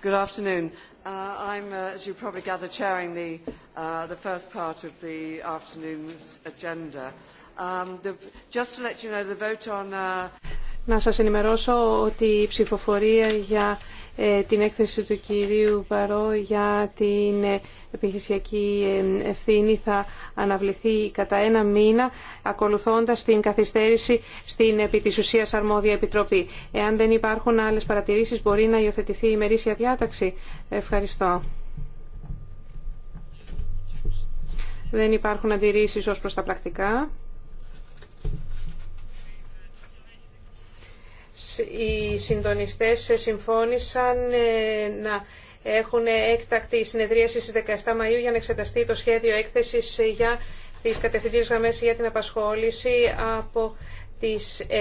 Good afternoon. I'm, as you probably gather, chairing the, the first part of the afternoon's agenda. Um, the, just to let you know, the vote on... Να σας ενημερώσω ότι η ψηφοφορία για ε, την έκθεση του κυρίου Παρό για την ε, επιχειρησιακή ε, ευθύνη θα αναβληθεί κατά ένα μήνα ακολουθώντας την καθυστέρηση στην επί της ουσίας αρμόδια επιτροπή. Εάν δεν υπάρχουν άλλες παρατηρήσεις μπορεί να υιοθετηθεί η μερίσια διάταξη. Ευχαριστώ. Δεν υπάρχουν αντιρρήσεις ως προς τα πρακτικά. οι συντονιστές συμφώνησαν ε, να έχουν έκτακτη συνεδρίαση στις 17 Μαΐου για να εξεταστεί το σχέδιο έκθεσης για τις κατευθυντήρες γραμμές για την απασχόληση από τις 7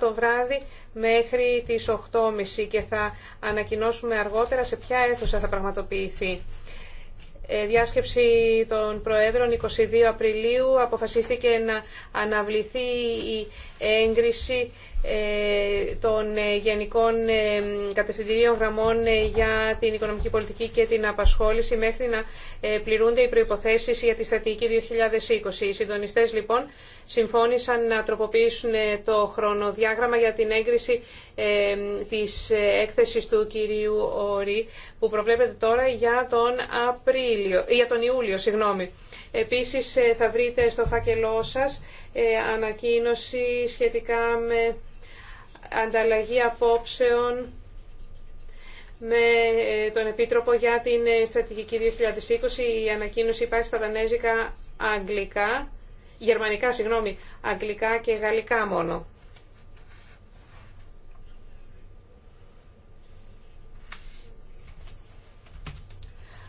το βράδυ μέχρι τις 8.30 και θα ανακοινώσουμε αργότερα σε ποια αίθουσα θα πραγματοποιηθεί. Ε, διάσκεψη των Προέδρων 22 Απριλίου αποφασίστηκε να αναβληθεί η έγκριση ε, των ε, γενικών ε, κατευθυντηρίων γραμμών για την οικονομική πολιτική και την απασχόληση μέχρι να πληρούνται οι προϋποθέσεις για τη στρατηγική 2020. Οι συντονιστές λοιπόν συμφώνησαν να τροποποιήσουν το χρονοδιάγραμμα για την έγκριση της έκθεσης του κυρίου Ορή που προβλέπεται τώρα για τον, Απρίλιο, για τον Ιούλιο. Συγγνώμη. Επίσης θα βρείτε στο φάκελό σας ανακοίνωση σχετικά με ανταλλαγή απόψεων με ε, τον Επίτροπο για την ε, Στρατηγική 2020. Η ανακοίνωση υπάρχει στα δανέζικα αγγλικά, γερμανικά, συγγνώμη, αγγλικά και γαλλικά μόνο.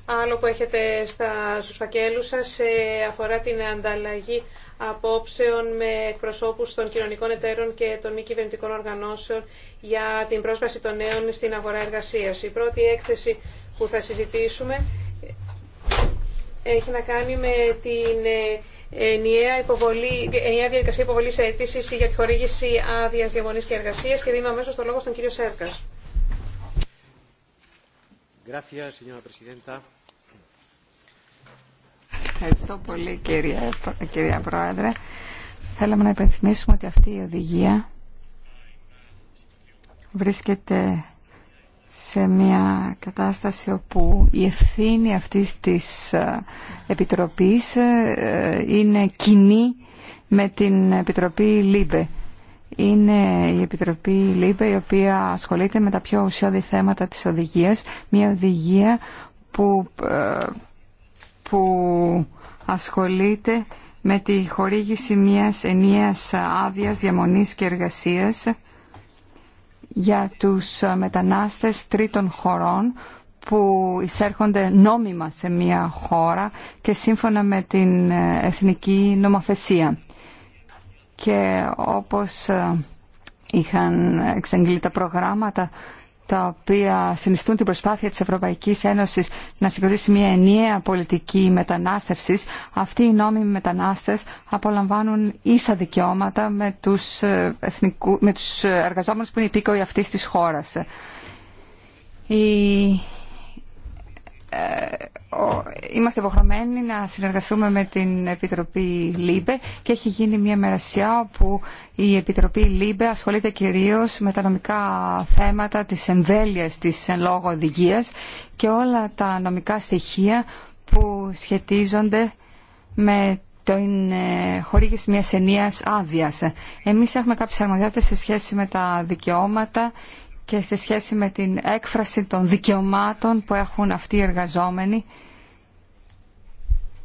Άλλο που έχετε στα φακέλους σας ε, αφορά την ανταλλαγή απόψεων με εκπροσώπους των κοινωνικών εταίρων και των μη κυβερνητικών οργανώσεων για την πρόσβαση των νέων στην αγορά εργασίας. Η πρώτη έκθεση που θα συζητήσουμε έχει να κάνει με την ενιαία, υποβολή, ενιαία διαδικασία υποβολή αίτηση για τη χορήγηση άδεια διαμονή και εργασία και δίνω αμέσω το λόγο στον κύριο Σέρκα. Ευχαριστώ πολύ κυρία, κυρία Πρόεδρε. Θέλαμε να υπενθυμίσουμε ότι αυτή η οδηγία βρίσκεται σε μια κατάσταση όπου η ευθύνη αυτής της ε, Επιτροπής ε, είναι κοινή με την Επιτροπή ΛΥΜΠΕ. Είναι η Επιτροπή ΛΥΜΠΕ η οποία ασχολείται με τα πιο ουσιώδη θέματα της οδηγίας, μια οδηγία που ε, που ασχολείται με τη χορήγηση μιας ενίας άδειας διαμονής και εργασίας για τους μετανάστες τρίτων χωρών που εισέρχονται νόμιμα σε μια χώρα και σύμφωνα με την εθνική νομοθεσία. Και όπως είχαν εξαγγείλει τα προγράμματα τα οποία συνιστούν την προσπάθεια της Ευρωπαϊκής Ένωσης να συγκροτήσει μια ενιαία πολιτική μετανάστευσης, αυτοί οι νόμιμοι μετανάστες απολαμβάνουν ίσα δικαιώματα με τους, ε, εθνικού, με τους εργαζόμενους που είναι υπήκοοι αυτής της χώρας. Ε, είμαστε υποχρεωμένοι να συνεργαστούμε με την Επιτροπή ΛΥΜΠΕ και έχει γίνει μια μερασιά όπου η Επιτροπή ΛΥΜΠΕ ασχολείται κυρίως με τα νομικά θέματα της εμβέλειας της εν λόγω οδηγίας και όλα τα νομικά στοιχεία που σχετίζονται με το ε, χορήγηση μιας ενίας άδειας. Εμείς έχουμε κάποιες αρμοδιότητες σε σχέση με τα δικαιώματα και σε σχέση με την έκφραση των δικαιωμάτων που έχουν αυτοί οι εργαζόμενοι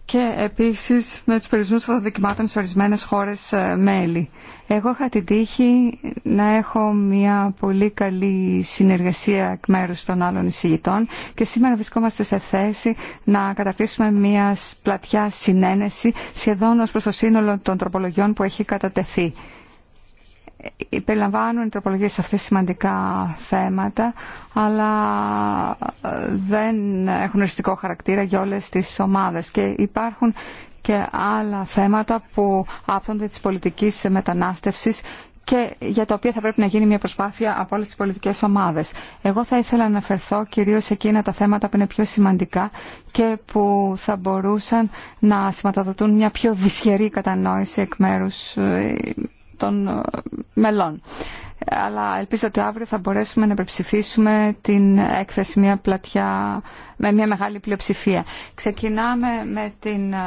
και επίσης με τους περιορισμούς των δικαιωμάτων σε ορισμένες χώρες ε, μέλη. Εγώ είχα την τύχη να έχω μια πολύ καλή συνεργασία εκ μέρου των άλλων εισηγητών και σήμερα βρισκόμαστε σε θέση να καταρτήσουμε μια πλατιά συνένεση σχεδόν ως προς το σύνολο των τροπολογιών που έχει κατατεθεί περιλαμβάνουν οι τροπολογίες αυτές σημαντικά θέματα, αλλά δεν έχουν οριστικό χαρακτήρα για όλες τις ομάδες και υπάρχουν και άλλα θέματα που άπτονται της πολιτικής μετανάστευσης και για τα οποία θα πρέπει να γίνει μια προσπάθεια από όλες τις πολιτικές ομάδες. Εγώ θα ήθελα να αναφερθώ κυρίως σε εκείνα τα θέματα που είναι πιο σημαντικά και που θα μπορούσαν να σηματοδοτούν μια πιο δυσχερή κατανόηση εκ μέρους ε, των ε, μελών. Αλλά ελπίζω ότι αύριο θα μπορέσουμε να υπερψηφίσουμε την έκθεση μια πλατιά, με μια μεγάλη πλειοψηφία. Ξεκινάμε με την ε,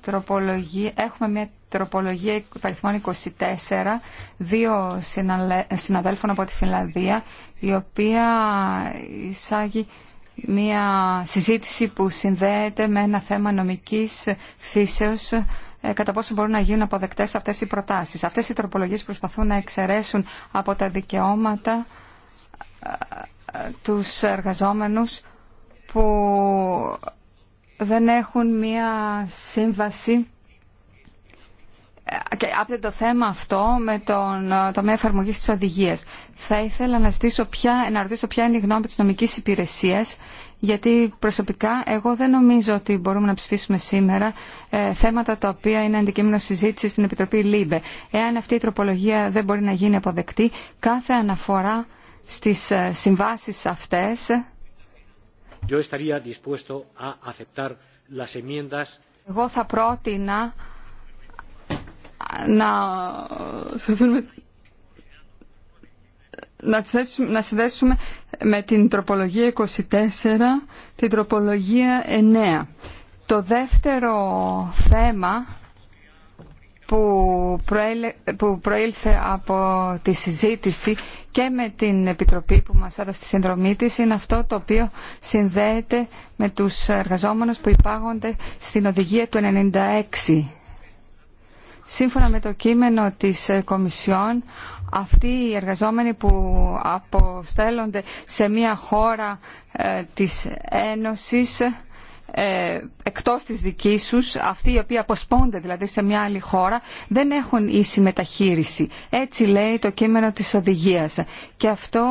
τροπολογία. Έχουμε μια τροπολογία υπαριθμών 24, δύο συναδέλφων από τη Φιλανδία, η οποία εισάγει μια συζήτηση που συνδέεται με ένα θέμα νομικής φύσεως ε, κατά πόσο μπορούν να γίνουν αποδεκτέ αυτές οι προτάσεις. Αυτές οι τροπολογίες προσπαθούν να εξαιρέσουν από τα δικαιώματα ε, ε, του εργαζόμενου που δεν έχουν μία σύμβαση και το θέμα αυτό με τον ε, τομέα εφαρμογής της οδηγίας. Θα ήθελα να, στήσω ποια, να ρωτήσω ποια είναι η γνώμη της νομικής υπηρεσίας, γιατί προσωπικά εγώ δεν νομίζω ότι μπορούμε να ψηφίσουμε σήμερα ε, θέματα τα οποία είναι αντικείμενο συζήτηση στην Επιτροπή ΛΥΜΠΕ. Εάν αυτή η τροπολογία δεν μπορεί να γίνει αποδεκτή, κάθε αναφορά στις ε, συμβάσεις αυτές... Εγώ θα πρότεινα να να, να συνδέσουμε με την τροπολογία 24 την τροπολογία 9. Το δεύτερο θέμα που, προέλε, προήλθε από τη συζήτηση και με την Επιτροπή που μας έδωσε τη συνδρομή της είναι αυτό το οποίο συνδέεται με τους εργαζόμενους που υπάγονται στην οδηγία του 96 Σύμφωνα με το κείμενο της ε, Κομισιόν, αυτοί οι εργαζόμενοι που αποστέλλονται σε μια χώρα ε, της Ένωσης ε, εκτός της δικής σου, αυτοί οι οποίοι αποσπώνται δηλαδή σε μια άλλη χώρα, δεν έχουν ίση μεταχείριση. Έτσι λέει το κείμενο της οδηγίας. Και αυτό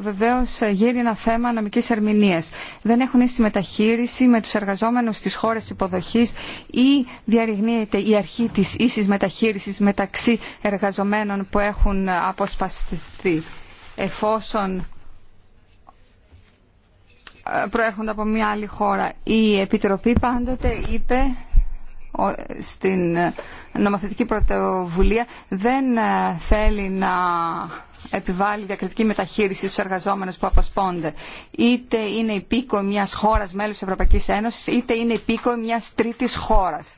βεβαίως γύρει ένα θέμα νομικής ερμηνείας. Δεν έχουν ίση μεταχείριση με τους εργαζόμενους της χώρας υποδοχής ή διαρριγνύεται η αρχή της ίσης μεταχείρισης μεταξύ εργαζομένων που έχουν αποσπαστηθεί εφόσον προέρχονται από μια άλλη χώρα. Η Επιτροπή πάντοτε είπε στην νομοθετική πρωτοβουλία δεν ε, θέλει να επιβάλλει διακριτική μεταχείριση στους εργαζόμενους που αποσπώνται. Είτε είναι υπήκο μιας χώρας μέλους της Ευρωπαϊκής Ένωσης, είτε είναι υπήκο μιας τρίτης χώρας.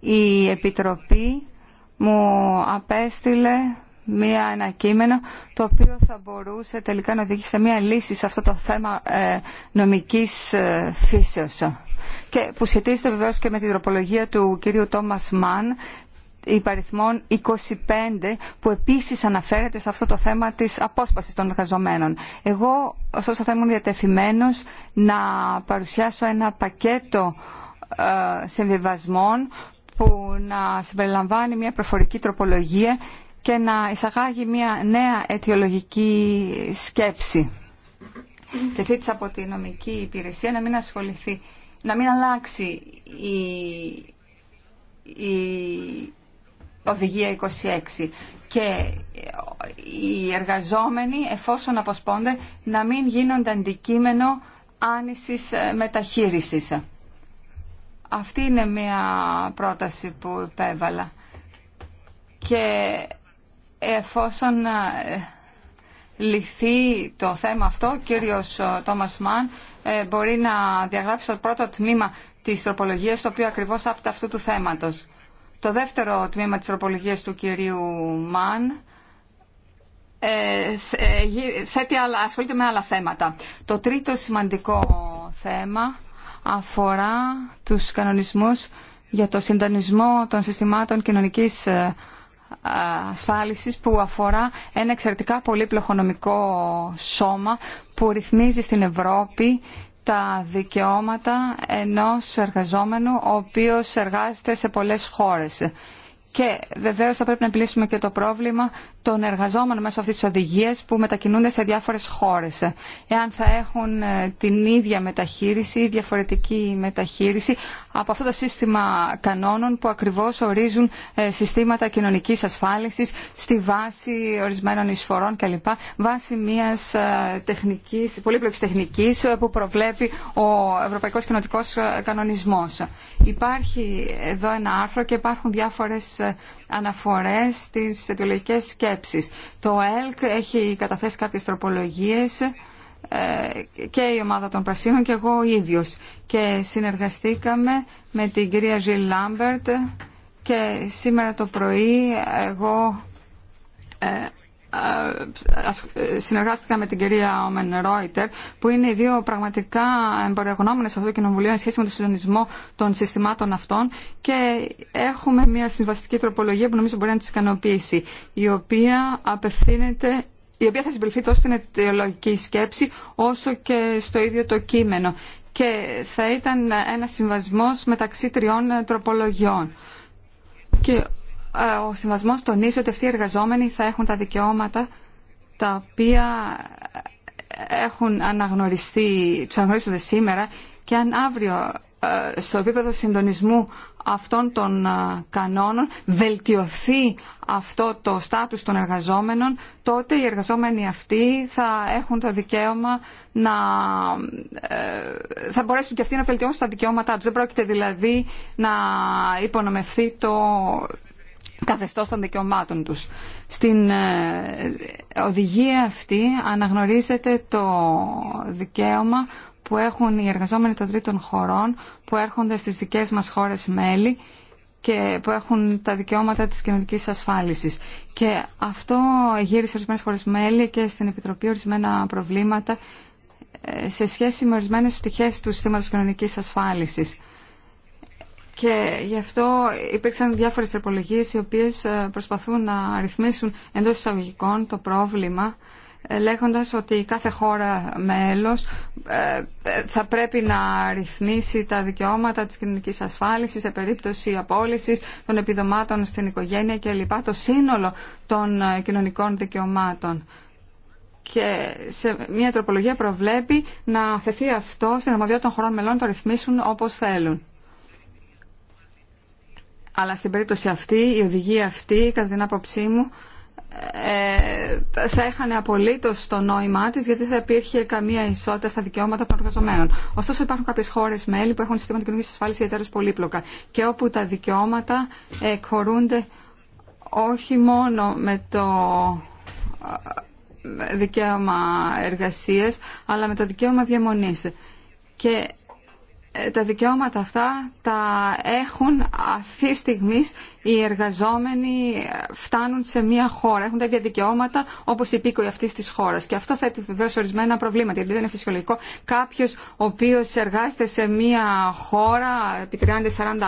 Η Επιτροπή μου απέστειλε μία, ένα κείμενο το οποίο θα μπορούσε τελικά να οδηγήσει σε μία λύση σε αυτό το θέμα ε, νομικής ε, φύσεως. Και που σχετίζεται βεβαίως και με την τροπολογία του κυρίου Τόμας Μαν υπαριθμών 25 που επίσης αναφέρεται σε αυτό το θέμα της απόσπασης των εργαζομένων. Εγώ ωστόσο θα ήμουν διατεθειμένος να παρουσιάσω ένα πακέτο ε, συμβιβασμών που να συμπεριλαμβάνει μια προφορική τροπολογία και να εισαγάγει μια νέα αιτιολογική σκέψη. Και ζήτησα από τη νομική υπηρεσία να μην ασχοληθεί, να μην αλλάξει η, οδηγία 26 και οι εργαζόμενοι εφόσον αποσπώνται να μην γίνονται αντικείμενο άνησης ε, μεταχείρισης. Αυτή είναι μια πρόταση που επέβαλα. Και εφόσον ε, λυθεί το θέμα αυτό, ο κύριος ε, Τόμας Μαν ε, μπορεί να διαγράψει το πρώτο τμήμα της τροπολογίας, το οποίο ακριβώς τα αυτού του θέματος. Το δεύτερο τμήμα της τροπολογίας του κυρίου Μαν ασχολείται με άλλα θέματα. Το τρίτο σημαντικό θέμα αφορά τους κανονισμούς για το συντανισμό των συστημάτων κοινωνικής ασφάλισης που αφορά ένα εξαιρετικά πολύπλοκο νομικό σώμα που ρυθμίζει στην Ευρώπη τα δικαιώματα ενός εργαζόμενου ο οποίος εργάζεται σε πολλές χώρες. Και βεβαίω θα πρέπει να επιλύσουμε και το πρόβλημα των εργαζόμενων μέσω αυτή τη οδηγία που μετακινούνται σε διάφορες χώρες. Εάν θα έχουν ε, την ίδια μεταχείριση ή διαφορετική μεταχείριση από αυτό το σύστημα κανόνων που ακριβώς ορίζουν ε, συστήματα κοινωνικής ασφάλισης στη βάση ορισμένων εισφορών κλπ. Βάση μια ε, τεχνικής, πολύπλευσης τεχνικής που προβλέπει ο Ευρωπαϊκό Κοινοτικό κανονισμό. Υπάρχει εδώ ένα άρθρο και υπάρχουν αναφορές στις αιτιολογικές σκέψεις. Το ΕΛΚ έχει καταθέσει κάποιες τροπολογίες ε, και η ομάδα των Πρασίνων και εγώ ίδιος. Και συνεργαστήκαμε με την κυρία Ζιλ Λάμπερτ και σήμερα το πρωί εγώ ε, ε, συνεργάστηκα με την κυρία Όμεν Ρόιτερ, που είναι οι δύο πραγματικά εμπορευνόμενε σε αυτό το κοινοβουλίο σχέση με τον συντονισμό των συστημάτων αυτών και έχουμε μια συμβαστική τροπολογία που νομίζω μπορεί να τη ικανοποιήσει, η οποία απευθύνεται η οποία θα συμπληρωθεί τόσο στην αιτιολογική σκέψη όσο και στο ίδιο το κείμενο και θα ήταν ένα συμβασμός μεταξύ τριών τροπολογιών. Και ο συμβασμός τονίζει ότι αυτοί οι εργαζόμενοι θα έχουν τα δικαιώματα τα οποία έχουν αναγνωριστεί, τους αναγνωρίζονται σήμερα και αν αύριο ε, στο επίπεδο συντονισμού αυτών των ε, κανόνων βελτιωθεί αυτό το στάτους των εργαζόμενων, τότε οι εργαζόμενοι αυτοί θα έχουν το δικαίωμα να... Ε, θα μπορέσουν και αυτοί να βελτιώσουν τα δικαιώματά τους. Δεν πρόκειται δηλαδή να υπονομευθεί το, καθεστώς των δικαιωμάτων τους. Στην ε, οδηγία αυτή αναγνωρίζεται το δικαίωμα που έχουν οι εργαζόμενοι των τρίτων χωρών που έρχονται στις δικές μας χώρες μέλη και που έχουν τα δικαιώματα της κοινωνικής ασφάλισης. Και αυτό γύρισε ορισμένε χώρες μέλη και στην Επιτροπή ορισμένα προβλήματα ε, σε σχέση με ορισμένες πτυχές του συστήματος κοινωνικής ασφάλισης. Και γι' αυτό υπήρξαν διάφορες τροπολογίες οι οποίες ε, προσπαθούν να ρυθμίσουν εντός εισαγωγικών το πρόβλημα ε, λέγοντας ότι κάθε χώρα μέλος ε, θα πρέπει να ρυθμίσει τα δικαιώματα της κοινωνικής ασφάλισης σε περίπτωση απόλυσης των επιδομάτων στην οικογένεια κλπ. Το σύνολο των κοινωνικών δικαιωμάτων. Και σε μια τροπολογία προβλέπει να αφαιθεί αυτό στην αρμοδιότητα των χωρών μελών το ρυθμίσουν όπως θέλουν. Αλλά στην περίπτωση αυτή, η οδηγία αυτή, κατά την άποψή μου, ε, θα έχανε απολύτω το νόημά τη γιατί θα υπήρχε καμία ισότητα στα δικαιώματα των εργαζομένων. Ωστόσο, υπάρχουν κάποιε χώρε μέλη που έχουν συστήματα κοινωνική ασφάλιση ιδιαίτερω πολύπλοκα και όπου τα δικαιώματα ε, εκχωρούνται όχι μόνο με το ε, δικαίωμα εργασίες αλλά με το δικαίωμα διαμονής. Και ε, τα δικαιώματα αυτά τα έχουν αυτή τη στιγμή οι εργαζόμενοι ε, φτάνουν σε μια χώρα, έχουν τα ίδια δικαιώματα όπως οι υπήκοοι αυτή τη χώρα. Και αυτό θέτει βεβαίω ορισμένα προβλήματα, γιατί δεν είναι φυσιολογικό κάποιο ο οποίο εργάζεται σε μια χώρα επί 30-40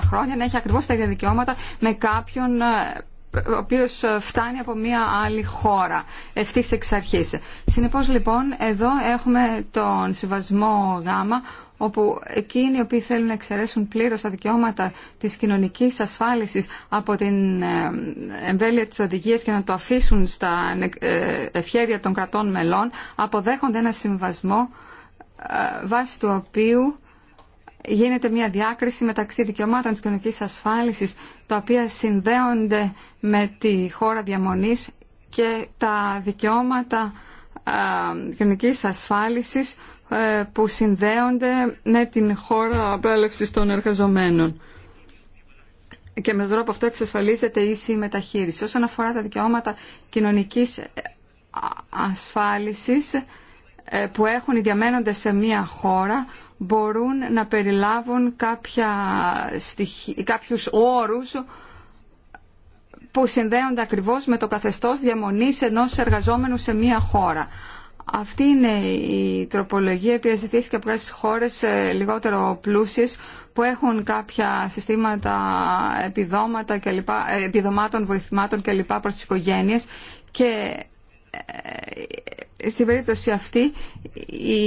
χρόνια να έχει ακριβώ τα ίδια δικαιώματα με κάποιον ε, ο οποίο φτάνει από μια άλλη χώρα ευθύ εξ αρχή. Συνεπώ λοιπόν εδώ έχουμε τον συμβασμό γάμα όπου εκείνοι οι οποίοι θέλουν να εξαιρέσουν πλήρως τα δικαιώματα της κοινωνικής ασφάλισης από την ε, εμβέλεια της οδηγίας και να το αφήσουν στα ε, ευχέρια των κρατών μελών, αποδέχονται ένα συμβασμό ε, βάσει του οποίου γίνεται μια διάκριση μεταξύ δικαιωμάτων της κοινωνικής ασφάλισης τα οποία συνδέονται με τη χώρα διαμονής και τα δικαιώματα κοινωνικής ασφάλισης ε, που συνδέονται με την χώρα πρόλευσης των εργαζομένων. Και με τον τρόπο αυτό εξασφαλίζεται ίση μεταχείριση. Όσον αφορά τα δικαιώματα κοινωνικής ε, ασφάλισης ε, που έχουν οι σε μία χώρα, μπορούν να περιλάβουν κάποια στοιχ... κάποιους όρους που συνδέονται ακριβώς με το καθεστώς διαμονής ενός εργαζόμενου σε μία χώρα. Αυτή είναι η τροπολογία που ζητήθηκε από κάποιες χώρες ε, λιγότερο πλούσιες που έχουν κάποια συστήματα επιδόματα και λοιπά, ε, επιδομάτων, βοηθημάτων κλπ. προς τις οικογένειες και ε, στην περίπτωση αυτή οι,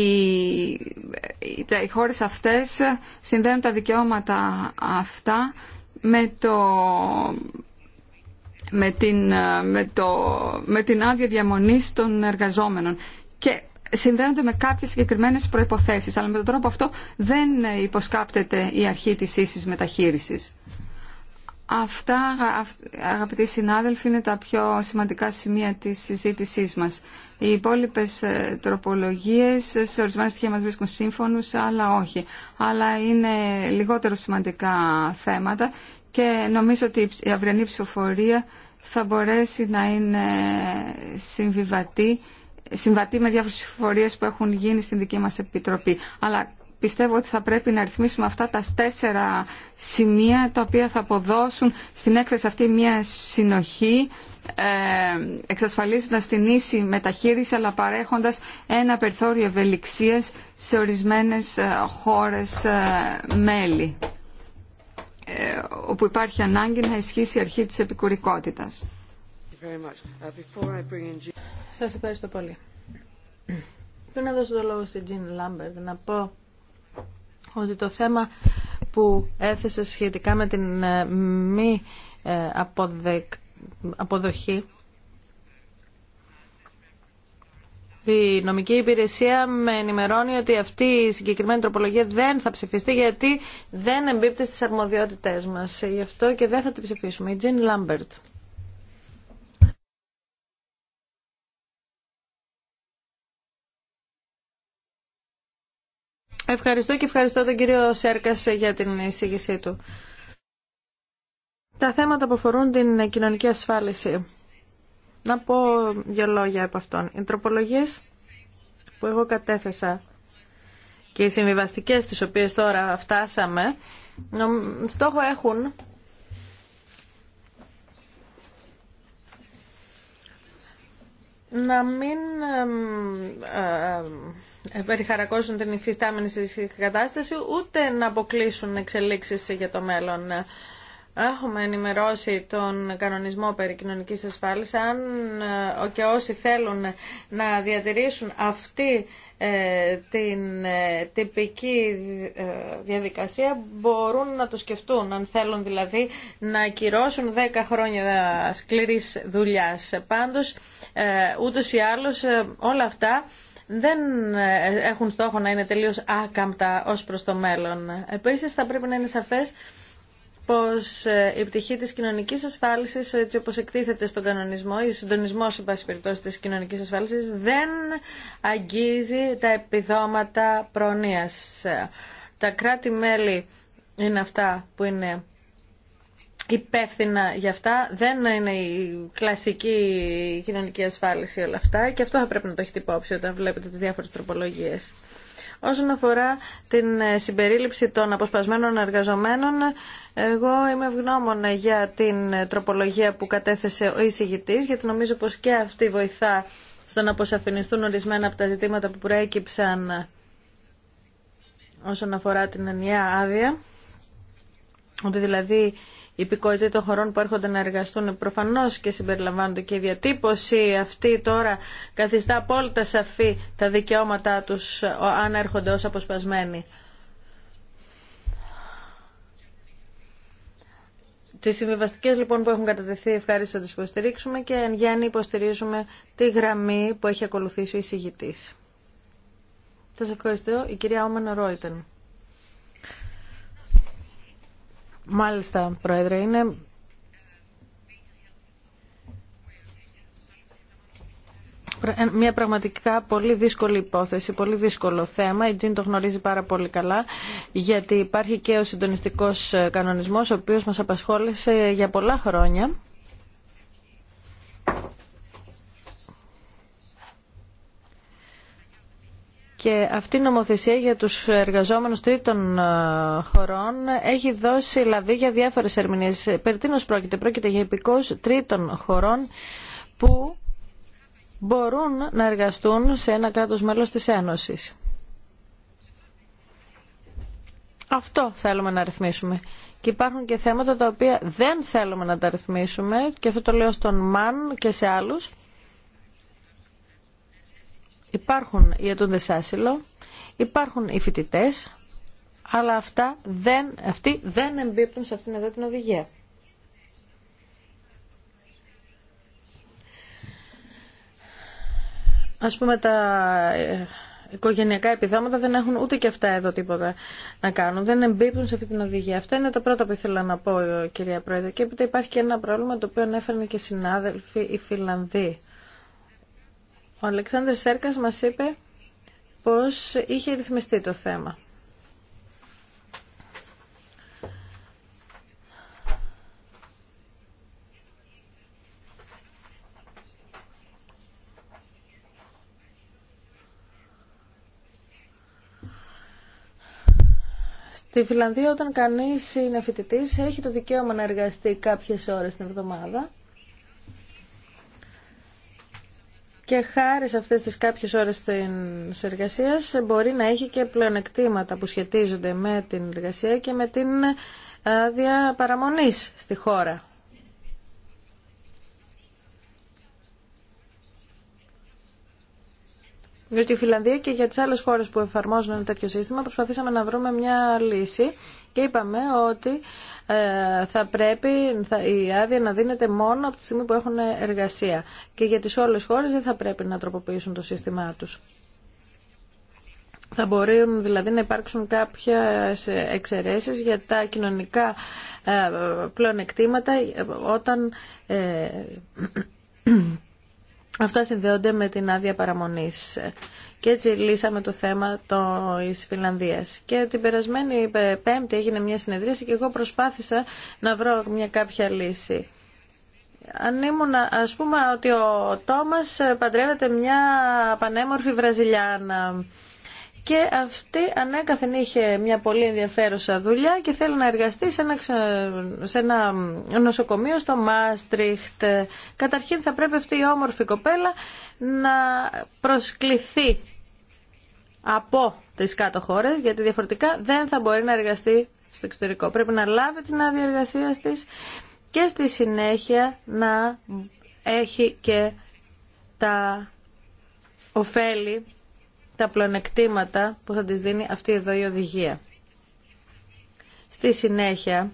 οι χώρες αυτές συνδέουν τα δικαιώματα αυτά με το με την, με, το, με την άδεια διαμονής των εργαζόμενων και συνδέονται με κάποιες συγκεκριμένες προϋποθέσεις, αλλά με τον τρόπο αυτό δεν υποσκάπτεται η αρχή της ίσης μεταχείρισης. Αυτά, αγαπητοί συνάδελφοι, είναι τα πιο σημαντικά σημεία της συζήτησής μας. Οι υπόλοιπε ε, τροπολογίες ε, σε ορισμένα στοιχεία μας βρίσκουν σύμφωνους, αλλά όχι. Αλλά είναι λιγότερο σημαντικά θέματα και νομίζω ότι η αυριανή ψηφοφορία θα μπορέσει να είναι ε, συμβιβατή συμβατεί με διάφορες συμφορίες που έχουν γίνει στην δική μας Επιτροπή. Αλλά πιστεύω ότι θα πρέπει να ρυθμίσουμε αυτά τα τέσσερα σημεία τα οποία θα αποδώσουν στην έκθεση αυτή μια συνοχή ε, εξασφαλίζοντας την ίση μεταχείριση αλλά παρέχοντας ένα περιθώριο ευελιξίας σε ορισμένες ε, χώρες ε, μέλη όπου υπάρχει ανάγκη να ισχύσει η αρχή της επικουρικότητας. Uh, Σας ευχαριστώ πολύ. Πριν να δώσω το λόγο στην Τζιν Λάμπερτ, να πω ότι το θέμα που έθεσε σχετικά με την ε, μη ε, αποδοχή Η νομική υπηρεσία με ενημερώνει ότι αυτή η συγκεκριμένη τροπολογία δεν θα ψηφιστεί γιατί δεν εμπίπτει στις αρμοδιότητές μας. Γι' αυτό και δεν θα την ψηφίσουμε. Η Τζιν Λάμπερτ. Ευχαριστώ και ευχαριστώ τον κύριο Σέρκας για την εισήγησή του. Τα θέματα που αφορούν την κοινωνική ασφάλιση. Να πω δύο λόγια από αυτόν. Οι τροπολογίε που εγώ κατέθεσα και οι συμβιβαστικέ τι οποίες τώρα φτάσαμε, στόχο έχουν να μην ε, περιχαρακώσουν την υφιστάμενη κατάσταση, ούτε να αποκλείσουν εξελίξεις για το μέλλον. Έχουμε ενημερώσει τον κανονισμό περί κοινωνικής ασφάλισης. Αν ε, και όσοι θέλουν να διατηρήσουν αυτή ε, την τυπική διαδικασία μπορούν να το σκεφτούν. Αν θέλουν δηλαδή να ακυρώσουν 10 χρόνια σκληρής δουλειάς. Πάντως, ούτως ή άλλως όλα αυτά δεν ε, έχουν στόχο να είναι τελείως άκαμπτα ως προς το μέλλον. Επίσης θα πρέπει να είναι σαφές πως ε, η πτυχή της κοινωνικής ασφάλισης, έτσι όπως εκτίθεται στον κανονισμό ή συντονισμός, σε πάση περιπτώσει, της κοινωνικής ασφάλισης, δεν αγγίζει τα επιδόματα προνοίας. Τα κράτη-μέλη είναι αυτά που είναι υπεύθυνα για αυτά. Δεν είναι η κλασική κοινωνική ασφάλιση όλα αυτά και αυτό θα πρέπει να το έχετε υπόψη όταν βλέπετε τις διάφορες τροπολογίες. Όσον αφορά την ε, συμπερίληψη των αποσπασμένων εργαζομένων, εγώ είμαι ευγνώμων για την ε, τροπολογία που κατέθεσε ο εισηγητής, γιατί νομίζω πως και αυτή βοηθά στο να αποσαφινιστούν ορισμένα από τα ζητήματα που προέκυψαν όσον αφορά την ενιαία άδεια. Ότι δηλαδή υπηκότητα των χωρών που έρχονται να εργαστούν. Προφανώς και συμπεριλαμβάνονται και η διατύπωση αυτή τώρα καθιστά απόλυτα σαφή τα δικαιώματά τους αν έρχονται ως αποσπασμένοι. Τι συμβιβαστικέ λοιπόν που έχουν κατατεθεί να τι υποστηρίξουμε και εν γέννη υποστηρίζουμε τη γραμμή που έχει ακολουθήσει ο εισηγητή. Σα ευχαριστώ. Η κυρία Όμενο Ρόιτεν. Μάλιστα, Πρόεδρε, είναι ε, μια πραγματικά πολύ δύσκολη υπόθεση, πολύ δύσκολο θέμα. Η Τζιν το γνωρίζει πάρα πολύ καλά, γιατί υπάρχει και ο συντονιστικός ε, κανονισμός, ο οποίος μας απασχόλησε για πολλά χρόνια. Και αυτή η νομοθεσία για τους εργαζόμενους τρίτων ε, χωρών έχει δώσει λαβή για διάφορες ερμηνείες. Περί τίνος πρόκειται. Πρόκειται για επικούς τρίτων χωρών που μπορούν να εργαστούν σε ένα κράτος μέλος της Ένωσης. Αυτό θέλουμε να ρυθμίσουμε. Και υπάρχουν και θέματα τα οποία δεν θέλουμε να τα ρυθμίσουμε και αυτό το λέω στον Μαν και σε άλλους υπάρχουν οι τον άσυλο, υπάρχουν οι φοιτητέ, αλλά αυτά δεν, αυτοί δεν εμπίπτουν σε αυτήν εδώ την οδηγία. Ας πούμε τα ε, οικογενειακά επιδόματα δεν έχουν ούτε και αυτά εδώ τίποτα να κάνουν. Δεν εμπίπτουν σε αυτή την οδηγία. Αυτά είναι τα πρώτα που ήθελα να πω, κυρία Πρόεδρε. Και έπειτα υπάρχει και ένα πρόβλημα το οποίο έφερνε και συνάδελφοι οι Φιλανδοί. Ο Αλεξάνδρος Σέρκας μας είπε πως είχε ρυθμιστεί το θέμα. Στη Φιλανδία όταν κανείς είναι φοιτητής έχει το δικαίωμα να εργαστεί κάποιες ώρες την εβδομάδα και χάρη σε αυτές τις κάποιες ώρες της εργασία μπορεί να έχει και πλεονεκτήματα που σχετίζονται με την εργασία και με την άδεια παραμονής στη χώρα. για τη Φιλανδία και για τι άλλε χώρες που εφαρμόζουν ένα τέτοιο σύστημα προσπαθήσαμε να βρούμε μια λύση και είπαμε ότι ε, θα πρέπει θα, η άδεια να δίνεται μόνο από τη στιγμή που έχουν εργασία και για τις όλε χώρες δεν θα πρέπει να τροποποιήσουν το σύστημά τους. Θα μπορούν δηλαδή να υπάρξουν κάποιες εξαιρέσεις για τα κοινωνικά ε, πλεονεκτήματα όταν ε, Αυτά συνδέονται με την άδεια παραμονής. Και έτσι λύσαμε το θέμα τη Φιλανδία. Και την περασμένη Πέμπτη έγινε μια συνεδρίαση και εγώ προσπάθησα να βρω μια κάποια λύση. Αν ήμουν, ας πούμε ότι ο Τόμας παντρεύεται μια πανέμορφη Βραζιλιάνα και αυτή ανέκαθεν είχε μια πολύ ενδιαφέρουσα δουλειά και θέλει να εργαστεί σε ένα, νοσοκομείο στο Μάστριχτ. Καταρχήν θα πρέπει αυτή η όμορφη κοπέλα να προσκληθεί από τις κάτω χώρες, γιατί διαφορετικά δεν θα μπορεί να εργαστεί στο εξωτερικό. Πρέπει να λάβει την άδεια εργασία της και στη συνέχεια να έχει και τα ωφέλη τα πλονεκτήματα που θα της δίνει αυτή εδώ η οδηγία. Στη συνέχεια,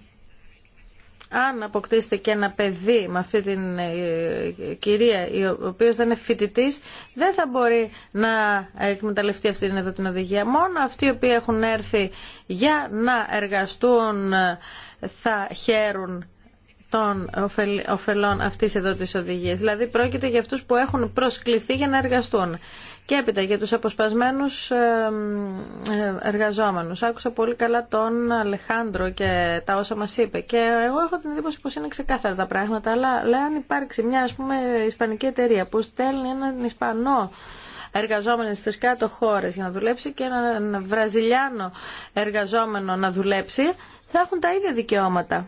αν αποκτήσετε και ένα παιδί με αυτή την ε, κυρία, ο οποίο δεν είναι φοιτητή, δεν θα μπορεί να εκμεταλλευτεί αυτή εδώ την οδηγία. Μόνο αυτοί οι οποίοι έχουν έρθει για να εργαστούν ε, θα χαίρουν των ωφελών αυτή εδώ τη οδηγία. Δηλαδή πρόκειται για αυτού που έχουν προσκληθεί για να εργαστούν. Και έπειτα για του αποσπασμένου ε, ε, εργαζόμενου. Άκουσα πολύ καλά τον Αλεχάνδρο και τα όσα μα είπε. Και εγώ έχω την εντύπωση πώ είναι ξεκάθαρα τα πράγματα. Αλλά λέει, αν υπάρξει μια ας πούμε ισπανική εταιρεία που στέλνει έναν Ισπανό εργαζόμενο στι κάτω χώρε για να δουλέψει και έναν Βραζιλιάνο εργαζόμενο να δουλέψει, θα έχουν τα ίδια δικαιώματα.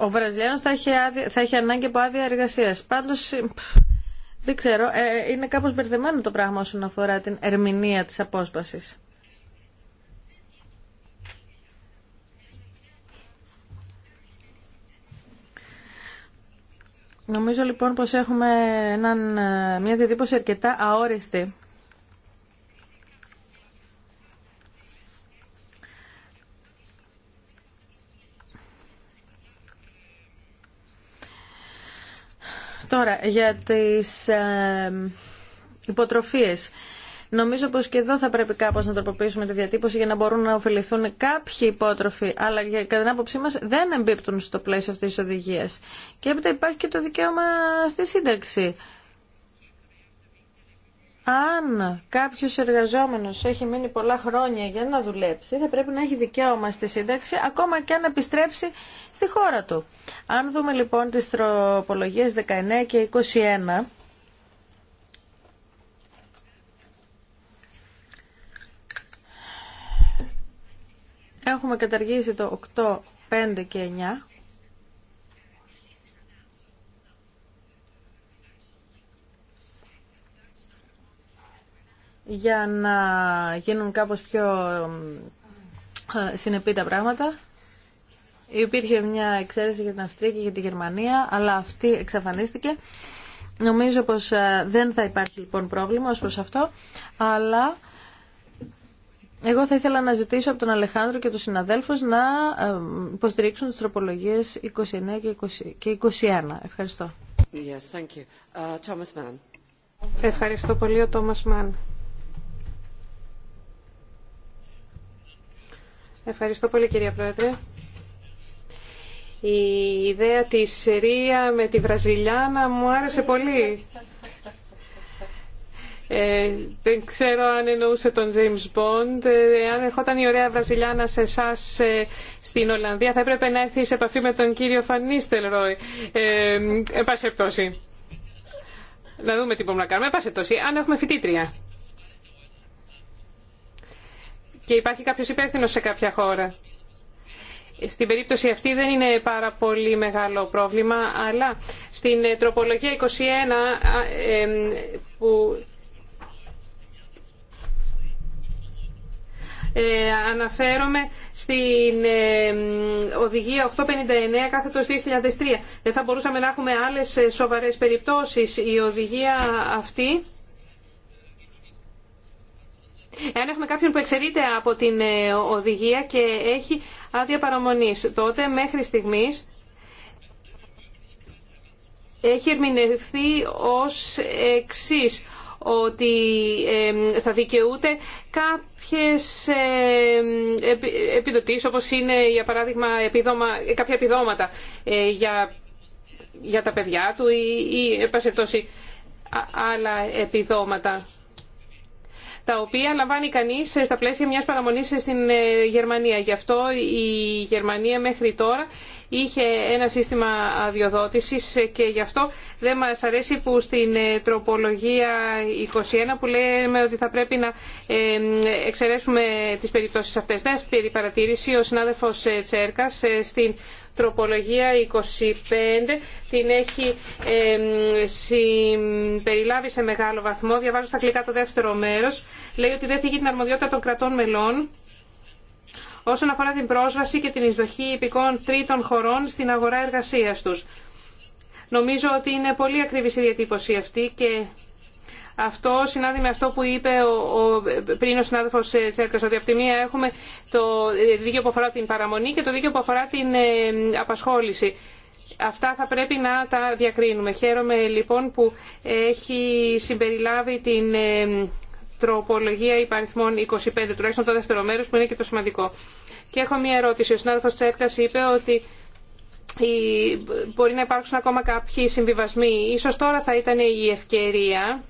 ο Βραζιλιάνος θα έχει, ανάγκη από άδεια εργασία. Πάντω. Ε, δεν ξέρω, ε, είναι κάπως μπερδεμένο το πράγμα όσον αφορά την ερμηνεία της απόσπαση. Νομίζω λοιπόν πως έχουμε έναν, ε, μια διατύπωση αρκετά αόριστη Τώρα, για τις ε, υποτροφίες. Νομίζω πως και εδώ θα πρέπει κάπως να τροποποιήσουμε τη διατύπωση για να μπορούν να ωφεληθούν κάποιοι υπότροφοι, αλλά για, κατά την άποψή μας δεν εμπίπτουν στο πλαίσιο αυτής της οδηγίας. Και έπειτα υπάρχει και το δικαίωμα στη σύνταξη αν κάποιος εργαζόμενος έχει μείνει πολλά χρόνια για να δουλέψει, θα πρέπει να έχει δικαίωμα στη σύνταξη, ακόμα και αν επιστρέψει στη χώρα του. Αν δούμε λοιπόν τις τροπολογίες 19 και 21, Έχουμε καταργήσει το 8, 5 και 9. για να γίνουν κάπως πιο ε, συνεπή τα πράγματα. Υπήρχε μια εξαίρεση για την Αυστρία και για τη Γερμανία, αλλά αυτή εξαφανίστηκε. Νομίζω πως ε, δεν θα υπάρχει λοιπόν πρόβλημα ως προς αυτό, αλλά εγώ θα ήθελα να ζητήσω από τον Αλεχάνδρο και τους συναδέλφους να ε, υποστηρίξουν τις τροπολογίες 29 και 21. Ευχαριστώ. Yes, thank you. Uh, Ευχαριστώ πολύ ο Τόμας Μάν. Ευχαριστώ πολύ κυρία Πρόεδρε. Η ιδέα της Συρία με τη Βραζιλιάνα μου άρεσε πολύ. Ε, δεν ξέρω αν εννοούσε τον James Bond. Ε, αν ερχόταν η ωραία Βραζιλιάνα σε εσά ε, στην Ολλανδία θα έπρεπε να έρθει σε επαφή με τον κύριο Φανίστελ Ρόι. Ε, εν πάση Να δούμε τι μπορούμε να κάνουμε. Εν πάση Αν έχουμε φοιτήτρια και υπάρχει κάποιο υπεύθυνο σε κάποια χώρα. Στην περίπτωση αυτή δεν είναι πάρα πολύ μεγάλο πρόβλημα, αλλά στην ε, τροπολογία 21 ε, που Ε, αναφέρομαι στην ε, οδηγία 859 κάθετος 2003. Δεν θα μπορούσαμε να έχουμε άλλες σοβαρές περιπτώσεις. Η οδηγία αυτή Εάν έχουμε κάποιον που εξαιρείται από την ε, οδηγία και έχει άδεια παραμονή. τότε μέχρι στιγμής έχει ερμηνευθεί ως εξή ότι θα δικαιούται κάποιες επιδοτήσεις όπως είναι για παράδειγμα επιδόμα, κάποια επιδόματα ε, για, για τα παιδιά του ή, ή αλλά επιδόματα τα οποία λαμβάνει κανείς στα πλαίσια μιας παραμονής στην ε, Γερμανία. Γι' αυτό η Γερμανία μέχρι τώρα είχε ένα σύστημα αδειοδότησης και γι' αυτό δεν μας αρέσει που στην ε, τροπολογία 21 που λέμε ότι θα πρέπει να ε, εξαιρέσουμε τις περιπτώσεις αυτές. Δεύτερη παρατήρηση, ο συνάδελφος ε, Τσέρκας στην τροπολογία 25 την έχει συμπεριλάβει σε μεγάλο βαθμό. Διαβάζω στα αγγλικά το δεύτερο μέρος. Λέει ότι δεν θίγει την αρμοδιότητα των κρατών μελών όσον αφορά την πρόσβαση και την εισδοχή υπηκών τρίτων χωρών στην αγορά εργασίας τους. Νομίζω ότι είναι πολύ ακριβή η διατύπωση αυτή και αυτό συνάδει με αυτό που είπε ο, ο, πριν ο συνάδελφο ε, Τσέρκα, ότι από τη μία έχουμε το δίκαιο που αφορά την παραμονή και το δίκαιο που αφορά την ε, απασχόληση. Αυτά θα πρέπει να τα διακρίνουμε. Χαίρομαι λοιπόν που έχει συμπεριλάβει την. Ε, τροπολογία υπαριθμών 25, τουλάχιστον το δεύτερο μέρο, που είναι και το σημαντικό. Και έχω μία ερώτηση. Ο συνάδελφο Τσέρκα είπε ότι μπορεί να υπάρξουν ακόμα κάποιοι συμβιβασμοί. Ίσως τώρα θα ήταν η ευκαιρία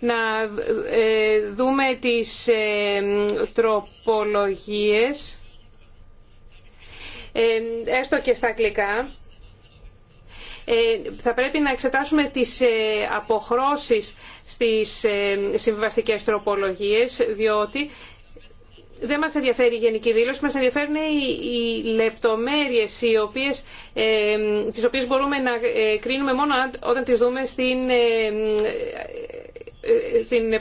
να ε, δούμε τις ε, τροπολογίες ε, έστω και στα αγγλικά ε, θα πρέπει να εξετάσουμε τις ε, αποχρώσεις στις ε, συμβιβαστικές τροπολογίες, διότι δεν μας ενδιαφέρει η γενική δήλωση, μας ενδιαφέρουν οι λεπτομέρειες οι οποίες, τις οποίες μπορούμε να κρίνουμε μόνο όταν τις δούμε στην στην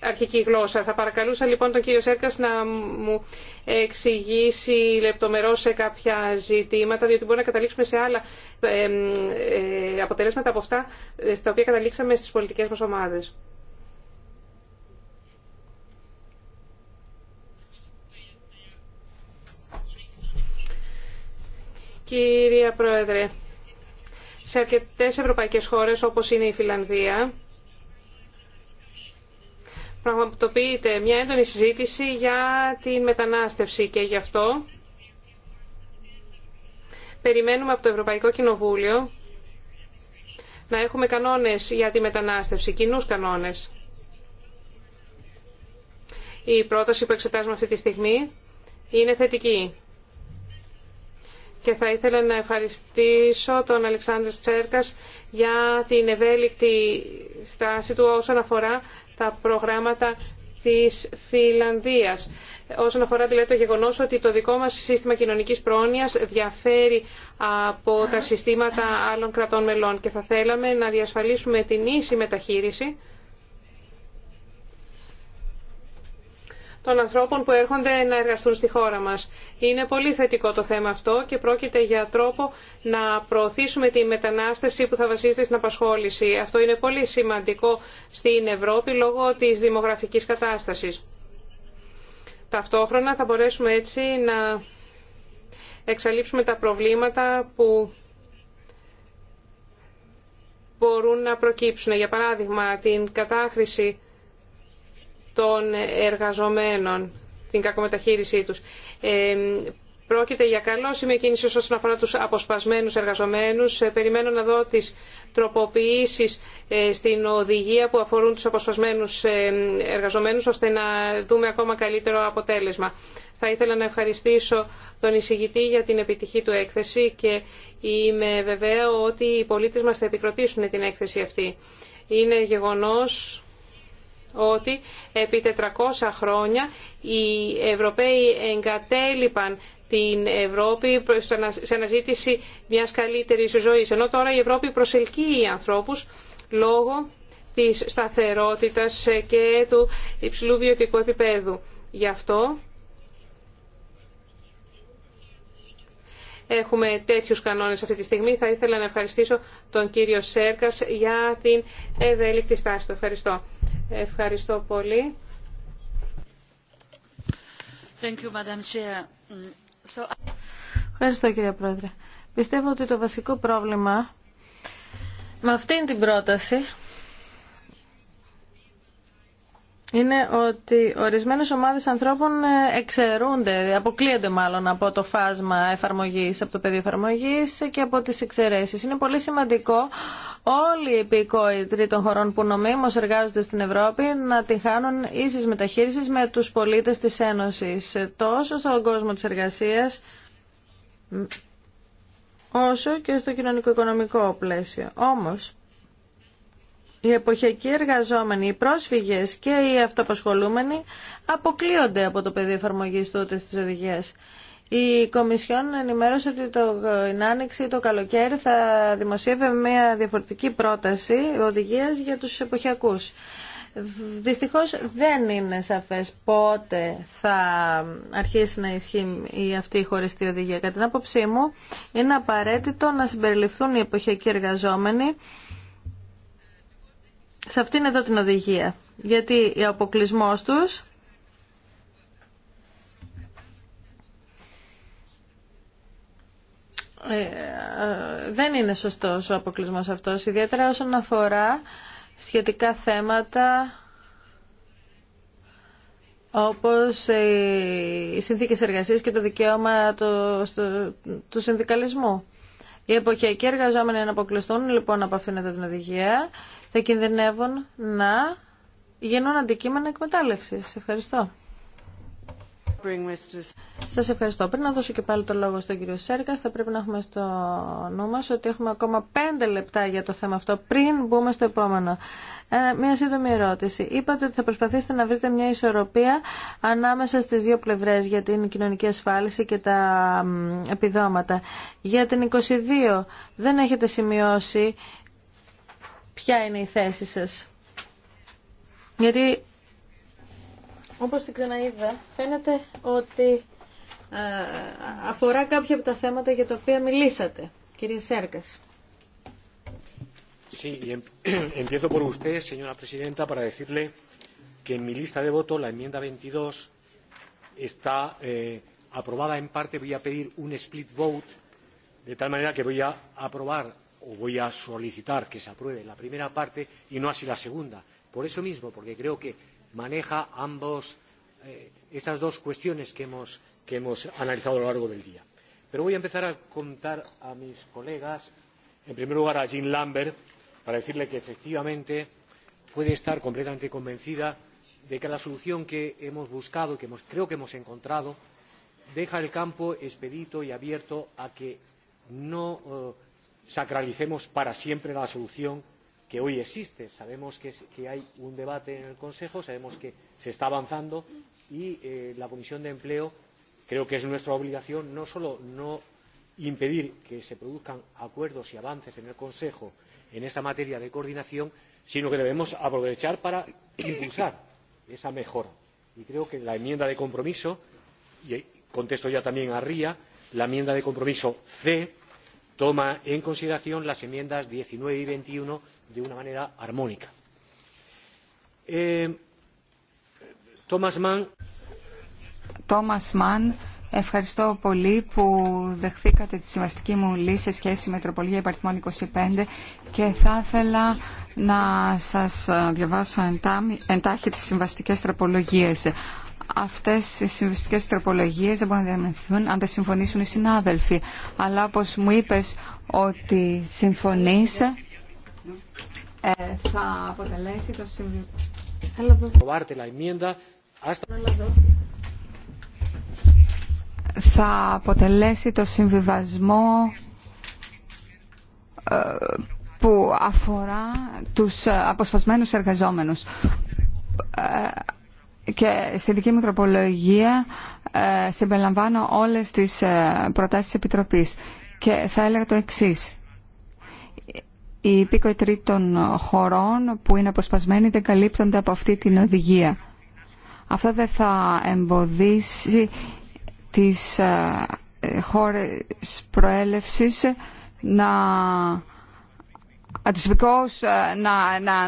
αρχική γλώσσα. Θα παρακαλούσα λοιπόν τον κύριο Σέρκας να μου εξηγήσει λεπτομερώς σε κάποια ζητήματα, διότι μπορεί να καταλήξουμε σε άλλα ε, ε, αποτελέσματα από αυτά ε, στα οποία καταλήξαμε στις πολιτικές μας ομάδες. Κυρία Πρόεδρε, σε αρκετές ευρωπαϊκές χώρες όπως είναι η Φιλανδία, πραγματοποιείται μια έντονη συζήτηση για την μετανάστευση και γι' αυτό περιμένουμε από το Ευρωπαϊκό Κοινοβούλιο να έχουμε κανόνες για τη μετανάστευση, κοινούς κανόνες. Η πρόταση που εξετάζουμε αυτή τη στιγμή είναι θετική. Και θα ήθελα να ευχαριστήσω τον Αλεξάνδρου Τσέρκας για την ευέλικτη στάση του όσον αφορά τα προγράμματα της Φιλανδίας. Όσον αφορά δηλαδή το γεγονός ότι το δικό μας σύστημα κοινωνικής πρόνοιας διαφέρει από τα συστήματα άλλων κρατών μελών και θα θέλαμε να διασφαλίσουμε την ίση μεταχείριση των ανθρώπων που έρχονται να εργαστούν στη χώρα μας. Είναι πολύ θετικό το θέμα αυτό και πρόκειται για τρόπο να προωθήσουμε τη μετανάστευση που θα βασίζεται στην απασχόληση. Αυτό είναι πολύ σημαντικό στην Ευρώπη λόγω της δημογραφικής κατάστασης. Ταυτόχρονα θα μπορέσουμε έτσι να εξαλείψουμε τα προβλήματα που μπορούν να προκύψουν. Για παράδειγμα, την κατάχρηση των εργαζομένων, την κακομεταχείρισή τους. Ε, πρόκειται για καλό σημείο κίνηση όσον αφορά τους αποσπασμένους εργαζομένους. Ε, περιμένω να δω τις τροποποιήσεις ε, στην οδηγία που αφορούν τους αποσπασμένους ε, εργαζομένους, ώστε να δούμε ακόμα καλύτερο αποτέλεσμα. Θα ήθελα να ευχαριστήσω τον εισηγητή για την επιτυχή του έκθεση και είμαι βεβαία ότι οι πολίτες μας θα επικροτήσουν την έκθεση αυτή. Είναι γεγονός ότι επί 400 χρόνια οι Ευρωπαίοι εγκατέλειπαν την Ευρώπη σε αναζήτηση μιας καλύτερης ζωής. Ενώ τώρα η Ευρώπη προσελκύει ανθρώπους λόγω της σταθερότητας και του υψηλού βιωτικού επίπεδου. Γι' αυτό έχουμε τέτοιους κανόνες αυτή τη στιγμή. Θα ήθελα να ευχαριστήσω τον κύριο Σέρκας για την ευέλικτη στάση του. Ευχαριστώ. Ευχαριστώ πολύ. Ευχαριστώ κύριε Πρόεδρε. Πιστεύω ότι το βασικό πρόβλημα με αυτήν την πρόταση είναι ότι ορισμένες ομάδες ανθρώπων ε, εξαιρούνται, αποκλείονται μάλλον από το φάσμα εφαρμογής, από το πεδίο εφαρμογής και από τις εξαιρέσεις. Είναι πολύ σημαντικό όλοι οι υπηκόοι των χωρών που νομίμως εργάζονται στην Ευρώπη να την χάνουν ίσης μεταχείρισης με τους πολίτες της Ένωσης, ε, τόσο στον κόσμο της εργασίας όσο και στο κοινωνικο-οικονομικό πλαίσιο. Όμως, οι εποχιακοί εργαζόμενοι, οι πρόσφυγες και οι αυτοπασχολούμενοι αποκλείονται από το πεδίο εφαρμογή τότε τη οδηγίες. Η Κομισιόν ενημέρωσε ότι το, την το καλοκαίρι θα δημοσίευε μια διαφορετική πρόταση οδηγία για τους εποχιακούς. Δυστυχώ, δεν είναι σαφές πότε θα αρχίσει να ισχύει αυτή η χωριστή οδηγία. Κατά την άποψή μου είναι απαραίτητο να συμπεριληφθούν οι εποχιακοί εργαζόμενοι σε αυτήν εδώ την οδηγία. Γιατί ο αποκλεισμό τους ε, ε, δεν είναι σωστός ο αποκλεισμό αυτός, ιδιαίτερα όσον αφορά σχετικά θέματα όπως οι συνθήκες εργασίας και το δικαίωμα του συνδικαλισμού. Οι εποχιακοί εργαζόμενοι να αποκλειστούν λοιπόν από αυτήν την οδηγία θα κινδυνεύουν να γίνουν αντικείμενα εκμετάλλευσης. Ευχαριστώ. Σα ευχαριστώ. Πριν να δώσω και πάλι το λόγο στον κύριο Σέρκα, θα πρέπει να έχουμε στο νου μα ότι έχουμε ακόμα πέντε λεπτά για το θέμα αυτό πριν μπούμε στο επόμενο. Ε, Μία σύντομη ερώτηση. Είπατε ότι θα προσπαθήσετε να βρείτε μια ισορροπία ανάμεσα στι δύο πλευρέ για την κοινωνική ασφάλιση και τα επιδόματα. Για την 22 δεν έχετε σημειώσει ποια είναι η θέση σας. Γιατί, όπως την ξαναείδα, φαίνεται ότι αφορά κάποια από τα θέματα για τα οποία μιλήσατε, κύριε Σέρκας. Sí, y empiezo por usted, señora presidenta, para decirle que en mi lista de voto la enmienda 22 está eh, aprobada en parte. Voy a pedir un split vote, de tal manera que voy a aprobar o voy a solicitar que se apruebe la primera parte y no así la segunda. Por eso mismo, porque creo que maneja ambos, estas dos cuestiones que hemos analizado a lo largo del día. Pero voy a empezar a contar a mis colegas, en primer lugar a Jean Lambert, para decirle que efectivamente puede estar completamente convencida de que la solución que hemos buscado, que creo que hemos encontrado, deja el campo expedito y abierto a que no sacralicemos para siempre la solución que hoy existe. Sabemos que hay un debate en el Consejo, sabemos que se está avanzando y la Comisión de Empleo creo que es nuestra obligación no solo no impedir que se produzcan acuerdos y avances en el Consejo en esta materia de coordinación, sino que debemos aprovechar para impulsar esa mejora. Y creo que la enmienda de compromiso, y contesto ya también a Ría, la enmienda de compromiso C, toma en consideración las enmiendas diecinueve y veintiuno de una manera armónica. Eh, Thomas Mann. Thomas Mann, ευχαριστώ πολύ που δεχθήκατε τη συμβαστική μου λύση σε σχέση με τροπολογία υπαριθμών 25 και θα ήθελα να σας ε, διαβάσω εντάχει τις συμβαστικές τροπολογίες αυτές οι συμβιστικές τροπολογίες δεν μπορούν να διαμεθούν αν δεν συμφωνήσουν οι συνάδελφοι. Αλλά όπως μου είπες ότι συμφωνείς ε, θα αποτελέσει το συμβιβασμό. Θα αποτελέσει το συμβιβασμό που αφορά τους ε, αποσπασμένους εργαζόμενους ε, και στη δική μου τροπολογία ε, συμπεριλαμβάνω όλες τις ε, προτάσεις της Επιτροπής και θα έλεγα το εξή. Οι υπήκοοι τρίτων χωρών που είναι αποσπασμένοι δεν καλύπτονται από αυτή την οδηγία. Αυτό δεν θα εμποδίσει τις ε, χώρες προέλευσης να αντισφυκώς ε,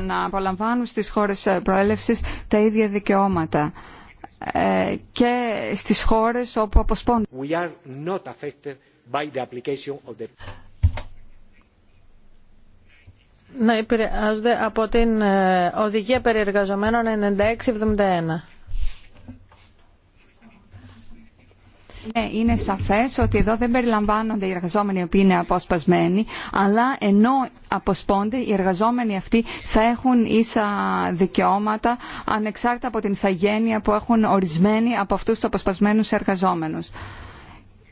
να, απολαμβάνουν στις χώρες ε, προέλευσης τα ίδια δικαιώματα ε, και στις χώρες όπου αποσπώνται. Να επηρεάζονται από την Οδηγία Περιεργαζομένων 9671. Ναι, είναι σαφές ότι εδώ δεν περιλαμβάνονται οι εργαζόμενοι οι οποίοι είναι αποσπασμένοι, αλλά ενώ αποσπώνται οι εργαζόμενοι αυτοί θα έχουν ίσα δικαιώματα ανεξάρτητα από την θαγένεια που έχουν ορισμένοι από αυτούς τους αποσπασμένους εργαζόμενους.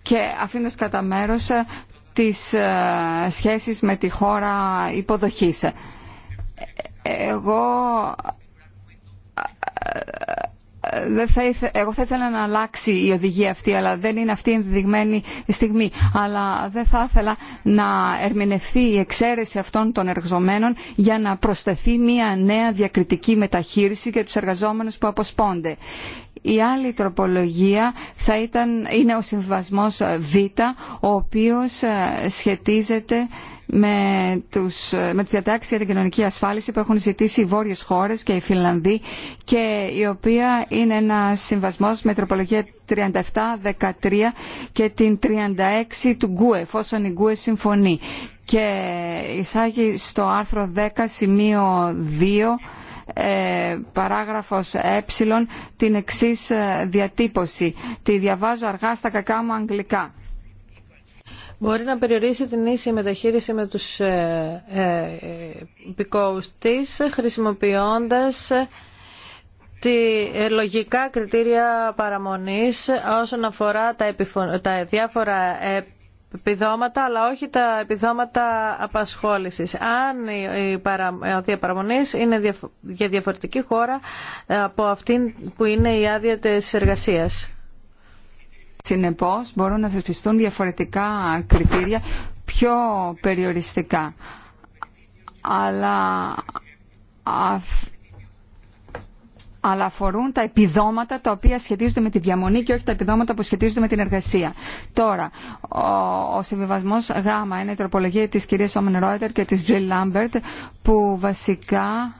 Και αφήνοντας κατά μέρος ε, τις ε, σχέσεις με τη χώρα υποδοχής. Ε, εγώ εγώ θα ήθελα να αλλάξει η οδηγία αυτή, αλλά δεν είναι αυτή η ενδειγμένη στιγμή. Αλλά δεν θα ήθελα να ερμηνευθεί η εξαίρεση αυτών των εργαζομένων για να προσθεθεί μια νέα διακριτική μεταχείριση για τους εργαζόμενους που αποσπώνται. Η άλλη τροπολογία θα ήταν, είναι ο συμβασμός Β, ο οποίος ε, σχετίζεται με, τους, με τις διατάξεις για την κοινωνική ασφάλιση που έχουν ζητήσει οι βόρειες χώρες και οι Φιλανδοί και η οποία είναι ένα συμβασμός με τροπολογία 37-13 και την 36 του Γκουε, εφόσον η Γκουε συμφωνεί. Και εισάγει στο άρθρο 10 σημείο 2 ε, παράγραφος ε την εξής ε, διατύπωση. Τη διαβάζω αργά στα κακά μου αγγλικά. Μπορεί να περιορίσει την ίση μεταχείριση με τους ε, υπηκόους ε, της χρησιμοποιώντας τη λογικά κριτήρια παραμονής όσον αφορά τα, διάφορα επιδόματα, αλλά όχι τα επιδόματα απασχόλησης. Αν η άδεια είναι για διαφορετική χώρα ε, από αυτήν που είναι η άδεια της εργασίας. Συνεπώς μπορούν να θεσπιστούν διαφορετικά κριτήρια πιο περιοριστικά. Αλλά αλλά αφορούν τα επιδόματα τα οποία σχετίζονται με τη διαμονή και όχι τα επιδόματα που σχετίζονται με την εργασία. Τώρα, ο, ο συμβιβασμό Γ είναι η τροπολογία τη κυρία Όμεν Ρόιτερ και τη Jill Λάμπερτ που βασικά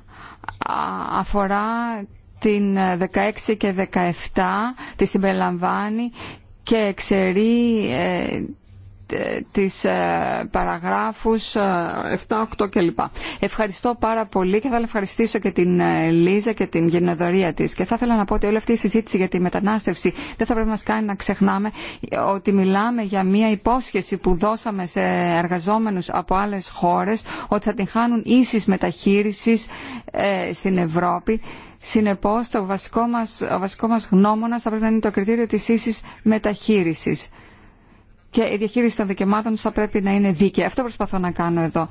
αφορά την 16 και 17, τη συμπεριλαμβάνει και εξαιρεί ε, ε, τις ε, παραγράφους 7, ε, 8 κλπ. Ευχαριστώ πάρα πολύ και θα ευχαριστήσω και την Λίζα και την γενεδορία της. Και θα ήθελα να πω ότι όλη αυτή η συζήτηση για τη μετανάστευση δεν θα πρέπει να μας κάνει να ξεχνάμε ότι μιλάμε για μια υπόσχεση που δώσαμε σε εργαζόμενους από άλλες χώρες ότι θα την χάνουν ίσης μεταχείρισης στην Ευρώπη Συνεπώς, το βασικό μας, ο βασικό μας γνώμονας θα πρέπει να είναι το κριτήριο της ίσης μεταχείρισης και η διαχείριση των δικαιωμάτων θα πρέπει να είναι δίκαιη. Αυτό προσπαθώ να κάνω εδώ.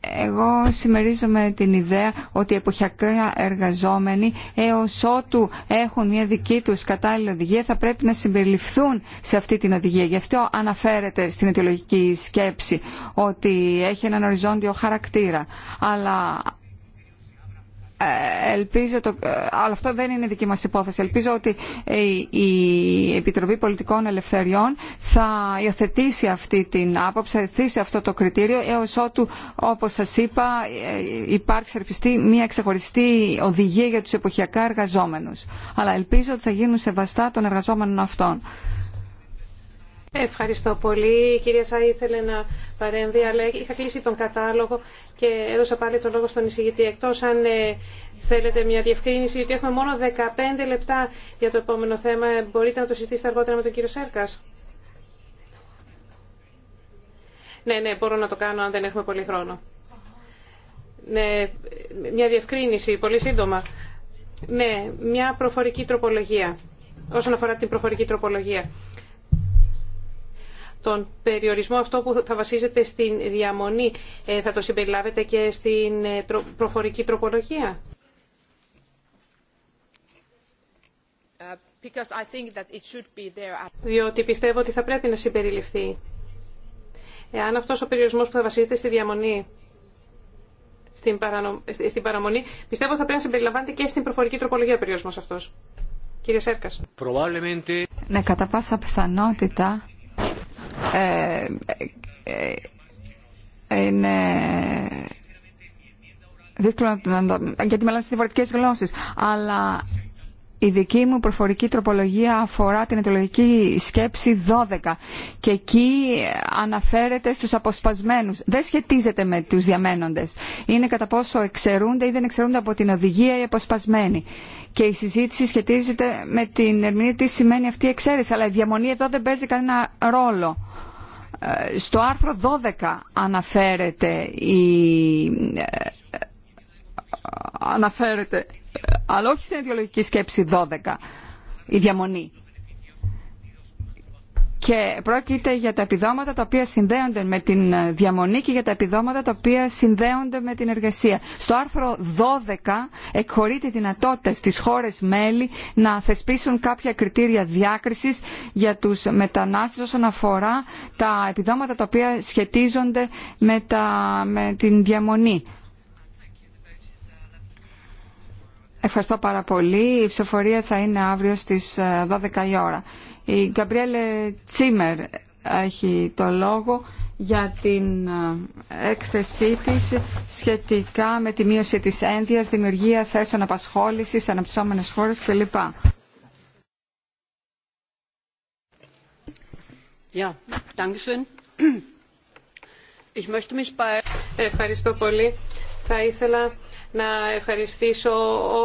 Εγώ συμμερίζομαι την ιδέα ότι οι εποχιακά εργαζόμενοι έως ότου έχουν μια δική τους κατάλληλη οδηγία θα πρέπει να συμπεριληφθούν σε αυτή την οδηγία. Γι' αυτό αναφέρεται στην αιτιολογική σκέψη ότι έχει έναν οριζόντιο χαρακτήρα. Αλλά ε, ελπίζω, το, ε, αλλά αυτό δεν είναι δική μας υπόθεση, ελπίζω ότι η Επιτροπή Πολιτικών Ελευθεριών θα υιοθετήσει αυτή την άποψη, θα υιοθετήσει αυτό το κριτήριο έως ότου, όπως σας είπα, ε, υπάρχει σερπιστή μια ξεχωριστή οδηγία για τους εποχιακά εργαζόμενους. Αλλά ελπίζω ότι θα γίνουν σεβαστά των εργαζόμενων αυτών. Ευχαριστώ πολύ. Η κυρία Σάι ήθελε να παρέμβει, αλλά είχα κλείσει τον κατάλογο και έδωσα πάλι τον λόγο στον εισηγητή. Εκτό αν ε, θέλετε μια διευκρίνηση, ότι έχουμε μόνο 15 λεπτά για το επόμενο θέμα. Μπορείτε να το συζητήσετε αργότερα με τον κύριο Σέρκα. Ναι, ναι, μπορώ να το κάνω αν δεν έχουμε πολύ χρόνο. Ναι, μια διευκρίνηση, πολύ σύντομα. Ναι, μια προφορική τροπολογία. Όσον αφορά την προφορική τροπολογία τον περιορισμό αυτό που θα βασίζεται στην διαμονή ε, θα το συμπεριλάβετε και στην ε, προφορική τροπολογία. Uh, I think that it be there. Διότι πιστεύω ότι θα πρέπει να συμπεριληφθεί. Εάν αυτός ο περιορισμός που θα βασίζεται στη διαμονή, στην, παραμονή, πιστεύω θα πρέπει να συμπεριλαμβάνεται και στην προφορική τροπολογία ο περιορισμός αυτός. Κύριε Σέρκας. Ναι, κατά πάσα πιθανότητα ε, ε, ε, είναι δύσκολο να το... γιατί μιλάμε σε διαφορετικές γλώσσες, αλλά η δική μου προφορική τροπολογία αφορά την αιτιολογική σκέψη 12 και εκεί αναφέρεται στους αποσπασμένους. Δεν σχετίζεται με τους διαμένοντες. Είναι κατά πόσο εξαιρούνται ή δεν εξαιρούνται από την οδηγία οι αποσπασμένοι και η συζήτηση σχετίζεται με την ερμηνεία τι σημαίνει αυτή η εξαίρεση. Αλλά η διαμονή εδώ δεν παίζει κανένα ρόλο. Ε, στο άρθρο 12 αναφέρεται η... Ε, αναφέρεται ε, αλλά όχι στην ιδεολογική σκέψη 12 η διαμονή και πρόκειται για τα επιδόματα τα οποία συνδέονται με την διαμονή και για τα επιδόματα τα οποία συνδέονται με την εργασία. Στο άρθρο 12 εκχωρεί τη δυνατότητα στις χώρες μέλη να θεσπίσουν κάποια κριτήρια διάκρισης για τους μετανάστες όσον αφορά τα επιδόματα τα οποία σχετίζονται με, τα, με την διαμονή. Ευχαριστώ πάρα πολύ. Η ψηφοφορία θα είναι αύριο στις 12 ε, η ώρα. Η Γκαμπριέλε Τσίμερ έχει το λόγο για την ε, έκθεσή της σχετικά με τη μείωση της ένδυας, δημιουργία θέσεων απασχόλησης, αναψώμενες χώρες κλπ. Ευχαριστώ πολύ. Θα ήθελα να ευχαριστήσω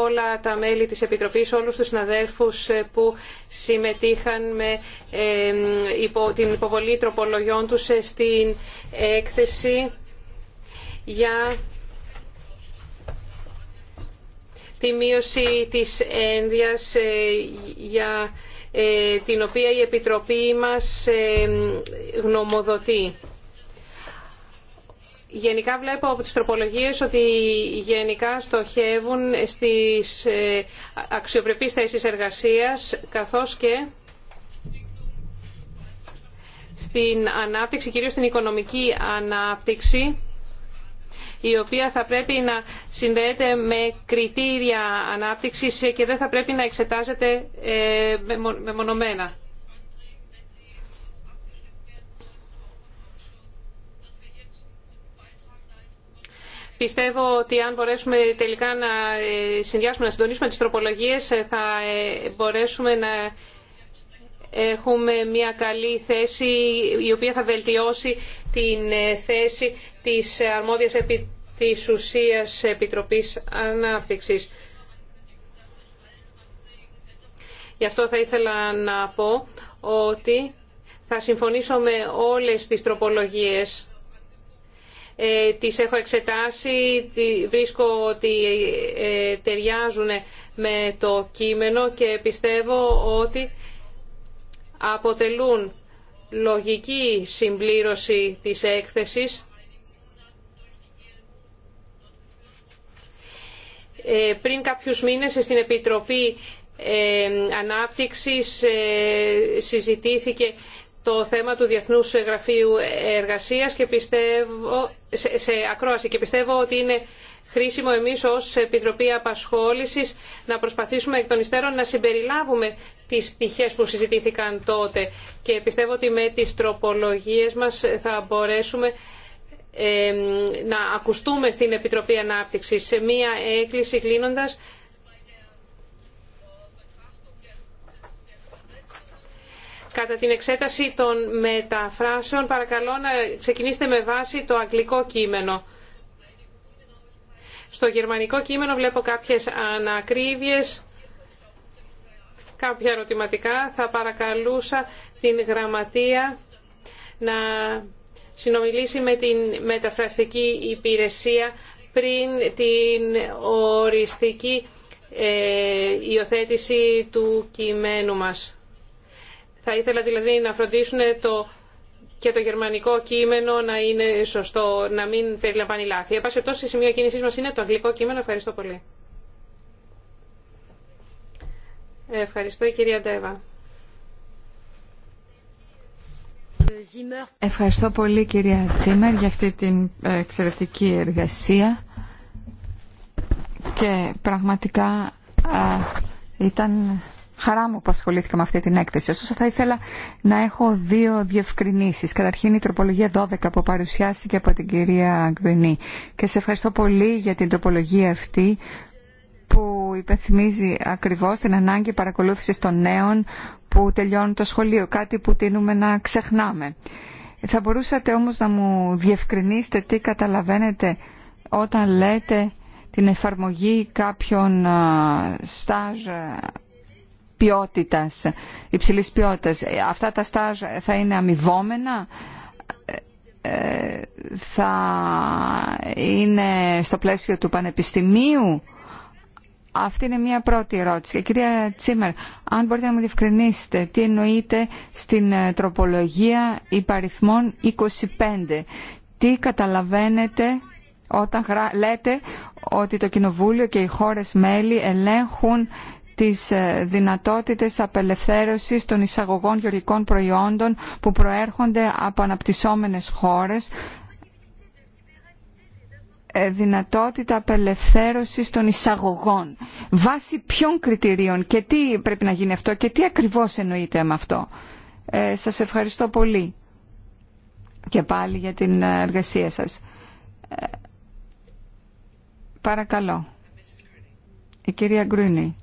όλα τα μέλη της Επιτροπής, όλους τους συναδέλφους ε, που συμμετείχαν με την υποβολή τροπολογιών τους ε, στην έκθεση για τη μείωση της ένδυας ε, για την οποία η Επιτροπή μας γνωμοδοτεί. Γενικά βλέπω από τις τροπολογίες ότι γενικά στοχεύουν στις ε, αξιοπρεπείς θέσεις εργασίας καθώς και στην ανάπτυξη, κυρίως στην οικονομική ανάπτυξη η οποία θα πρέπει να συνδέεται με κριτήρια ανάπτυξης και δεν θα πρέπει να εξετάζεται ε, μεμονωμένα. Πιστεύω ότι αν μπορέσουμε τελικά να ε, συνδυάσουμε, να συντονίσουμε τις τροπολογίες, ε, θα ε, μπορέσουμε να έχουμε μια καλή θέση η οποία θα βελτιώσει την θέση της αρμόδιας επι... της ουσίας Επιτροπής Ανάπτυξης. Γι' αυτό θα ήθελα να πω ότι θα συμφωνήσω με όλες τις τροπολογίες ε, τις έχω εξετάσει, βρίσκω ότι ε, ταιριάζουν με το κείμενο και πιστεύω ότι αποτελούν λογική συμπλήρωση της έκθεσης ε, πριν κάποιους μήνες στην Επιτροπή Ανάπτυξης συζητήθηκε το θέμα του Διεθνούς Γραφείου Εργασίας και πιστεύω, σε, ακρόαση και πιστεύω ότι είναι χρήσιμο εμείς ως Επιτροπή Απασχόλησης να προσπαθήσουμε εκ των υστέρων να συμπεριλάβουμε τις πτυχές που συζητήθηκαν τότε και πιστεύω ότι με τις τροπολογίες μας θα μπορέσουμε να ακουστούμε στην Επιτροπή Ανάπτυξης σε μία έκκληση κλείνοντας Κατά την εξέταση των μεταφράσεων παρακαλώ να ξεκινήσετε με βάση το αγγλικό κείμενο. Στο γερμανικό κείμενο βλέπω κάποιες ανακρίβειες, κάποια ερωτηματικά. Θα παρακαλούσα την γραμματεία να συνομιλήσει με την μεταφραστική υπηρεσία πριν την οριστική ε, υιοθέτηση του κειμένου μας. Θα ήθελα δηλαδή να φροντίσουν το και το γερμανικό κείμενο να είναι σωστό, να μην περιλαμβάνει λάθη. Επάσε τόσο η σημείο κίνησής μας είναι το αγγλικό κείμενο. Ευχαριστώ πολύ. Ευχαριστώ η κυρία Ντέβα. Ευχαριστώ πολύ κυρία Τσίμερ για αυτή την εξαιρετική εργασία και πραγματικά ήταν Χαρά μου που ασχολήθηκα με αυτή την έκθεση. Ωστόσο θα ήθελα να έχω δύο διευκρινήσεις. Καταρχήν η τροπολογία 12 που παρουσιάστηκε από την κυρία Γκρινή. Και σε ευχαριστώ πολύ για την τροπολογία αυτή που υπενθυμίζει ακριβώς την ανάγκη παρακολούθησης των νέων που τελειώνουν το σχολείο. Κάτι που τείνουμε να ξεχνάμε. Θα μπορούσατε όμως να μου διευκρινίσετε τι καταλαβαίνετε όταν λέτε την εφαρμογή κάποιων στάζ ποιότητας, υψηλής ποιότητας. Ε, αυτά τα στάζ θα είναι αμοιβόμενα, ε, θα είναι στο πλαίσιο του πανεπιστημίου. Αυτή είναι μια πρώτη ερώτηση. Και κυρία Τσίμερ, αν μπορείτε να μου διευκρινίσετε τι εννοείτε στην ε, τροπολογία υπαριθμών 25. Τι καταλαβαίνετε όταν λέτε ότι το Κοινοβούλιο και οι χώρες μέλη ελέγχουν τις ε, δυνατότητες απελευθέρωσης των εισαγωγών γεωργικών προϊόντων που προέρχονται από αναπτυσσόμενες χώρες, ε, δυνατότητα απελευθέρωσης των εισαγωγών. Βάσει ποιων κριτηρίων και τι πρέπει να γίνει αυτό και τι ακριβώς εννοείται με αυτό. Ε, σας ευχαριστώ πολύ και πάλι για την εργασία σας. Ε, παρακαλώ. Η κυρία Γκρούνη.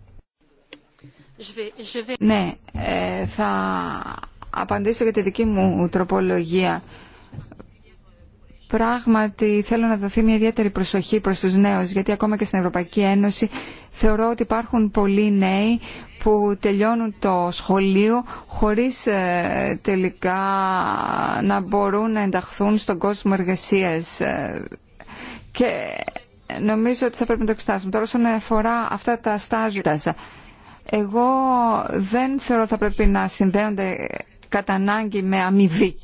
Ναι, ε, θα απαντήσω για τη δική μου τροπολογία. Πράγματι θέλω να δοθεί μια ιδιαίτερη προσοχή προς τους νέους, γιατί ακόμα και στην Ευρωπαϊκή Ένωση θεωρώ ότι υπάρχουν πολλοί νέοι που τελειώνουν το σχολείο χωρίς ε, τελικά να μπορούν να ενταχθούν στον κόσμο εργασίας. Ε, και νομίζω ότι θα πρέπει να το εξετάσουμε. Τώρα όσον αφορά αυτά τα στάζια εγώ δεν θεωρώ θα πρέπει να συνδέονται κατά ανάγκη με αμοιβή.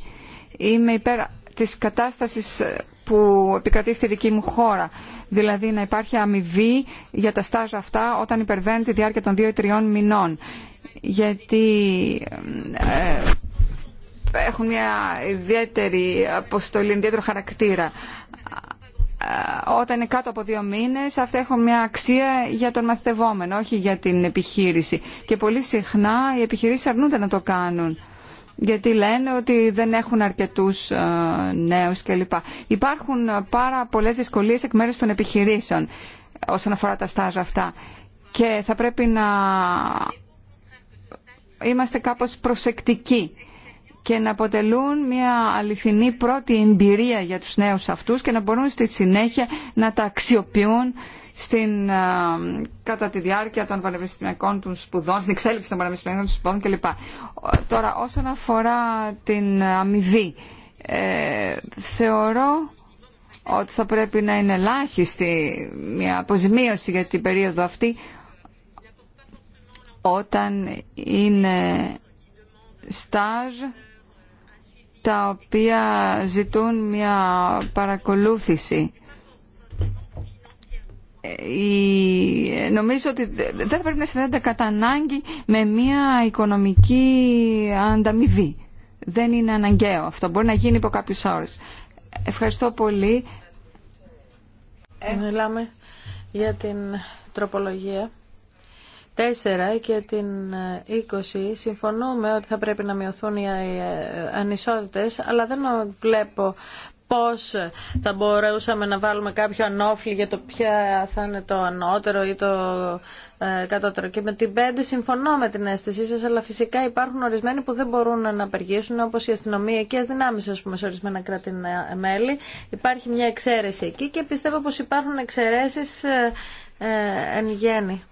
Είμαι υπέρ της κατάστασης που επικρατεί στη δική μου χώρα. Δηλαδή να υπάρχει αμοιβή για τα στάζα αυτά όταν υπερβαίνουν τη διάρκεια των δύο ή τριών μηνών. Γιατί ε, έχουν μια ιδιαίτερη αποστολή, ιδιαίτερο χαρακτήρα όταν είναι κάτω από δύο μήνες αυτά έχουν μια αξία για τον μαθητευόμενο, όχι για την επιχείρηση. Και πολύ συχνά οι επιχειρήσει αρνούνται να το κάνουν γιατί λένε ότι δεν έχουν αρκετούς ε, νέους κλπ. Υπάρχουν πάρα πολλές δυσκολίες εκ μέρους των επιχειρήσεων ε, όσον αφορά τα στάζα αυτά και θα πρέπει να είμαστε κάπως προσεκτικοί και να αποτελούν μια αληθινή πρώτη εμπειρία για τους νέους αυτούς και να μπορούν στη συνέχεια να τα αξιοποιούν στην, κατά τη διάρκεια των πανεπιστημιακών του σπουδών, στην εξέλιξη των πανεπιστημιακών του σπουδών κλπ. Τώρα, όσον αφορά την αμοιβή, ε, θεωρώ ότι θα πρέπει να είναι ελάχιστη μια αποζημίωση για την περίοδο αυτή όταν είναι στάζ τα οποία ζητούν μια παρακολούθηση. Ε, νομίζω ότι δεν θα πρέπει να συνδέονται κατά ανάγκη με μια οικονομική ανταμοιβή. Δεν είναι αναγκαίο αυτό. Μπορεί να γίνει υπό κάποιους ώρες. Ευχαριστώ πολύ. Ε, Μιλάμε για την τροπολογία 4 και την 20 ε, συμφωνούμε ότι θα πρέπει να μειωθούν οι ε, ανισότητες, αλλά δεν βλέπω πώς θα μπορούσαμε να βάλουμε κάποιο ανώφλι για το ποια θα είναι το ανώτερο ή το ε, κατώτερο. Και με την πέντε συμφωνώ με την αίσθησή σας, αλλά φυσικά υπάρχουν ορισμένοι που δεν μπορούν να απεργήσουν, όπως οι αστυνομία δυνάμεις, ας πούμε, σε ορισμένα κράτη μέλη. Υπάρχει μια εξαίρεση εκεί και πιστεύω πως υπάρχουν εξαιρέσεις ε, ε εν γέννη.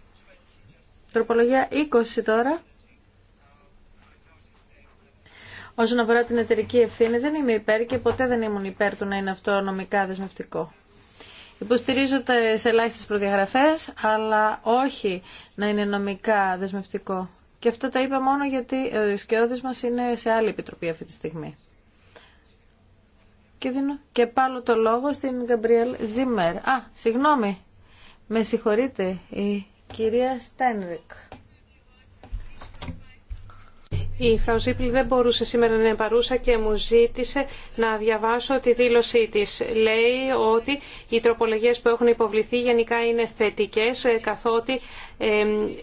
Τροπολογία 20 τώρα. Όσον αφορά την εταιρική ευθύνη, δεν είμαι υπέρ και ποτέ δεν ήμουν υπέρ του να είναι αυτό νομικά δεσμευτικό. Υποστηρίζω τι ελάχιστε προδιαγραφέ, αλλά όχι να είναι νομικά δεσμευτικό. Και αυτά τα είπα μόνο γιατί ο σκιώδης μα είναι σε άλλη επιτροπή αυτή τη στιγμή. Και δίνω και πάλι το λόγο στην Γκαμπριέλ Ζήμερ. Α, συγγνώμη. Με συγχωρείτε. Η Κυρία Στένρικ. Η Φραου δεν μπορούσε σήμερα να είναι παρούσα και μου ζήτησε να διαβάσω τη δήλωσή της. Λέει ότι οι τροπολογίες που έχουν υποβληθεί γενικά είναι θετικές ε, καθότι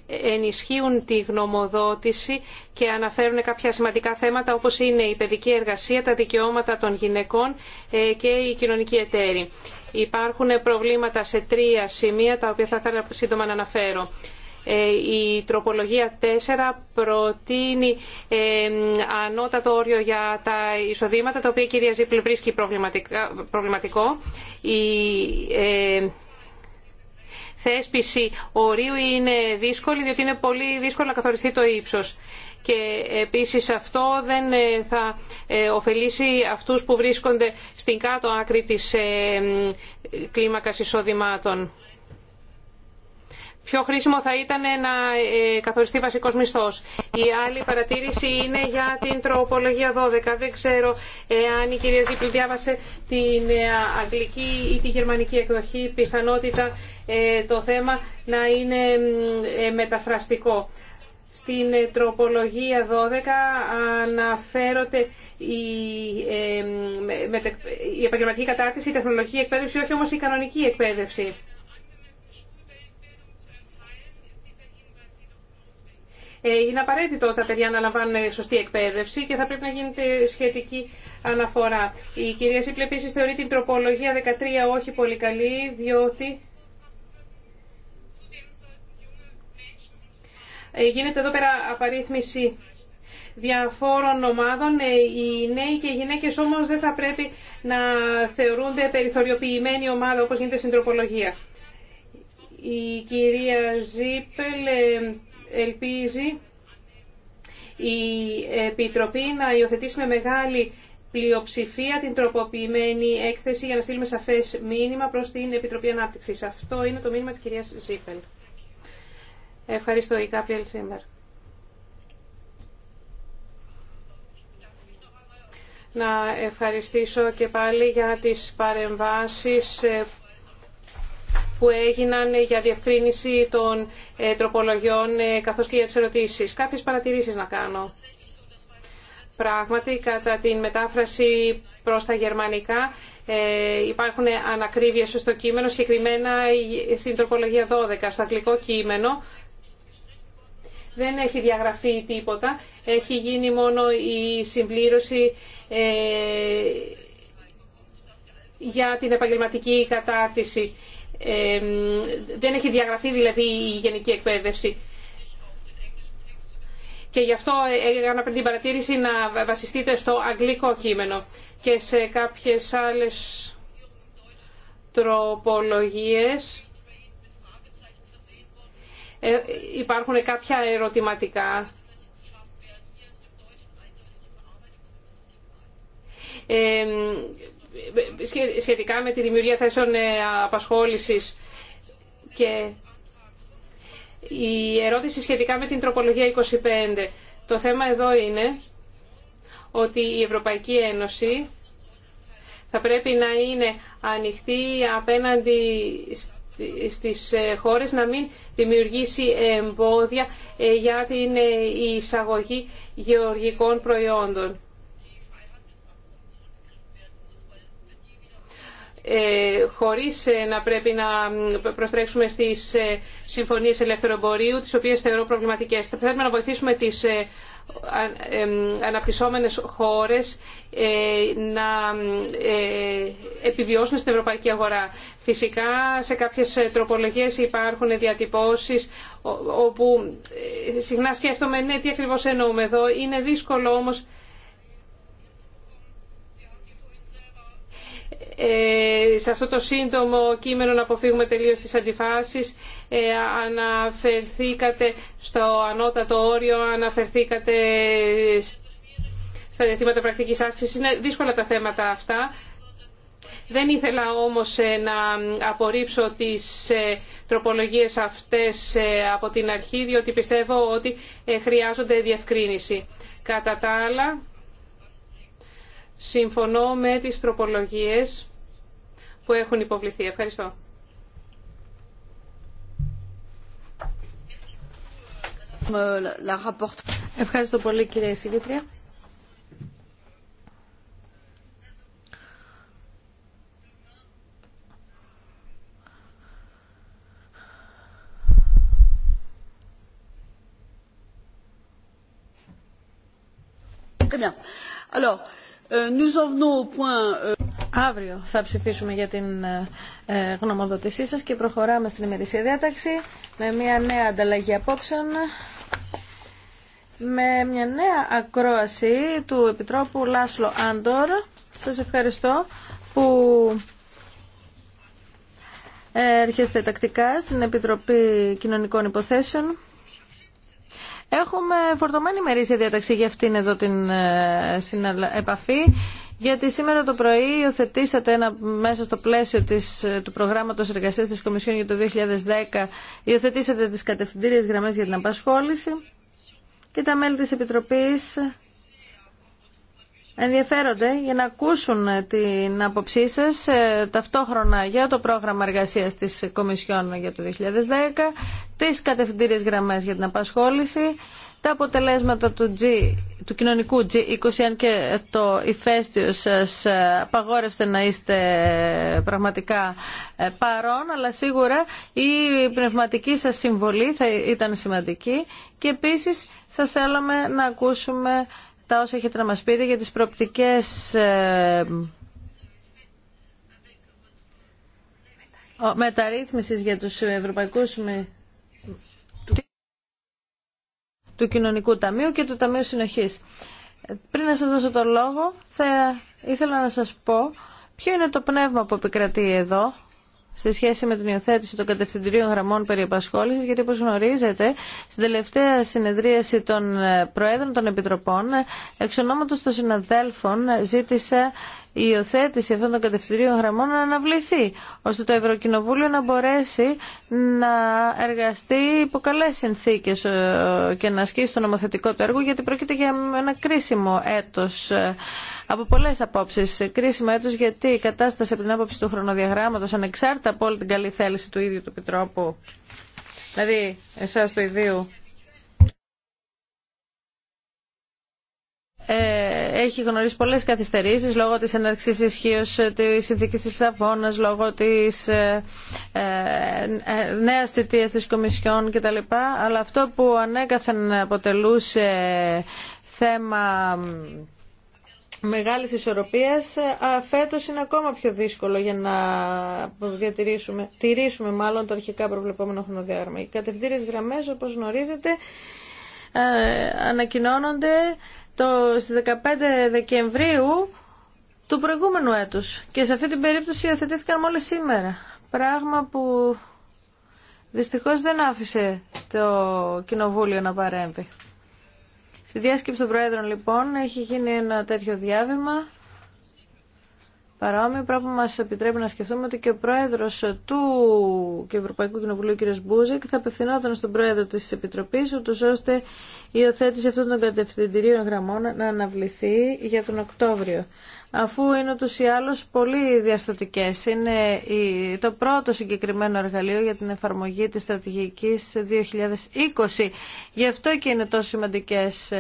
ενισχύουν τη γνωμοδότηση και αναφέρουν κάποια σημαντικά θέματα όπως είναι η παιδική εργασία, τα δικαιώματα των γυναικών ε, και η κοινωνική εταίρη. Υπάρχουν προβλήματα σε τρία σημεία, τα οποία θα ήθελα σύντομα να αναφέρω. Ε, η τροπολογία 4 προτείνει ε, ανώτατο όριο για τα εισοδήματα, τα οποία η κυρία Ζήπλη βρίσκει προβληματικό. Η ε, θέσπιση ορίου είναι δύσκολη, διότι είναι πολύ δύσκολο να καθοριστεί το ύψος και επίσης αυτό δεν ε, θα ε, ωφελήσει αυτούς που βρίσκονται στην κάτω άκρη της ε, κλίμακας εισόδημάτων. Πιο χρήσιμο θα ήταν να καθοριστεί βασικό μισθό. Η άλλη παρατήρηση είναι για την τροπολογία 12. Δεν ξέρω αν η κυρία Ζήπλη διάβασε την αγγλική ή τη γερμανική εκδοχή. Πιθανότητα το θέμα να είναι μεταφραστικό. Στην τροπολογία 12 αναφέρονται η, ε, η επαγγελματική κατάρτιση, η τεχνολογική εκπαίδευση, όχι όμως η κανονική εκπαίδευση. Ε, είναι απαραίτητο τα παιδιά να λαμβάνουν σωστή εκπαίδευση και θα πρέπει να γίνεται σχετική αναφορά. Η κυρία Σίπλε επίση θεωρεί την τροπολογία 13 όχι πολύ καλή, διότι Ε, γίνεται εδώ πέρα απαρίθμηση διαφόρων ομάδων. Ε, οι νέοι και οι γυναίκες όμως δεν θα πρέπει να θεωρούνται περιθωριοποιημένη ομάδα όπως γίνεται στην τροπολογία. Η κυρία Ζίπελ ε, ελπίζει η Επιτροπή να υιοθετήσει με μεγάλη πλειοψηφία την τροποποιημένη έκθεση για να στείλουμε σαφές μήνυμα προς την Επιτροπή Ανάπτυξης. Αυτό είναι το μήνυμα της κυρίας Ζίπελ. Ευχαριστώ η Κάπριελ Να ευχαριστήσω και πάλι για τις παρεμβάσεις ε, που έγιναν για διευκρίνηση των ε, τροπολογιών ε, καθώς και για τις ερωτήσεις. Κάποιες παρατηρήσεις να κάνω. Πράγματι, κατά την μετάφραση προς τα γερμανικά υπάρχουν ανακρίβειες στο κείμενο, συγκεκριμένα στην τροπολογία 12. Στο αγγλικό κείμενο δεν έχει διαγραφεί τίποτα. Έχει γίνει μόνο η συμπλήρωση ε, για την επαγγελματική κατάρτιση. Ε, δεν έχει διαγραφεί δηλαδή η γενική εκπαίδευση. Και γι' αυτό έκανα πριν την παρατήρηση να βασιστείτε στο αγγλικό κείμενο και σε κάποιες άλλες τροπολογίες ε, υπάρχουν κάποια ερωτηματικά. Ε, σχετικά με τη δημιουργία θέσεων ε, απασχόλησης και η ερώτηση σχετικά με την τροπολογία 25. Το θέμα εδώ είναι ότι η Ευρωπαϊκή Ένωση θα πρέπει να είναι ανοιχτή απέναντι στις ε, χώρες να μην δημιουργήσει εμπόδια ε, για την ε, εισαγωγή γεωργικών προϊόντων. χωρίς να πρέπει να προστρέξουμε στις συμφωνίες ελεύθερου εμπορίου, τις οποίες θεωρώ προβληματικές. Θα θέλουμε να βοηθήσουμε τις αναπτυσσόμενες χώρες ε, να ε, επιβιώσουν στην ευρωπαϊκή αγορά. Φυσικά σε κάποιες ε, τροπολογίες υπάρχουν διατυπώσεις όπου συχνά σκέφτομαι ναι τι ακριβώς εννοούμε εδώ. Είναι δύσκολο όμως Ε, σε αυτό το σύντομο κείμενο να αποφύγουμε τελείως τις αντιφάσεις. Ε, αναφερθήκατε στο ανώτατο όριο, αναφερθήκατε στα διαστήματα πρακτικής άσκησης. Είναι δύσκολα τα θέματα αυτά. Δεν ήθελα όμως ε, να απορρίψω τις τροπολογίες αυτές από την αρχή, διότι πιστεύω ότι χρειάζονται διευκρίνηση. Κατά τα άλλα, Συμφωνώ με τις τροπολογίες που έχουν υποβληθεί. Ευχαριστώ. Ευχαριστώ πολύ κύριε Συγκήτρια. Très bien. Alors, ε, ε, Αύριο θα ψηφίσουμε για την ε, γνωμοδότησή σας και προχωράμε στην ημερησία διάταξη με μια νέα ανταλλαγή απόψεων με μια νέα ακρόαση του Επιτρόπου Λάσλο Άντορ. Σας ευχαριστώ που έρχεστε τακτικά στην Επιτροπή Κοινωνικών Υποθέσεων. Έχουμε φορτωμένη μερίσια διαταξή για αυτήν εδώ την ε, επαφή, γιατί σήμερα το πρωί υιοθετήσατε ένα, μέσα στο πλαίσιο της, ε, του προγράμματος εργασίας της Κομισιόν για το 2010, υιοθετήσατε τις κατευθυντήριες γραμμές για την απασχόληση και τα μέλη της Επιτροπής ενδιαφέρονται για να ακούσουν ε, την άποψή σας ε, ταυτόχρονα για το πρόγραμμα εργασίας της Κομισιόν για το 2010, τις κατευθυντήριες γραμμές για την απασχόληση, τα αποτελέσματα του, G, του κοινωνικού G20 και το ηφαίστειο σας ε, απαγόρευσε να είστε πραγματικά παρόν αλλά σίγουρα η πνευματική σας συμβολή θα ήταν σημαντική και επίσης θα θέλαμε να ακούσουμε αυτά όσα έχετε να μας πείτε για τις προπτικές ε, μεταρρύθμισης για τους ευρωπαϊκούς του Κοινωνικού Ταμείου και του Ταμείου Συνοχής. Πριν να σας δώσω το λόγο, θα ήθελα να σας πω ποιο είναι το πνεύμα που επικρατεί εδώ σε σχέση με την υιοθέτηση των κατευθυντηρίων γραμμών περί επασχόλησης, γιατί όπως γνωρίζετε, στην τελευταία συνεδρίαση των ε, Προέδρων των Επιτροπών, ε, εξ ονόματος των συναδέλφων, ζήτησε η υιοθέτηση αυτών των κατευθυντήριων γραμμών να αναβληθεί, ώστε το Ευρωκοινοβούλιο να μπορέσει να εργαστεί υπό καλέ συνθήκε ε, και να ασκήσει το νομοθετικό του έργο, γιατί πρόκειται για ένα κρίσιμο έτο ε, από πολλέ απόψει. Κρίσιμο έτο γιατί η κατάσταση από την άποψη του χρονοδιαγράμματο, ανεξάρτητα από όλη την καλή θέληση του ίδιου του Επιτρόπου, δηλαδή εσά του ιδίου Ε, έχει γνωρίσει πολλές καθυστερήσεις λόγω της έναρξης ισχύω της συνθήκη της Ψαβώνας, λόγω της ε, ε, νέας θητείας της Κομισιόν κτλ. Αλλά αυτό που ανέκαθεν αποτελούσε θέμα μεγάλης ισορροπίας ε, φέτος είναι ακόμα πιο δύσκολο για να διατηρήσουμε, τηρήσουμε μάλλον το αρχικά προβλεπόμενο χρονοδιάγραμμα. Οι κατευθύνες γραμμές όπως γνωρίζετε ε, ανακοινώνονται το, στις 15 Δεκεμβρίου του προηγούμενου έτους και σε αυτή την περίπτωση υιοθετήθηκαν μόλις σήμερα. Πράγμα που δυστυχώς δεν άφησε το Κοινοβούλιο να παρέμβει. Στη διάσκεψη των Προέδρων λοιπόν έχει γίνει ένα τέτοιο διάβημα παρόμοιο, πράγμα που μας επιτρέπει να σκεφτούμε ότι και ο πρόεδρος του και Ευρωπαϊκού Κοινοβουλίου, κ. Μπούζεκ, θα απευθυνόταν στον πρόεδρο της Επιτροπής, ούτως ώστε η υιοθέτηση αυτών των κατευθυντηρίων γραμμών να αναβληθεί για τον Οκτώβριο αφού είναι ούτως ή άλλως πολύ διαστοτικές. Είναι το πρώτο συγκεκριμένο εργαλείο για την εφαρμογή της στρατηγικής 2020. Γι' αυτό και είναι τόσο σημαντικές.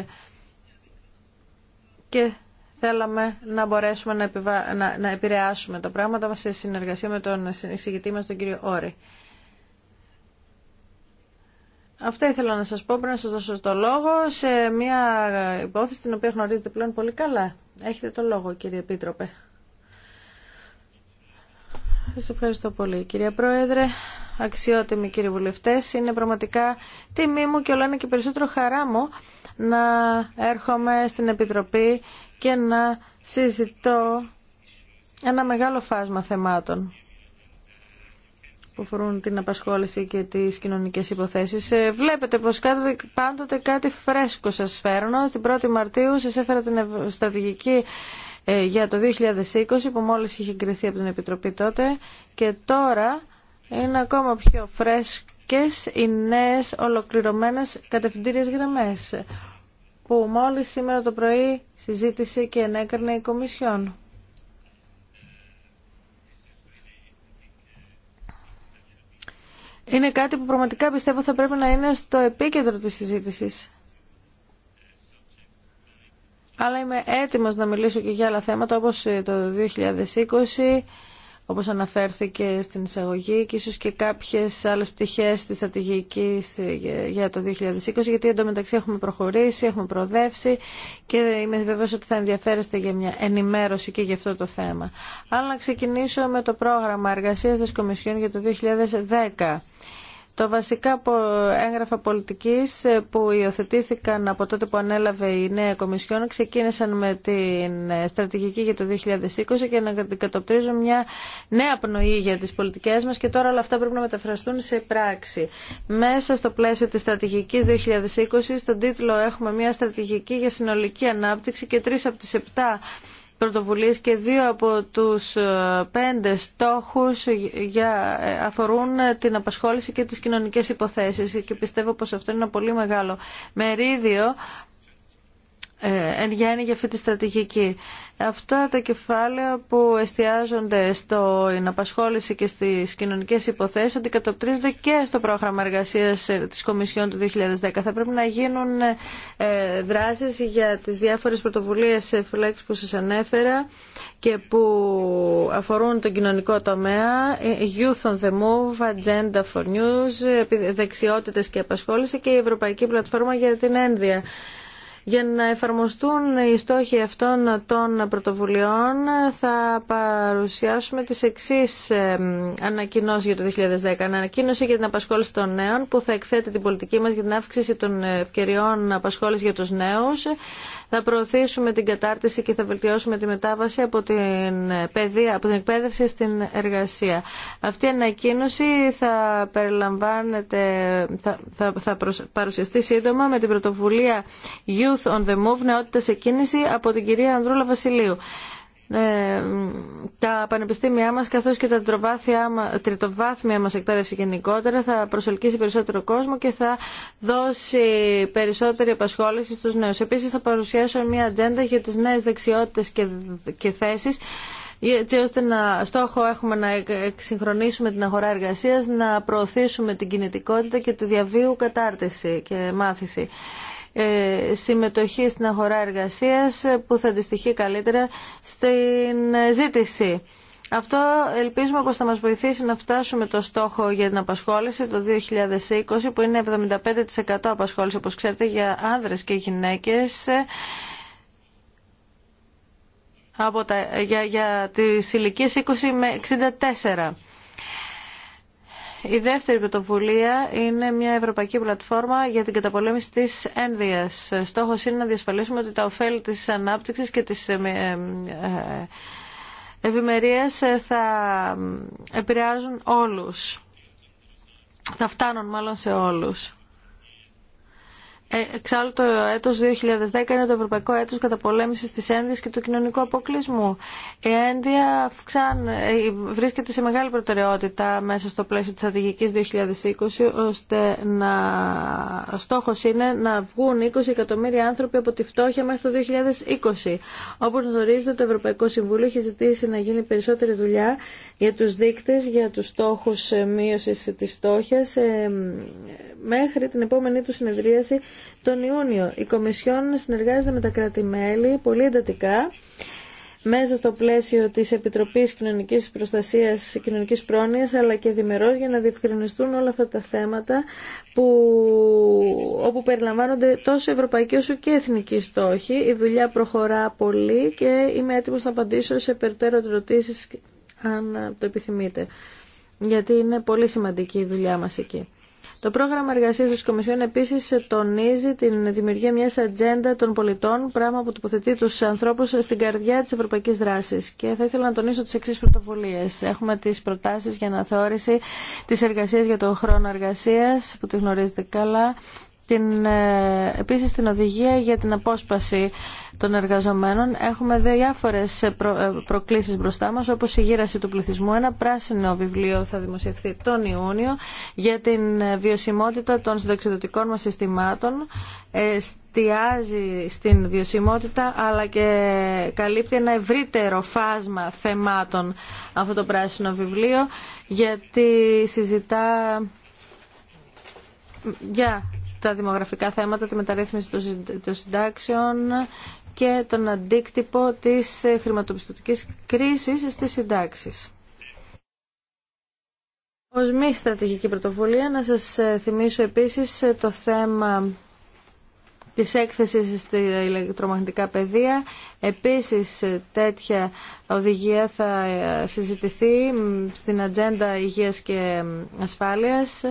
Και θέλαμε να μπορέσουμε να, επιβα... να, να επηρεάσουμε τα πράγματα σε συνεργασία με τον εισηγητή μας τον κύριο Όρη. Αυτά ήθελα να σας πω πριν να σας δώσω το λόγο σε μια υπόθεση την οποία γνωρίζετε πλέον πολύ καλά. Έχετε το λόγο κύριε Επίτροπε. Σας ευχαριστώ πολύ κύριε Πρόεδρε, αξιότιμοι κύριοι βουλευτές. Είναι πραγματικά τιμή μου και όλα είναι και περισσότερο χαρά μου να έρχομαι στην Επιτροπή και να συζητώ ένα μεγάλο φάσμα θεμάτων που αφορούν την απασχόληση και τις κοινωνικές υποθέσεις. Ε, βλέπετε πως πάντοτε κάτι φρέσκο σας φέρνω. Στην 1η Μαρτίου σας έφερα την στρατηγική ε, για το 2020 που μόλις είχε εγκριθεί από την Επιτροπή τότε και τώρα είναι ακόμα πιο φρέσκες οι νέες ολοκληρωμένες κατευθυντήριες γραμμές που μόλις σήμερα το πρωί συζήτησε και ενέκρινε η Κομισιόν. Είναι κάτι που πραγματικά πιστεύω θα πρέπει να είναι στο επίκεντρο της συζήτησης. Αλλά είμαι έτοιμος να μιλήσω και για άλλα θέματα όπως το 2020 όπως αναφέρθηκε στην εισαγωγή και ίσως και κάποιες άλλες πτυχές της στρατηγική για το 2020 γιατί μεταξύ έχουμε προχωρήσει, έχουμε προοδεύσει και είμαι βεβαίως ότι θα ενδιαφέρεστε για μια ενημέρωση και για αυτό το θέμα. Αλλά να ξεκινήσω με το πρόγραμμα εργασίας της Κομισιόν για το 2010. Το βασικά έγγραφα πολιτικής ε, που υιοθετήθηκαν από τότε που ανέλαβε η νέα Κομισιόν ξεκίνησαν με την ε, στρατηγική για το 2020 και να αντικατοπτρίζουν μια νέα πνοή για τις πολιτικές μας και τώρα όλα αυτά πρέπει να μεταφραστούν σε πράξη. Μέσα στο πλαίσιο της στρατηγικής 2020 στον τίτλο έχουμε μια στρατηγική για συνολική ανάπτυξη και τρεις από τις επτά πρωτοβουλίες και δύο από τους ε, πέντε στόχους για, ε, αφορούν ε, την απασχόληση και τις κοινωνικές υποθέσεις και πιστεύω πως αυτό είναι ένα πολύ μεγάλο μερίδιο ε, εν γέννη για αυτή τη στρατηγική. Αυτά τα κεφάλαια που εστιάζονται στην απασχόληση και στις κοινωνικές υποθέσεις αντικατοπτρίζονται και στο πρόγραμμα εργασίας ε, της Κομισιόν του 2010. Θα πρέπει να γίνουν ε, δράσεις για τις διάφορες πρωτοβουλίες Φλέξ που σας ανέφερα και που αφορούν τον κοινωνικό τομέα, Youth on the Move, Agenda for News, δεξιότητες και απασχόληση και η Ευρωπαϊκή Πλατφόρμα για την Ένδια. Για να εφαρμοστούν οι στόχοι αυτών των πρωτοβουλειών θα παρουσιάσουμε τις εξής ε, ανακοινώσεις για το 2010. Ανακοίνωση για την απασχόληση των νέων που θα εκθέτει την πολιτική μας για την αύξηση των ευκαιριών απασχόληση για τους νέους θα προωθήσουμε την κατάρτιση και θα βελτιώσουμε τη μετάβαση από την, παιδεία, από την εκπαίδευση στην εργασία. Αυτή η ανακοίνωση θα, θα, θα, θα παρουσιαστεί σύντομα με την πρωτοβουλία Youth on the Move, νεότητα σε κίνηση από την κυρία Ανδρούλα Βασιλείου. Ε, τα πανεπιστήμια μας καθώς και τα τριτοβάθμια μας εκπαίδευση γενικότερα θα προσελκύσει περισσότερο κόσμο και θα δώσει περισσότερη επασχόληση στους νέους. Επίσης θα παρουσιάσω μια ατζέντα για τις νέες δεξιότητες και, και θέσεις έτσι ώστε να στόχο έχουμε να εξυγχρονίσουμε την αγορά εργασίας, να προωθήσουμε την κινητικότητα και τη διαβίου κατάρτιση και μάθηση. Ε, συμμετοχή στην αγορά εργασίας ε, που θα αντιστοιχεί καλύτερα στην ε, ζήτηση. Αυτό ελπίζουμε πως θα μας βοηθήσει να φτάσουμε το στόχο για την απασχόληση το 2020 που είναι 75% απασχόληση όπως ξέρετε για άνδρες και γυναίκες από τα, για, για τις ηλικίες 20 με 64. Η δεύτερη πρωτοβουλία είναι μια ευρωπαϊκή πλατφόρμα για την καταπολέμηση τη ένδυα. Στόχος είναι να διασφαλίσουμε ότι τα ωφέλη της ανάπτυξης και της ε, ε, ε, ευημερία θα επηρεάζουν όλους. Θα φτάνουν μάλλον σε όλους. Εξάλλου το έτος 2010 είναι το ευρωπαϊκό έτος καταπολέμησης της ένδυας και του κοινωνικού αποκλεισμού. Η ένδυα ε, βρίσκεται σε μεγάλη προτεραιότητα μέσα στο πλαίσιο της στρατηγικής 2020 ώστε να... ο στόχος είναι να βγουν 20 εκατομμύρια άνθρωποι από τη φτώχεια μέχρι το 2020. Όπως γνωρίζετε το Ευρωπαϊκό Συμβούλιο έχει ζητήσει να γίνει περισσότερη δουλειά για τους δείκτες, για τους στόχους ε, μείωσης της φτώχειας ε, μέχρι την επόμενή του συνεδρίαση τον Ιούνιο η Κομισιόν συνεργάζεται με τα κράτη-μέλη πολύ εντατικά μέσα στο πλαίσιο της Επιτροπής Κοινωνικής Προστασίας και Κοινωνικής Πρόνοιας αλλά και διμερώς για να διευκρινιστούν όλα αυτά τα θέματα που, όπου περιλαμβάνονται τόσο ευρωπαϊκοί όσο και εθνικοί στόχοι. Η δουλειά προχωρά πολύ και είμαι έτοιμος να απαντήσω σε περαιτέρω ερωτήσει αν το επιθυμείτε γιατί είναι πολύ σημαντική η δουλειά μας εκεί. Το πρόγραμμα εργασία της Κομισιόν επίση τονίζει την δημιουργία μιας ατζέντα των πολιτών, πράγμα που τοποθετεί του ανθρώπου στην καρδιά της ευρωπαϊκής δράσης. Και θα ήθελα να τονίσω τις εξή πρωτοβουλίε. Έχουμε τις προτάσεις για αναθεώρηση τη εργασία για τον χρόνο εργασία, που τη γνωρίζετε καλά, την, ε, επίσης την οδηγία για την απόσπαση των εργαζομένων. Έχουμε διάφορες ε, προ, ε, προκλήσεις μπροστά μας, όπως η γύραση του πληθυσμού. Ένα πράσινο βιβλίο θα δημοσιευθεί τον Ιούνιο για την βιωσιμότητα των συνταξιδοτικών μας συστημάτων. Εστιάζει στην βιωσιμότητα, αλλά και καλύπτει ένα ευρύτερο φάσμα θεμάτων αυτό το πράσινο βιβλίο, γιατί συζητά για τα δημογραφικά θέματα, τη μεταρρύθμιση των συντάξεων και τον αντίκτυπο της ε, χρηματοπιστωτικής κρίσης στις συντάξεις. Ως μη στρατηγική πρωτοβουλία να σας ε, θυμίσω επίσης ε, το θέμα της έκθεσης στη ηλεκτρομαγνητικά πεδία. Επίσης τέτοια οδηγία θα συζητηθεί στην ατζέντα υγείας και ασφάλειας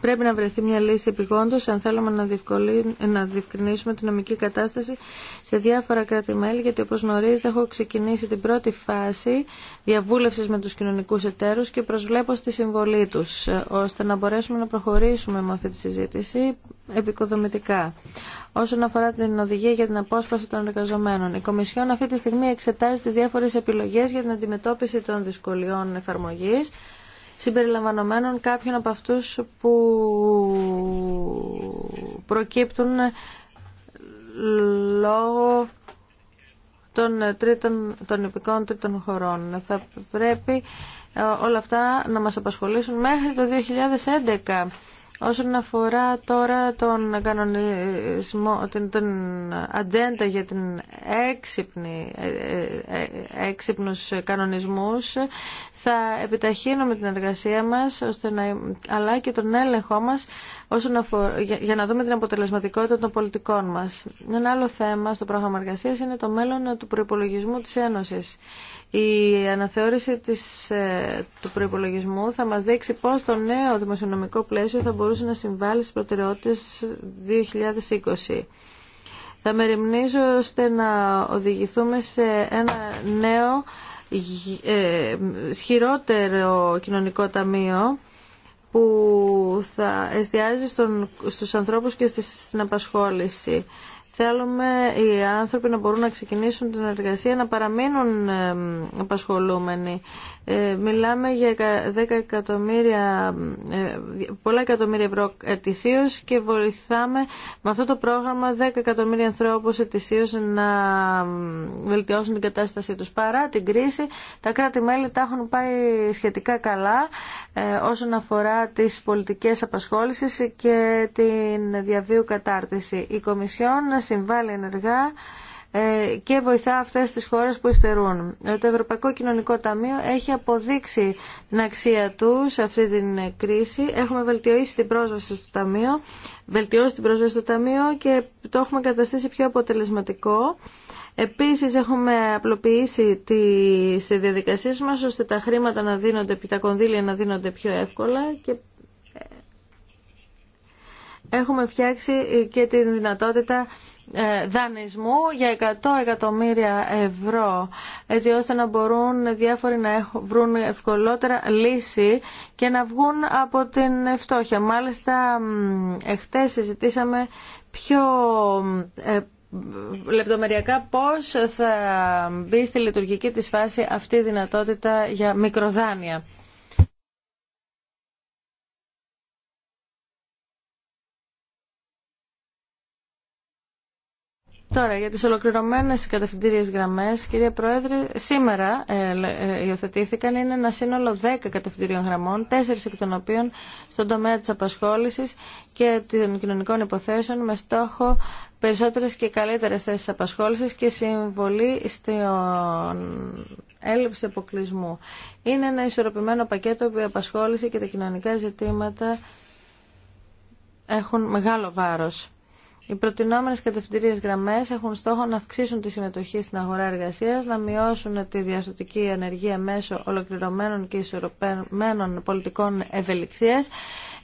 Πρέπει να βρεθεί μια λύση επιγόντω. αν θέλουμε να, να διευκρινίσουμε την νομική κατάσταση σε διάφορα κράτη-μέλη, γιατί όπω γνωρίζετε έχω ξεκινήσει την πρώτη φάση διαβούλευση με του κοινωνικού εταίρους και προσβλέπω στη συμβολή του ώστε να μπορέσουμε να προχωρήσουμε με αυτή τη συζήτηση επικοδομητικά. Όσον αφορά την οδηγία για την απόσπαση των εργαζομένων, η Κομισιόν αυτή τη στιγμή εξετάζει τι διάφορε επιλογέ για την αντιμετώπιση των δυσκολιών εφαρμογή συμπεριλαμβανομένων κάποιων από αυτούς που προκύπτουν λόγω των, τρίτων, των υπηκών τρίτων χωρών. Θα πρέπει ε, όλα αυτά να μας απασχολήσουν μέχρι το 2011. Όσον αφορά τώρα τον κανονισμό, την, την ατζέντα για την έξυπνη, ε, ε, ε, έξυπνους κανονισμούς, θα επιταχύνουμε την εργασία μας, ώστε να, αλλά και τον έλεγχό μας όσον αφορά, για, για, να δούμε την αποτελεσματικότητα των πολιτικών μας. Ένα άλλο θέμα στο πρόγραμμα εργασίας είναι το μέλλον του προϋπολογισμού της Ένωσης. Η αναθεώρηση της, ε, του προϋπολογισμού θα μας δείξει πώς το νέο δημοσιονομικό πλαίσιο θα μπορούσε να συμβάλλει στις προτεραιότητες 2020. Θα μεριμνήσω ώστε να οδηγηθούμε σε ένα νέο ε, σχηρότερο κοινωνικό ταμείο που θα εστιάζει στον, στους ανθρώπους και στην απασχόληση. Θέλουμε οι άνθρωποι να μπορούν να ξεκινήσουν την εργασία, να παραμείνουν απασχολούμενοι. Ε, μιλάμε για 10 εκατομμύρια, ε, πολλά εκατομμύρια ευρώ ετησίω και βοηθάμε με αυτό το πρόγραμμα 10 εκατομμύρια ανθρώπου ετησίω να βελτιώσουν την κατάστασή τους. Παρά την κρίση, τα κράτη-μέλη τα έχουν πάει σχετικά καλά ε, όσον αφορά τι πολιτικέ απασχόλησης και την διαβίου κατάρτιση. Η Κομισιόν συμβάλλει ενεργά ε, και βοηθά αυτές τις χώρες που υστερούν. Ε, το Ευρωπαϊκό Κοινωνικό Ταμείο έχει αποδείξει την αξία του σε αυτή την ε, κρίση. Έχουμε βελτιώσει την πρόσβαση στο Ταμείο, βελτιώσει την πρόσβαση στο Ταμείο και το έχουμε καταστήσει πιο αποτελεσματικό. Επίσης έχουμε απλοποιήσει τις διαδικασίες μας ώστε τα χρήματα να δίνονται, τα κονδύλια να δίνονται πιο εύκολα και έχουμε φτιάξει ε, και τη δυνατότητα ε, δανεισμού για 100 εκατομμύρια ευρώ έτσι ώστε να μπορούν διάφοροι να βρουν ευκολότερα λύση και να βγουν από την φτώχεια. Μάλιστα, εχθές συζητήσαμε πιο ε, λεπτομεριακά πώς θα μπει στη λειτουργική της φάση αυτή η δυνατότητα για μικροδάνεια. Τώρα, για τις ολοκληρωμένες κατευθυντήριες γραμμές, κυρία Πρόεδρε, σήμερα ε, ε, υιοθετήθηκαν είναι ένα σύνολο 10 κατευθυντήριων γραμμών, 4 εκ των οποίων στον τομέα της απασχόλησης και των κοινωνικών υποθέσεων με στόχο περισσότερες και καλύτερες θέσεις απασχόλησης και συμβολή στην έλλειψη αποκλεισμού. Είναι ένα ισορροπημένο πακέτο που η απασχόληση και τα κοινωνικά ζητήματα έχουν μεγάλο βάρος. Οι προτινόμενες κατευθυντήριες γραμμές έχουν στόχο να αυξήσουν τη συμμετοχή στην αγορά εργασίας, να μειώσουν τη διαστατική ανεργία μέσω ολοκληρωμένων και ισορροπημένων πολιτικών ευελιξίας.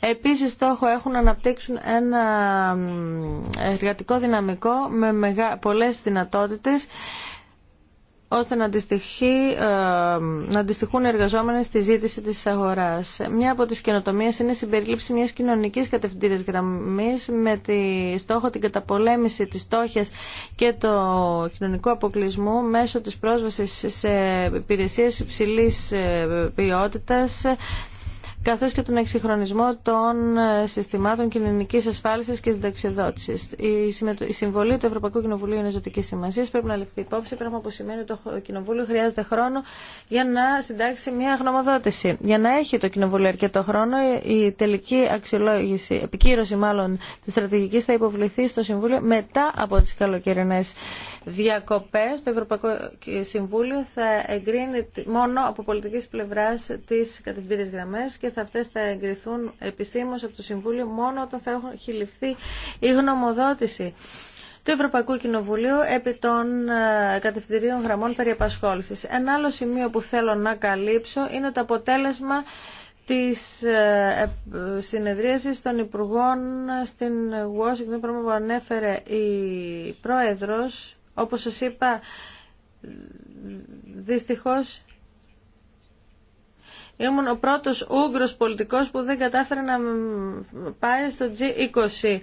Επίσης, στόχο έχουν να αναπτύξουν ένα εργατικό δυναμικό με πολλές δυνατότητες ώστε να, ε, να αντιστοιχούν οι εργαζόμενοι στη ζήτηση της αγοράς. Μια από τις καινοτομίες είναι η συμπερίληψη μιας κοινωνικής κατευθυντήρες γραμμής με τη στόχο την καταπολέμηση της στόχιας και το κοινωνικού αποκλεισμού μέσω της πρόσβασης σε υπηρεσίες υψηλής ε, ποιότητας, Καθώ και τον εξυγχρονισμό των ε, συστημάτων κοινωνική ασφάλιση και συνταξιοδότηση. Η συμβολή του Ευρωπαϊκού Κοινοβουλίου είναι ζωτική σημασία. Πρέπει να ληφθεί υπόψη, πράγμα που σημαίνει ότι το Κοινοβούλιο χρειάζεται χρόνο για να συντάξει μια γνωμοδότηση. Για να έχει το Κοινοβούλιο αρκετό χρόνο, η τελική αξιολόγηση, επικύρωση μάλλον τη στρατηγική, θα υποβληθεί στο Συμβούλιο μετά από τι καλοκαιρινέ διακοπέ. Το Ευρωπαϊκό Συμβούλιο θα εγκρίνει μόνο από πολιτική πλευρά τι κατευθυντήριες γραμμέ και θα αυτές θα εγκριθούν επισήμως από το Συμβούλιο μόνο όταν θα έχουν ληφθεί η γνωμοδότηση του Ευρωπαϊκού Κοινοβουλίου επί των ε, κατευθυντηρίων γραμμών περί επασχόλησης. Ένα άλλο σημείο που θέλω να καλύψω είναι το αποτέλεσμα της ε, ε, συνεδρίασης των Υπουργών στην Washington, πράγμα που ανέφερε η Πρόεδρος, όπως σας είπα, δυστυχώς Ήμουν ο πρώτος Ούγγρος πολιτικός που δεν κατάφερε να πάει στο G20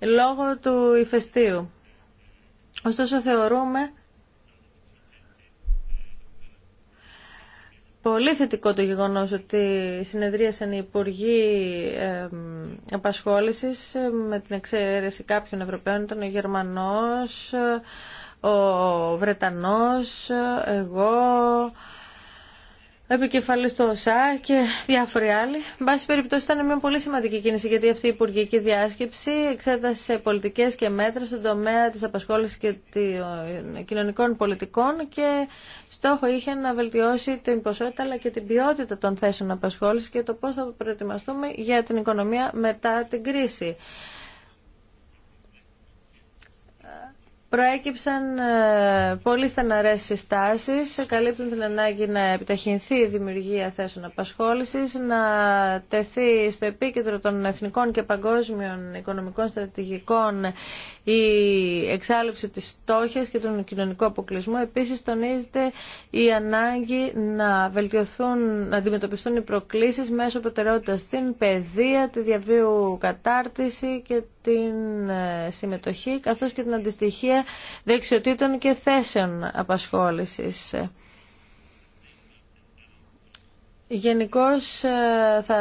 λόγω του ηφαιστείου. Ωστόσο θεωρούμε πολύ θετικό το γεγονός ότι συνεδρίασαν οι Υπουργοί Απασχόλησης με την εξαίρεση κάποιων Ευρωπαίων, ήταν ο Γερμανός, ο Βρετανός, εγώ, επικεφαλής του ΩΣΑ και διάφοροι άλλοι. Εν πάση περιπτώσει ήταν μια πολύ σημαντική κίνηση γιατί αυτή η υπουργική διάσκεψη εξέτασε πολιτικές και μέτρα στον τομέα της απασχόλησης και των κοινωνικών πολιτικών και στόχο είχε να βελτιώσει την ποσότητα αλλά και την ποιότητα των θέσεων απασχόλησης και το πώ θα προετοιμαστούμε για την οικονομία μετά την κρίση. Προέκυψαν ε, πολύ στεναρές συστάσεις, καλύπτουν την ανάγκη να επιταχυνθεί η δημιουργία θέσεων απασχόλησης, να τεθεί στο επίκεντρο των εθνικών και παγκόσμιων οικονομικών στρατηγικών η εξάλληψη της στόχη και του κοινωνικού αποκλεισμού. Επίσης τονίζεται η ανάγκη να βελτιωθούν, να αντιμετωπιστούν οι προκλήσεις μέσω προτεραιότητας στην παιδεία, τη διαβίου κατάρτιση και την ε, συμμετοχή καθώς και την αντιστοιχεία δεξιοτήτων και θέσεων απασχόλησης. Γενικώ ε, θα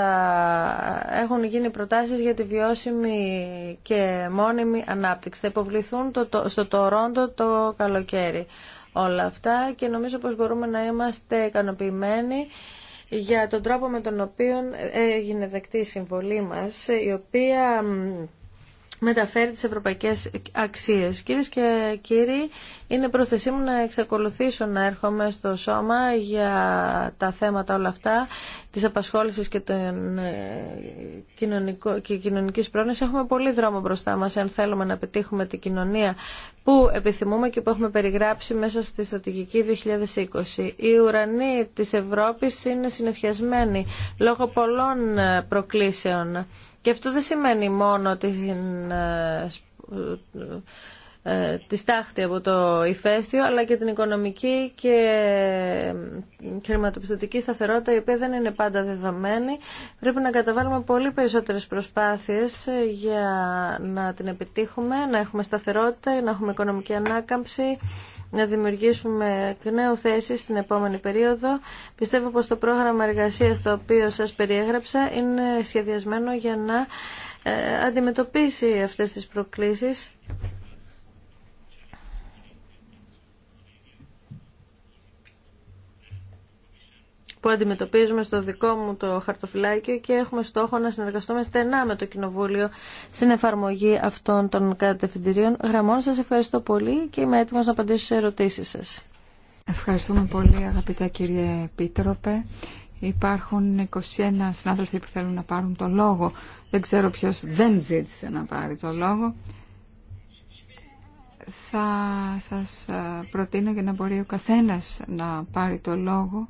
έχουν γίνει προτάσεις για τη βιώσιμη και μόνιμη ανάπτυξη. Θα υποβληθούν στο Τορόντο το καλοκαίρι όλα αυτά και νομίζω πως μπορούμε να είμαστε ικανοποιημένοι για τον τρόπο με τον οποίο ε, έγινε δεκτή η συμβολή μας, η οποία μεταφέρει τις ευρωπαϊκές αξίες. Κυρίε και κύριοι, είναι πρόθεσή μου να εξακολουθήσω να έρχομαι στο σώμα για τα θέματα όλα αυτά, της απασχόλησης και, των, ε, κοινωνικό, και κοινωνικής πρόνοιας. Έχουμε πολύ δρόμο μπροστά μας, αν θέλουμε να πετύχουμε την κοινωνία που επιθυμούμε και που έχουμε περιγράψει μέσα στη στρατηγική 2020. Οι ουρανοί της Ευρώπης είναι συνεφιασμένοι λόγω πολλών ε, προκλήσεων. Και αυτό δεν σημαίνει μόνο ε, ε, ε, τη στάχτη από το ηφαίστειο, αλλά και την οικονομική και χρηματοπιστωτική σταθερότητα, η οποία δεν είναι πάντα δεδομένη. Πρέπει να καταβάλουμε πολύ περισσότερες προσπάθειες για να την επιτύχουμε, να έχουμε σταθερότητα, να έχουμε οικονομική ανάκαμψη να δημιουργήσουμε εκ νέου θέσει στην επόμενη περίοδο. Πιστεύω πως το πρόγραμμα εργασίας το οποίο σας περιέγραψα είναι σχεδιασμένο για να ε, αντιμετωπίσει αυτές τις προκλήσεις που αντιμετωπίζουμε στο δικό μου το χαρτοφυλάκιο και έχουμε στόχο να συνεργαστούμε στενά με το Κοινοβούλιο στην εφαρμογή αυτών των κατευθυντηρίων γραμμών. Σας ευχαριστώ πολύ και είμαι έτοιμος να απαντήσω σε ερωτήσεις σας. Ευχαριστούμε πολύ αγαπητά κύριε Πίτροπε. Υπάρχουν 21 συνάδελφοι που θέλουν να πάρουν το λόγο. Δεν ξέρω ποιος δεν ζήτησε να πάρει το λόγο. Θα σας ε, προτείνω για να μπορεί ο καθένας να πάρει το λόγο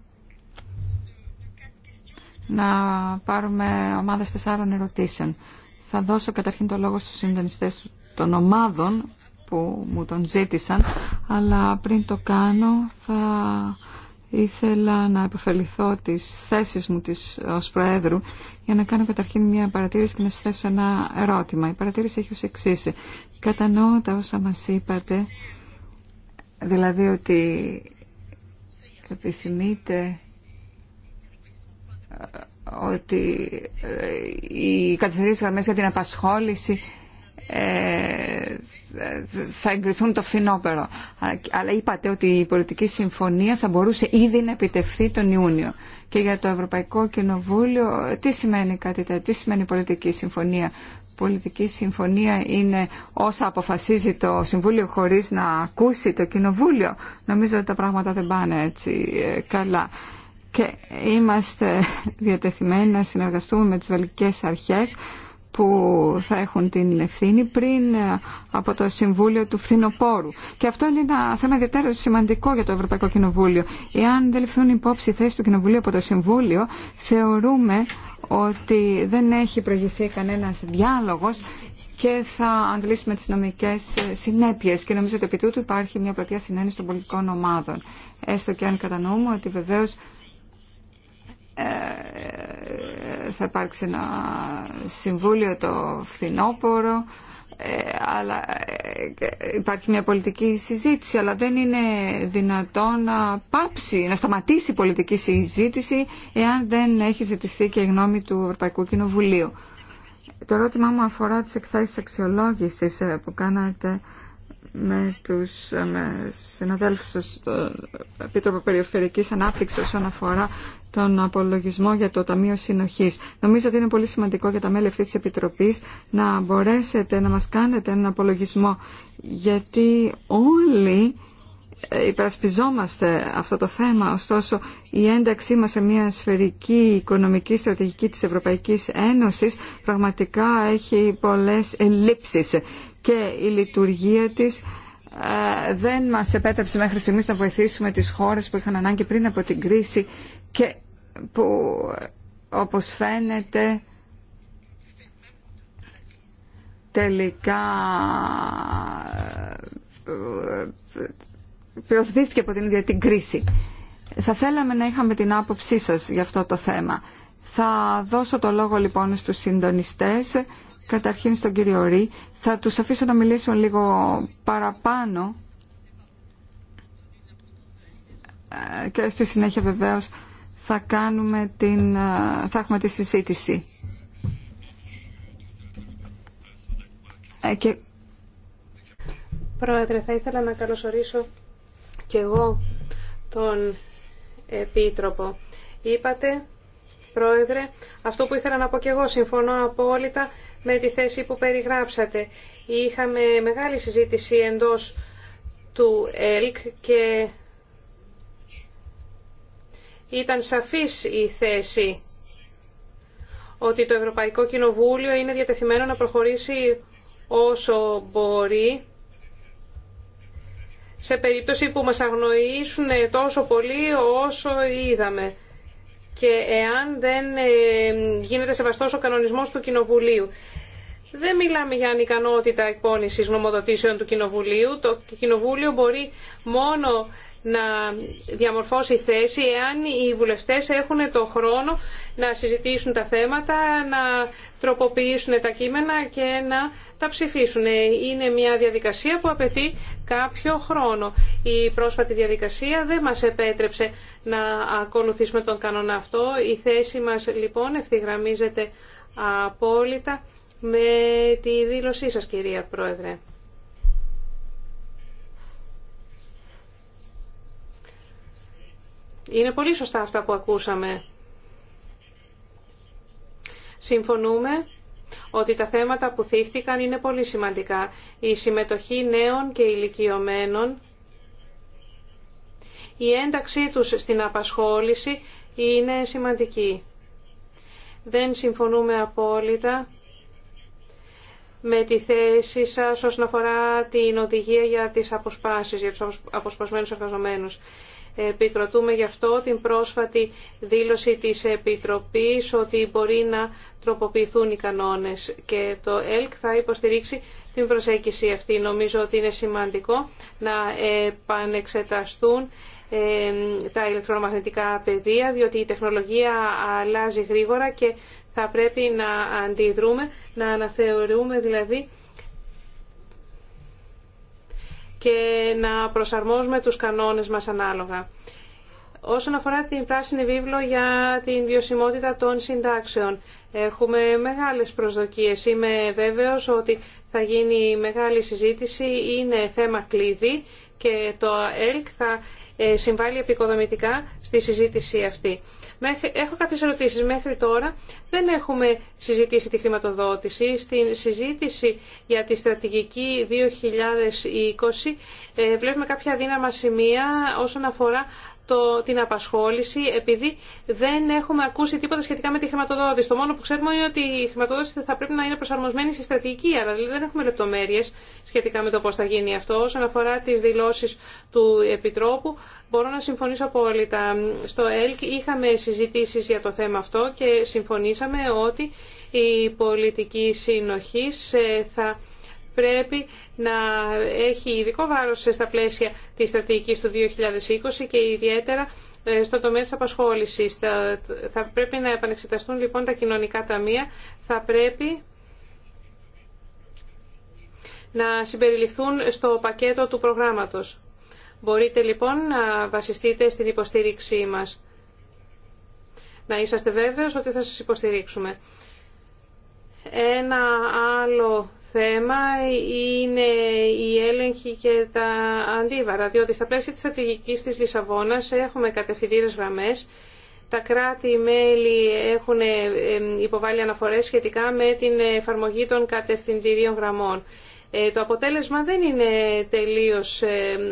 να πάρουμε ομάδες τεσσάρων ερωτήσεων. Θα δώσω καταρχήν το λόγο στους συντονιστές των ομάδων που μου τον ζήτησαν, αλλά πριν το κάνω θα ήθελα να επωφεληθώ τις θέσεις μου της, ως Προέδρου για να κάνω καταρχήν μια παρατήρηση και να σας θέσω ένα ερώτημα. Η παρατήρηση έχει ως εξή. Κατανοώ τα όσα μας είπατε, δηλαδή ότι επιθυμείτε ότι ε, οι κατευθυντήριες για την απασχόληση ε, θα εγκριθούν το φθινόπερο. Αλλά είπατε ότι η πολιτική συμφωνία θα μπορούσε ήδη να επιτευχθεί τον Ιούνιο. Και για το Ευρωπαϊκό Κοινοβούλιο, τι σημαίνει κάτι τέτοιο, τι σημαίνει πολιτική συμφωνία. Πολιτική συμφωνία είναι όσα αποφασίζει το Συμβούλιο χωρίς να ακούσει το Κοινοβούλιο. Νομίζω ότι τα πράγματα δεν πάνε έτσι ε, καλά και είμαστε διατεθειμένοι να συνεργαστούμε με τις βαλικές αρχές που θα έχουν την ευθύνη πριν ε, από το Συμβούλιο του Φθινοπόρου. Και αυτό είναι ένα θέμα ιδιαίτερο σημαντικό για το Ευρωπαϊκό Κοινοβούλιο. Εάν δεν ληφθούν υπόψη οι θέσεις του Κοινοβουλίου από το Συμβούλιο, θεωρούμε ότι δεν έχει προηγηθεί κανένας διάλογος και θα αντλήσουμε τις νομικές ε, συνέπειες και νομίζω ότι επί τούτου υπάρχει μια πλατεία συνένεση των πολιτικών ομάδων. Έστω και αν κατανοούμε ότι βεβαίως ε, θα υπάρξει ένα συμβούλιο το φθινόπωρο ε, αλλά ε, υπάρχει μια πολιτική συζήτηση αλλά δεν είναι δυνατόν να πάψει, να σταματήσει η πολιτική συζήτηση εάν δεν έχει ζητηθεί και η γνώμη του Ευρωπαϊκού Κοινοβουλίου. Το ερώτημά μου αφορά τις εκθέσεις αξιολόγησης που κάνατε με τους με συναδέλφους στο Επίτροπο Περιφερειακής Ανάπτυξης όσον αφορά τον απολογισμό για το Ταμείο Συνοχής. Νομίζω ότι είναι πολύ σημαντικό για τα μέλη αυτής της Επιτροπής να μπορέσετε να μας κάνετε έναν απολογισμό γιατί όλοι υπερασπιζόμαστε αυτό το θέμα, ωστόσο η ένταξή μας σε μια σφαιρική οικονομική στρατηγική της Ευρωπαϊκής Ένωσης πραγματικά έχει πολλές ελλείψεις και η λειτουργία της ε, δεν μας επέτρεψε μέχρι στιγμής να βοηθήσουμε τις χώρες που είχαν ανάγκη πριν από την κρίση και που όπως φαίνεται τελικά ε, πυροδοτήθηκε από την ίδια την κρίση. Θα θέλαμε να είχαμε την άποψή σας για αυτό το θέμα. Θα δώσω το λόγο λοιπόν στους συντονιστές, καταρχήν στον κύριο Ρή. Θα τους αφήσω να μιλήσουν λίγο παραπάνω και στη συνέχεια βεβαίως θα, κάνουμε την, θα έχουμε τη συζήτηση. Ε, και... Πρόεδρε, θα ήθελα να καλωσορίσω και εγώ τον Επίτροπο. Είπατε, Πρόεδρε, αυτό που ήθελα να πω και εγώ, συμφωνώ απόλυτα με τη θέση που περιγράψατε. Είχαμε μεγάλη συζήτηση εντός του ΕΛΚ και ήταν σαφής η θέση ότι το Ευρωπαϊκό Κοινοβούλιο είναι διατεθειμένο να προχωρήσει όσο μπορεί σε περίπτωση που μας αγνοήσουν τόσο πολύ όσο είδαμε και εάν δεν ε, γίνεται σεβαστός ο κανονισμός του Κοινοβουλίου. Δεν μιλάμε για ανικανότητα εκπόνησης νομοδοτήσεων του Κοινοβουλίου. Το Κοινοβούλιο μπορεί μόνο να διαμορφώσει θέση εάν οι βουλευτές έχουν το χρόνο να συζητήσουν τα θέματα, να τροποποιήσουν τα κείμενα και να τα ψηφίσουν. Είναι μια διαδικασία που απαιτεί κάποιο χρόνο. Η πρόσφατη διαδικασία δεν μας επέτρεψε να ακολουθήσουμε τον κανόνα αυτό. Η θέση μας λοιπόν ευθυγραμμίζεται απόλυτα με τη δήλωσή σας, κυρία Πρόεδρε. Είναι πολύ σωστά αυτά που ακούσαμε. Συμφωνούμε ότι τα θέματα που θύχτηκαν είναι πολύ σημαντικά. Η συμμετοχή νέων και ηλικιωμένων, η ένταξή τους στην απασχόληση είναι σημαντική. Δεν συμφωνούμε απόλυτα με τη θέση σας όσον αφορά την οδηγία για τις αποσπάσεις, για τους αποσπασμένους εργαζομένους. Επικροτούμε γι' αυτό την πρόσφατη δήλωση της Επιτροπής ότι μπορεί να τροποποιηθούν οι κανόνες και το ΕΛΚ θα υποστηρίξει την προσέγγιση αυτή. Νομίζω ότι είναι σημαντικό να επανεξεταστούν ε, τα ηλεκτρομαγνητικά πεδία, διότι η τεχνολογία αλλάζει γρήγορα και θα πρέπει να αντιδρούμε, να αναθεωρούμε δηλαδή και να προσαρμόζουμε τους κανόνες μας ανάλογα. Όσον αφορά την πράσινη βίβλο για την βιωσιμότητα των συντάξεων, έχουμε μεγάλες προσδοκίες. Είμαι βέβαιος ότι θα γίνει μεγάλη συζήτηση, είναι θέμα κλειδί και το ΕΛΚ θα ε, συμβάλλει επικοδομητικά στη συζήτηση αυτή. Έχω κάποιες ερωτήσεις. Μέχρι τώρα δεν έχουμε συζητήσει τη χρηματοδότηση. Στην συζήτηση για τη στρατηγική 2020 ε, βλέπουμε κάποια δύναμα σημεία όσον αφορά το, την απασχόληση επειδή δεν έχουμε ακούσει τίποτα σχετικά με τη χρηματοδότηση. Το μόνο που ξέρουμε είναι ότι η χρηματοδότηση θα πρέπει να είναι προσαρμοσμένη στη στρατηγική, αλλά δηλαδή δεν έχουμε λεπτομέρειε σχετικά με το πώ θα γίνει αυτό. Όσον αφορά τι δηλώσει του Επιτρόπου, μπορώ να συμφωνήσω απόλυτα. Στο ΕΛΚ είχαμε συζητήσει για το θέμα αυτό και συμφωνήσαμε ότι η πολιτική συνοχή θα πρέπει να έχει ειδικό βάρος στα πλαίσια της στρατηγικής του 2020 και ιδιαίτερα ε, στο τομέα της απασχόλησης. Θα πρέπει να επανεξεταστούν λοιπόν τα κοινωνικά ταμεία, θα πρέπει να συμπεριληφθούν στο πακέτο του προγράμματος. Μπορείτε λοιπόν να βασιστείτε στην υποστήριξή μας. Να είσαστε βέβαιος ότι θα σας υποστηρίξουμε. Ένα άλλο θέμα είναι η έλεγχη και τα αντίβαρα, διότι στα πλαίσια της στρατηγικής της Λισαβόνας έχουμε κατευθυντήρες γραμμές. Τα κράτη-μέλη έχουν ε, ε, υποβάλει αναφορές σχετικά με την εφαρμογή των κατευθυντηρίων γραμμών. Ε, το αποτέλεσμα δεν είναι τελείως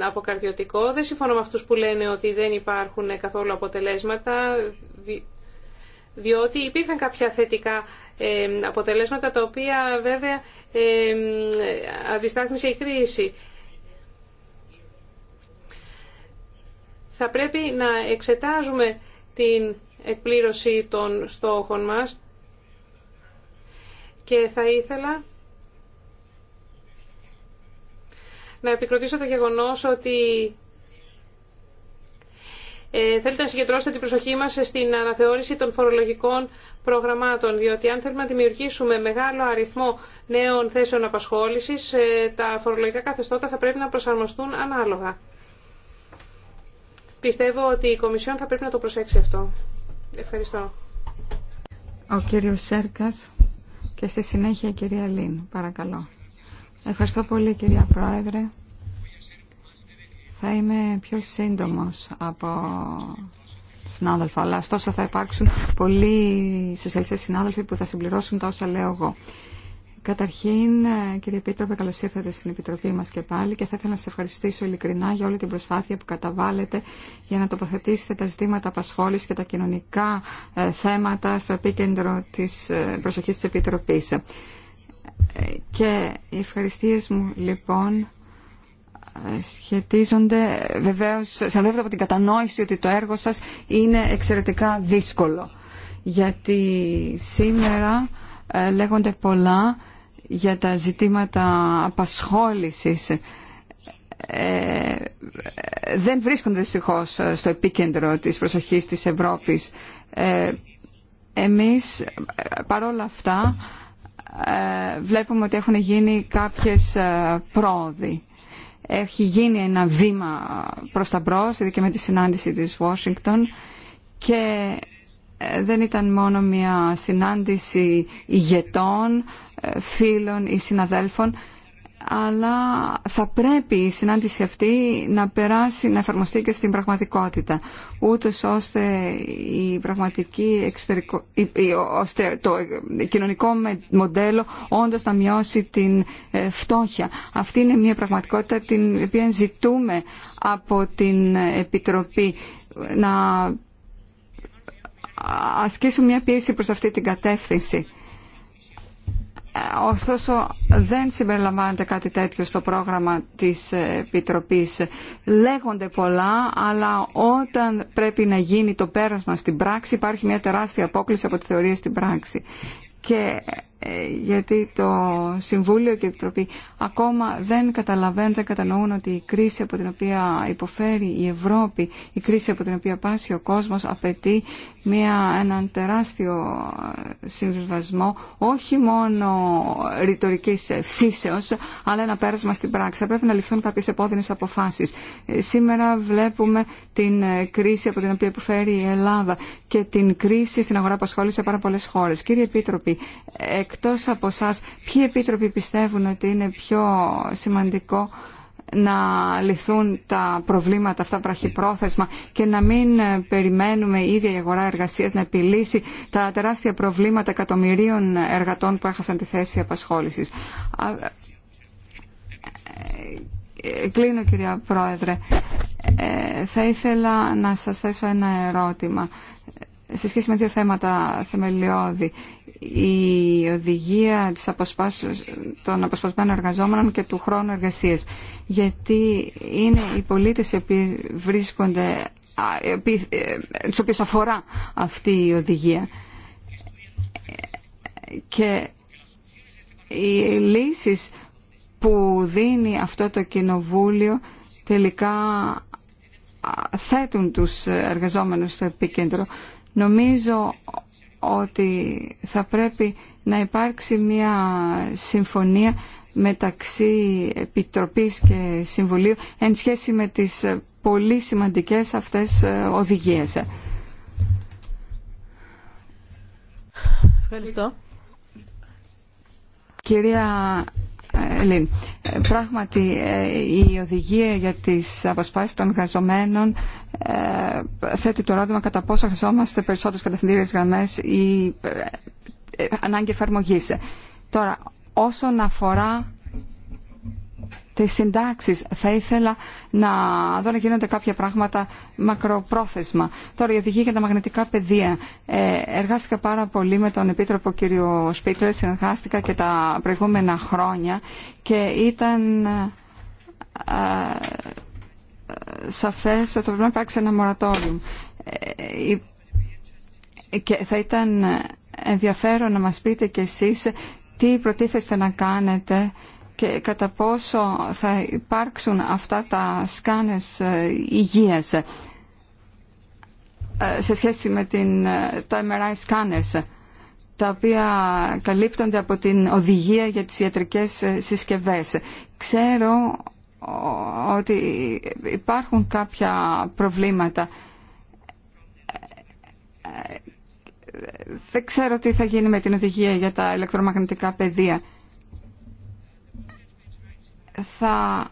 αποκαρδιωτικό. Δεν συμφωνώ με αυτούς που λένε ότι δεν υπάρχουν καθόλου αποτελέσματα, διότι υπήρχαν κάποια θετικά αποτελέσματα τα οποία βέβαια αντιστάθμισε η κρίση. Θα πρέπει να εξετάζουμε την εκπλήρωση των στόχων μας και θα ήθελα να επικροτήσω το γεγονός ότι ε, θέλετε να συγκεντρώσετε την προσοχή μας στην αναθεώρηση των φορολογικών προγραμμάτων, διότι αν θέλουμε να δημιουργήσουμε μεγάλο αριθμό νέων θέσεων απασχόλησης, ε, τα φορολογικά καθεστώτα θα πρέπει να προσαρμοστούν ανάλογα. Πιστεύω ότι η Κομισιόν θα πρέπει να το προσέξει αυτό. Ευχαριστώ. Ο κύριος Σέρκας και στη συνέχεια η κυρία Λίν, παρακαλώ. Ευχαριστώ πολύ κυρία Πρόεδρε. Θα είμαι πιο σύντομος από συνάδελφα, αλλά ωστόσο θα υπάρξουν πολλοί σοσιαλιστές συνάδελφοι που θα συμπληρώσουν τα όσα λέω εγώ. Καταρχήν, κύριε Επίτροπε, καλώ ήρθατε στην Επιτροπή μα και πάλι και θα ήθελα να σα ευχαριστήσω ειλικρινά για όλη την προσπάθεια που καταβάλλετε για να τοποθετήσετε τα ζητήματα απασχόληση και τα κοινωνικά ε, θέματα στο επίκεντρο τη ε, προσοχή τη Επιτροπή. Ε, και οι ευχαριστίε μου λοιπόν σχετίζονται βεβαίως, συνοδεύονται από την κατανόηση ότι το έργο σας είναι εξαιρετικά δύσκολο. Γιατί σήμερα ε, λέγονται πολλά για τα ζητήματα απασχόλησης. Ε, δεν βρίσκονται δυστυχώ στο επίκεντρο της προσοχής της Ευρώπης. Ε, εμείς παρόλα αυτά ε, βλέπουμε ότι έχουν γίνει κάποιες ε, πρόοδοι έχει γίνει ένα βήμα προς τα μπρος, ειδικά με τη συνάντηση της Washington και ε, δεν ήταν μόνο μια συνάντηση ηγετών, ε, φίλων ή συναδέλφων, αλλά θα πρέπει η συνάντηση αυτή να περάσει, να εφαρμοστεί και στην πραγματικότητα, ούτω ώστε, η πραγματική εξωτερικο... το κοινωνικό μοντέλο όντως να μειώσει την ε, φτώχεια. Αυτή είναι μια πραγματικότητα την οποία ζητούμε από την Επιτροπή να ασκήσουμε μια πίεση προς αυτή την κατεύθυνση ωστόσο δεν συμπεριλαμβάνεται κάτι τέτοιο στο πρόγραμμα της Επιτροπής. Λέγονται πολλά, αλλά όταν πρέπει να γίνει το πέρασμα στην πράξη υπάρχει μια τεράστια απόκληση από τις θεωρίες στην πράξη. Και ε, γιατί το Συμβούλιο και η Επιτροπή ακόμα δεν καταλαβαίνουν, δεν κατανοούν ότι η κρίση από την οποία υποφέρει η Ευρώπη, η κρίση από την οποία πάσει ο κόσμος απαιτεί μια, έναν τεράστιο ε, συμβιβασμό όχι μόνο ρητορική ε, φύσεως αλλά ένα πέρασμα στην πράξη. Θα πρέπει να ληφθούν κάποιες επώδυνες αποφάσεις. Ε, σήμερα βλέπουμε την κρίση από την οποία υποφέρει η Ελλάδα και την κρίση στην αγορά απασχόληση σε πάρα πολλές χώρες. Κύριε Επίτροπη, εκτός από εσά, ποιοι επίτροποι πιστεύουν ότι είναι πιο σημαντικό να λυθούν τα προβλήματα αυτά πραχυπρόθεσμα και να μην ε, περιμένουμε η ίδια η αγορά εργασίας να επιλύσει τα τεράστια προβλήματα εκατομμυρίων εργατών που έχασαν τη θέση απασχόλησης. Ε, ε, κλείνω κυρία Πρόεδρε. θα ήθελα να σας θέσω ένα ερώτημα σε σχέση με δύο θέματα θεμελιώδη. Η οδηγία της των αποσπασμένων εργαζόμενων και του χρόνου εργασίας. Γιατί είναι οι πολίτες οι οποίοι βρίσκονται, ε, τους αφορά αυτή η οδηγία. Και οι λύσεις που δίνει αυτό το κοινοβούλιο τελικά θέτουν τους εργαζόμενους στο επίκεντρο. Νομίζω ότι θα πρέπει να υπάρξει μια συμφωνία μεταξύ Επιτροπής και Συμβουλίου εν σχέση με τις πολύ σημαντικές αυτές ε, οδηγίες. Ευχαριστώ. Κυρία ε, Λίν, ε, πράγματι η οδηγία για τις αποσπάσεις των γαζομένων ε, θέτει το ερώτημα κατά πόσο χρειαζόμαστε περισσότερε κατευθυντήριες γραμμέ ή ε, ε, ανάγκη εφαρμογή. Τώρα, όσον αφορά τις συντάξεις, θα ήθελα να δω να γίνονται κάποια πράγματα μακροπρόθεσμα. Τώρα, η οδηγία για τα μαγνητικά πεδία. εργάστηκα πάρα πολύ με τον Επίτροπο κ. Σπίτλερ, συνεργάστηκα και τα προηγούμενα χρόνια και ήταν σαφές ότι θα πρέπει να υπάρξει ένα μορατόριο. Ε, και θα ήταν ενδιαφέρον να μας πείτε κι εσείς τι προτίθεστε να κάνετε και κατά πόσο θα υπάρξουν αυτά τα σκάνες ε, υγείας ε, σε σχέση με την, τα MRI scanners τα οποία καλύπτονται από την οδηγία για τις ιατρικές συσκευές. Ξέρω ότι υπάρχουν κάποια προβλήματα. Δεν ξέρω τι θα γίνει με την οδηγία για τα ηλεκτρομαγνητικά πεδία. Θα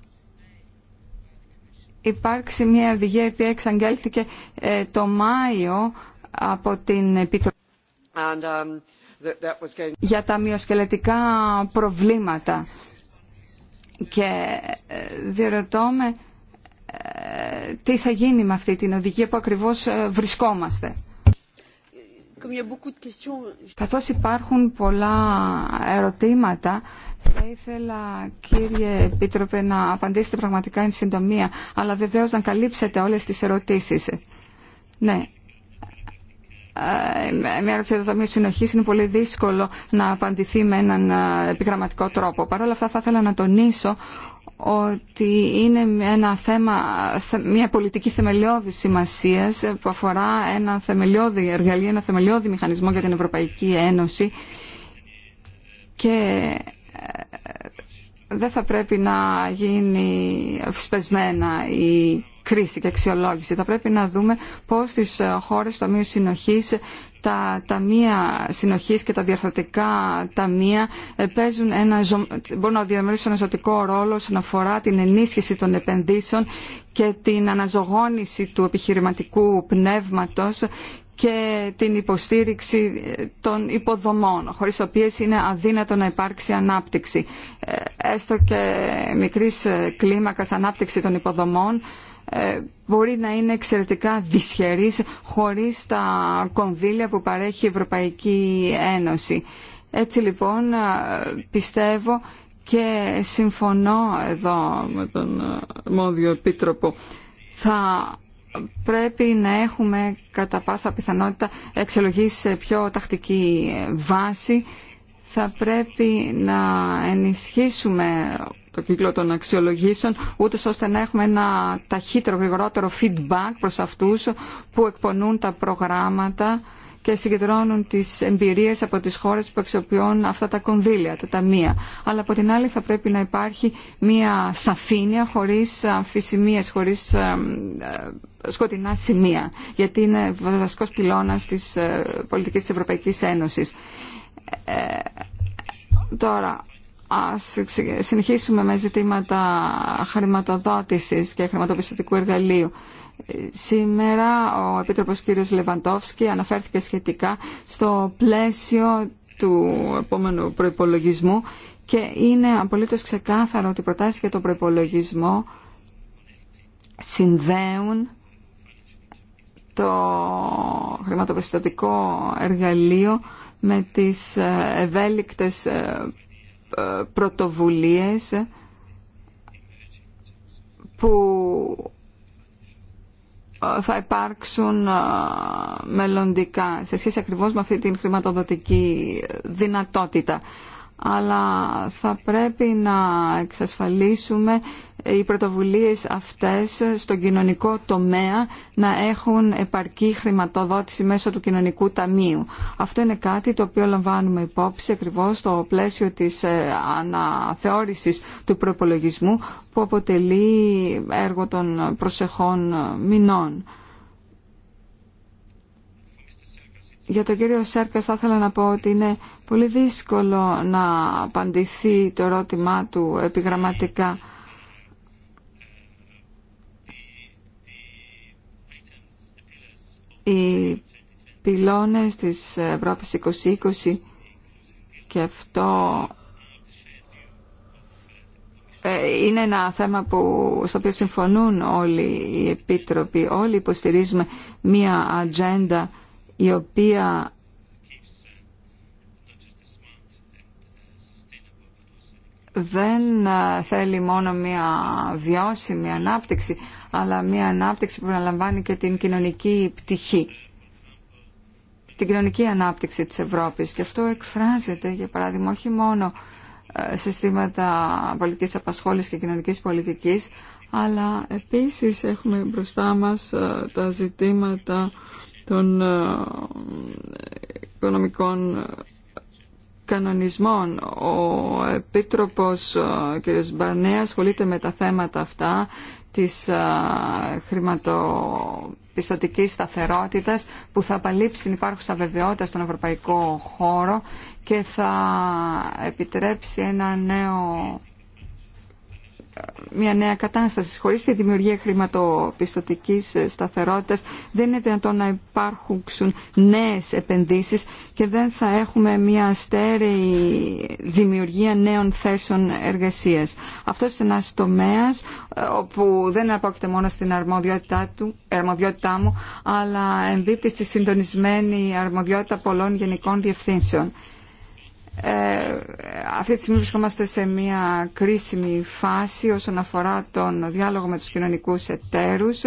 υπάρξει μια οδηγία η οποία εξαγγέλθηκε ε, το Μάιο από την Επιτροπή um, για τα μειοσκελετικά προβλήματα. Και ε, διερωτώ ε, τι θα γίνει με αυτή την οδηγία που ακριβώς ε, βρισκόμαστε. Καθώς υπάρχουν πολλά ερωτήματα, θα ήθελα κύριε Επίτροπε να απαντήσετε πραγματικά εν συντομία, αλλά βεβαίως να καλύψετε όλες τις ερωτήσεις. Ναι, ε, μια ερώτηση Συνοχή είναι πολύ δύσκολο να απαντηθεί με έναν ε, επιγραμματικό τρόπο. Παρ' όλα αυτά θα ήθελα να τονίσω ότι είναι ένα θέμα, μια πολιτική θεμελιώδη σημασία που αφορά ένα θεμελιώδη εργαλείο, ένα θεμελιώδη μηχανισμό για την Ευρωπαϊκή Ένωση και ε, δεν θα πρέπει να γίνει σπεσμένα η κρίση και αξιολόγηση. Θα πρέπει να δούμε πώς στις ε, χώρες του Ταμείου Συνοχής τα ταμεία συνοχής και τα διαρθρωτικά ταμεία ε, παίζουν ένα, μπορούν να διαμερίσουν ένα ζωτικό ρόλο όσον αφορά την ενίσχυση των επενδύσεων και την αναζωγόνηση του επιχειρηματικού πνεύματος και την υποστήριξη ε, των υποδομών, χωρίς οποίες είναι αδύνατο να υπάρξει ανάπτυξη. Έστω και μικρής κλίμακα ανάπτυξη των υποδομών ε, μπορεί να είναι εξαιρετικά δυσχερής χωρίς τα κονδύλια που παρέχει η Ευρωπαϊκή Ένωση. Έτσι λοιπόν ε, πιστεύω και συμφωνώ εδώ με τον ε, Μόδιο Επίτροπο. Θα πρέπει να έχουμε κατά πάσα πιθανότητα εξελογή σε πιο τακτική βάση. Θα πρέπει να ενισχύσουμε το κύκλο των αξιολογήσεων, ούτε ώστε να έχουμε ένα ταχύτερο, γρηγορότερο feedback προς αυτούς που εκπονούν τα προγράμματα και συγκεντρώνουν τις εμπειρίες από τις χώρες που αξιοποιούν αυτά τα κονδύλια, τα ταμεία. Αλλά από την άλλη θα πρέπει να υπάρχει μια σαφήνεια χωρίς αμφισημίες, χωρίς ε, ε, σκοτεινά σημεία, γιατί είναι βασικός πυλώνας της ε, πολιτικής της Ευρωπαϊκής Ένωσης. τώρα, ας συνεχίσουμε με ζητήματα χρηματοδότησης και χρηματοπιστωτικού εργαλείου. Σήμερα ο Επίτροπος κ. Λεβαντόφσκι αναφέρθηκε σχετικά στο πλαίσιο του επόμενου προϋπολογισμού και είναι απολύτως ξεκάθαρο ότι οι προτάσεις για τον προϋπολογισμό συνδέουν το χρηματοπιστωτικό εργαλείο με τις ευέλικτες ε, πρωτοβουλίες που θα υπάρξουν μελλοντικά σε σχέση ακριβώς με αυτή την χρηματοδοτική δυνατότητα αλλά θα πρέπει να εξασφαλίσουμε οι πρωτοβουλίες αυτές στον κοινωνικό τομέα να έχουν επαρκή χρηματοδότηση μέσω του κοινωνικού ταμείου. Αυτό είναι κάτι το οποίο λαμβάνουμε υπόψη ακριβώς στο πλαίσιο της ε, αναθεώρησης του προπολογισμού που αποτελεί έργο των προσεχών μηνών. για τον κύριο Σέρκα θα ήθελα να πω ότι είναι πολύ δύσκολο να απαντηθεί το ερώτημά του επιγραμματικά. Οι πυλώνες της Ευρώπης 2020 και αυτό ε, είναι ένα θέμα που, στο οποίο συμφωνούν όλοι οι επίτροποι, όλοι υποστηρίζουμε μία ατζέντα η οποία δεν ε, θέλει μόνο μια βιώσιμη ανάπτυξη, αλλά μια ανάπτυξη που αναλαμβάνει και την κοινωνική πτυχή, την κοινωνική ανάπτυξη της Ευρώπης. Και αυτό εκφράζεται, για παράδειγμα, όχι μόνο σε στήματα πολιτικής απασχόλησης και κοινωνικής πολιτικής, αλλά επίσης έχουμε μπροστά μας ε, τα ζητήματα των ε, οικονομικών κανονισμών. Ο Επίτροπος ε, κ. Μπαρνέα ασχολείται με τα θέματα αυτά της ε, χρηματοπιστωτικής σταθερότητας που θα απαλείψει την υπάρχουσα βεβαιότητα στον ευρωπαϊκό χώρο και θα επιτρέψει ένα νέο μια νέα κατάσταση. Χωρίς τη δημιουργία χρηματοπιστωτικής ε, σταθερότητας δεν είναι δυνατόν να υπάρχουν νέες επενδύσεις και δεν θα έχουμε μια στέρεη δημιουργία νέων θέσεων εργασίας. Αυτός είναι ένας τομέας ε, όπου δεν απόκειται μόνο στην αρμοδιότητά, του, αρμοδιότητά μου αλλά εμπίπτει στη συντονισμένη αρμοδιότητα πολλών γενικών διευθύνσεων. Ε, αυτή τη στιγμή βρισκόμαστε σε μια κρίσιμη φάση όσον αφορά τον διάλογο με τους κοινωνικούς εταίρους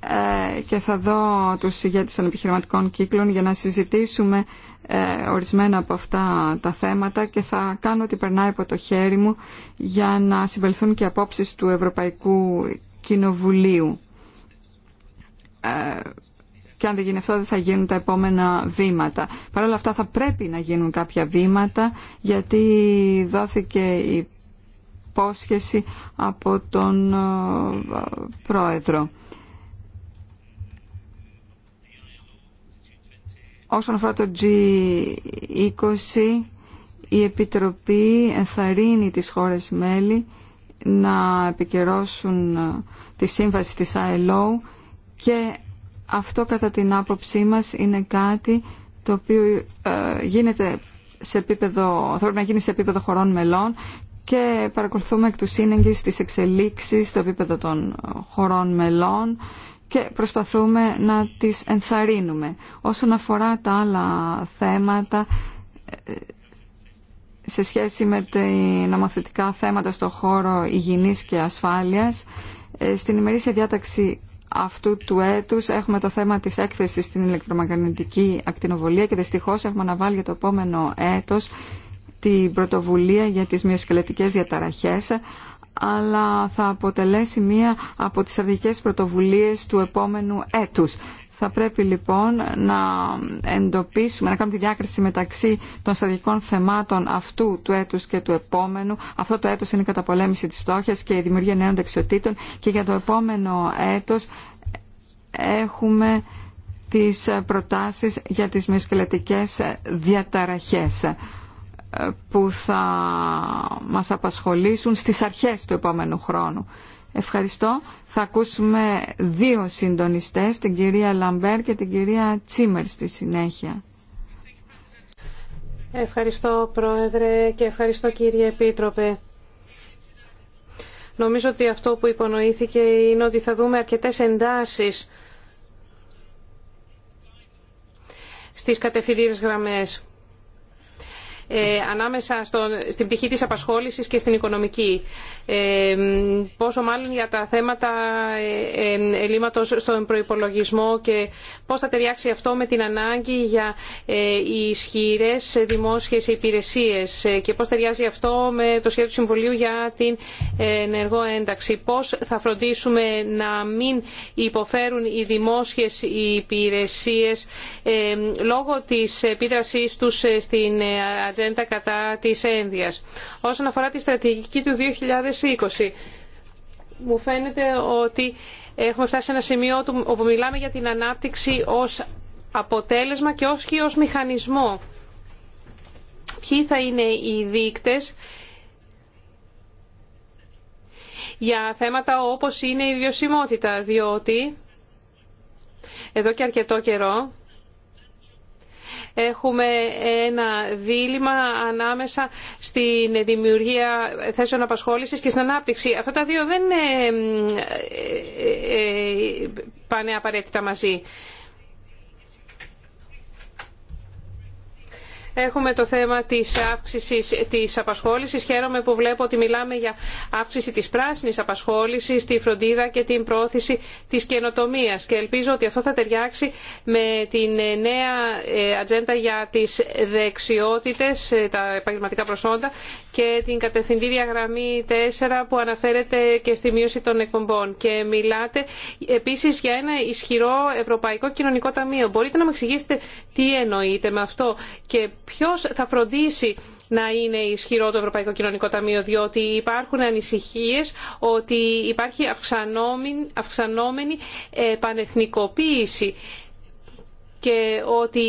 ε, και θα δω τους ηγέτες των επιχειρηματικών κύκλων για να συζητήσουμε ε, ορισμένα από αυτά τα θέματα και θα κάνω ό,τι περνάει από το χέρι μου για να συμπεριθούν και απόψεις του Ευρωπαϊκού Κοινοβουλίου και αν δεν γίνει αυτό δεν θα γίνουν τα επόμενα βήματα. Παρ' όλα αυτά θα πρέπει να γίνουν κάποια βήματα γιατί δόθηκε η υπόσχεση από τον ε, Πρόεδρο. Όσον αφορά το G20, η Επιτροπή ενθαρρύνει τις χώρες μέλη να επικαιρώσουν ε, τη σύμβαση της ILO και αυτό κατά την άποψή μας είναι κάτι το οποίο ε, γίνεται σε επίπεδο, θα να γίνει σε επίπεδο χωρών μελών και παρακολουθούμε εκ του σύνεγγυς τις εξελίξεις στο επίπεδο των ε, χωρών μελών και προσπαθούμε να τις ενθαρρύνουμε. Όσον αφορά τα άλλα θέματα, ε, σε σχέση με τα νομοθετικά θέματα στο χώρο υγιεινής και ασφάλειας, στην ημερήσια διάταξη αυτού του έτους έχουμε το θέμα της έκθεσης στην ηλεκτρομαγνητική ακτινοβολία και δυστυχώς έχουμε αναβάλει για το επόμενο έτος την πρωτοβουλία για τις μυοσκελετικές διαταραχές αλλά θα αποτελέσει μία από τις στρατηγικές πρωτοβουλίες του επόμενου έτους. Θα πρέπει λοιπόν να εντοπίσουμε, να κάνουμε τη διάκριση μεταξύ των στρατηγικών θεμάτων αυτού του έτου και του επόμενου. Αυτό το έτος είναι η καταπολέμηση της φτώχειας και η δημιουργία νέων δεξιοτήτων και για το επόμενο έτος έχουμε τις προτάσεις για τις μυοσκελετικές διαταραχές ε, που θα μας απασχολήσουν στις αρχές του επόμενου χρόνου. Ευχαριστώ. Θα ακούσουμε δύο συντονιστές, την κυρία Λαμπέρ και την κυρία Τσίμερ στη συνέχεια. Ευχαριστώ Πρόεδρε και ευχαριστώ κύριε Επίτροπε. Νομίζω ότι αυτό που υπονοήθηκε είναι ότι θα δούμε αρκετές εντάσεις στις κατευθυντήρες γραμμές. Ε, ανάμεσα στην πτυχή της απασχόλησης και στην οικονομική. Ε, πόσο μάλλον για τα θέματα ε, ελλείμματος στον προϋπολογισμό και πώς θα ταιριάξει αυτό με την ανάγκη για ισχυρές δημόσιες υπηρεσίες και πώς ταιριάζει αυτό με το σχέδιο του Συμβουλίου για την ενεργό ένταξη. Πώς θα φροντίσουμε να μην υποφέρουν οι δημόσιες υπηρεσίες λόγω της επίδρασής τους στην ατζέντα κατά της ένδυας. Όσον αφορά τη στρατηγική του 2020, μου φαίνεται ότι έχουμε φτάσει σε ένα σημείο όπου μιλάμε για την ανάπτυξη ως αποτέλεσμα και όχι ως μηχανισμό. Ποιοι θα είναι οι δείκτες για θέματα όπως είναι η βιωσιμότητα, διότι εδώ και αρκετό καιρό έχουμε ένα δίλημα ανάμεσα στην δημιουργία θέσεων απασχόλησης και στην ανάπτυξη. Αυτά τα δύο δεν ε, ε, ε, πάνε απαραίτητα μαζί. Έχουμε το θέμα της αύξησης της απασχόλησης. Χαίρομαι που βλέπω ότι μιλάμε για αύξηση της πράσινης απασχόλησης, τη φροντίδα και την πρόθεση της καινοτομίας. Και ελπίζω ότι αυτό θα ταιριάξει με την νέα ε, ατζέντα για τις δεξιότητες, ε, τα επαγγελματικά προσόντα και την κατευθυντήρια γραμμή 4 που αναφέρεται και στη μείωση των εκπομπών. Και μιλάτε επίσης για ένα ισχυρό Ευρωπαϊκό Κοινωνικό Ταμείο. Μπορείτε να μου εξηγήσετε τι εννοείτε με αυτό και ποιο θα φροντίσει να είναι ισχυρό το Ευρωπαϊκό Κοινωνικό Ταμείο, διότι υπάρχουν ανησυχίες ότι υπάρχει αυξανόμενη πανεθνικοποίηση και ότι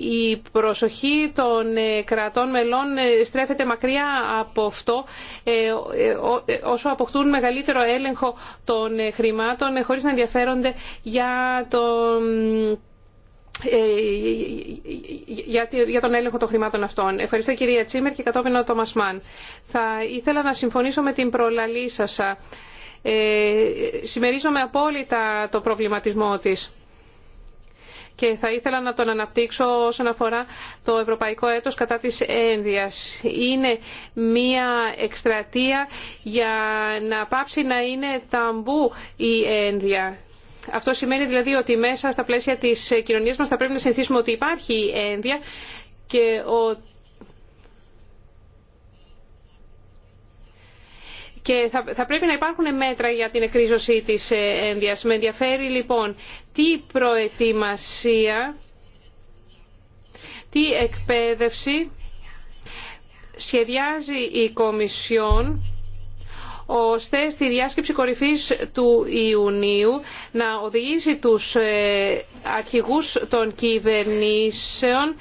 η προσοχή των ε, κρατών μελών ε, στρέφεται μακριά από αυτό ε, όσο αποκτούν μεγαλύτερο έλεγχο των χρημάτων χωρίς να ενδιαφέρονται για τον για τον έλεγχο των χρημάτων αυτών. Ευχαριστώ κυρία Τσίμερ και κατόπιν ο Τόμας Μαν. Θα ήθελα να συμφωνήσω με την προλαλή σας. Ε, συμμερίζομαι απόλυτα το προβληματισμό της και θα ήθελα να τον αναπτύξω όσον αφορά το Ευρωπαϊκό Έτος κατά της Ένδυας. Είναι μία εκστρατεία για να πάψει να είναι ταμπού η Ένδυα. Αυτό σημαίνει δηλαδή ότι μέσα στα πλαίσια της κοινωνίας μας θα πρέπει να συνηθίσουμε ότι υπάρχει ένδυα και ότι και θα, πρέπει να υπάρχουν μέτρα για την εκρίζωση της ένδυας. Με ενδιαφέρει λοιπόν τι προετοιμασία, τι εκπαίδευση σχεδιάζει η Κομισιόν ώστε στη διάσκεψη κορυφής του Ιουνίου να οδηγήσει τους ε, αρχηγούς των κυβερνήσεων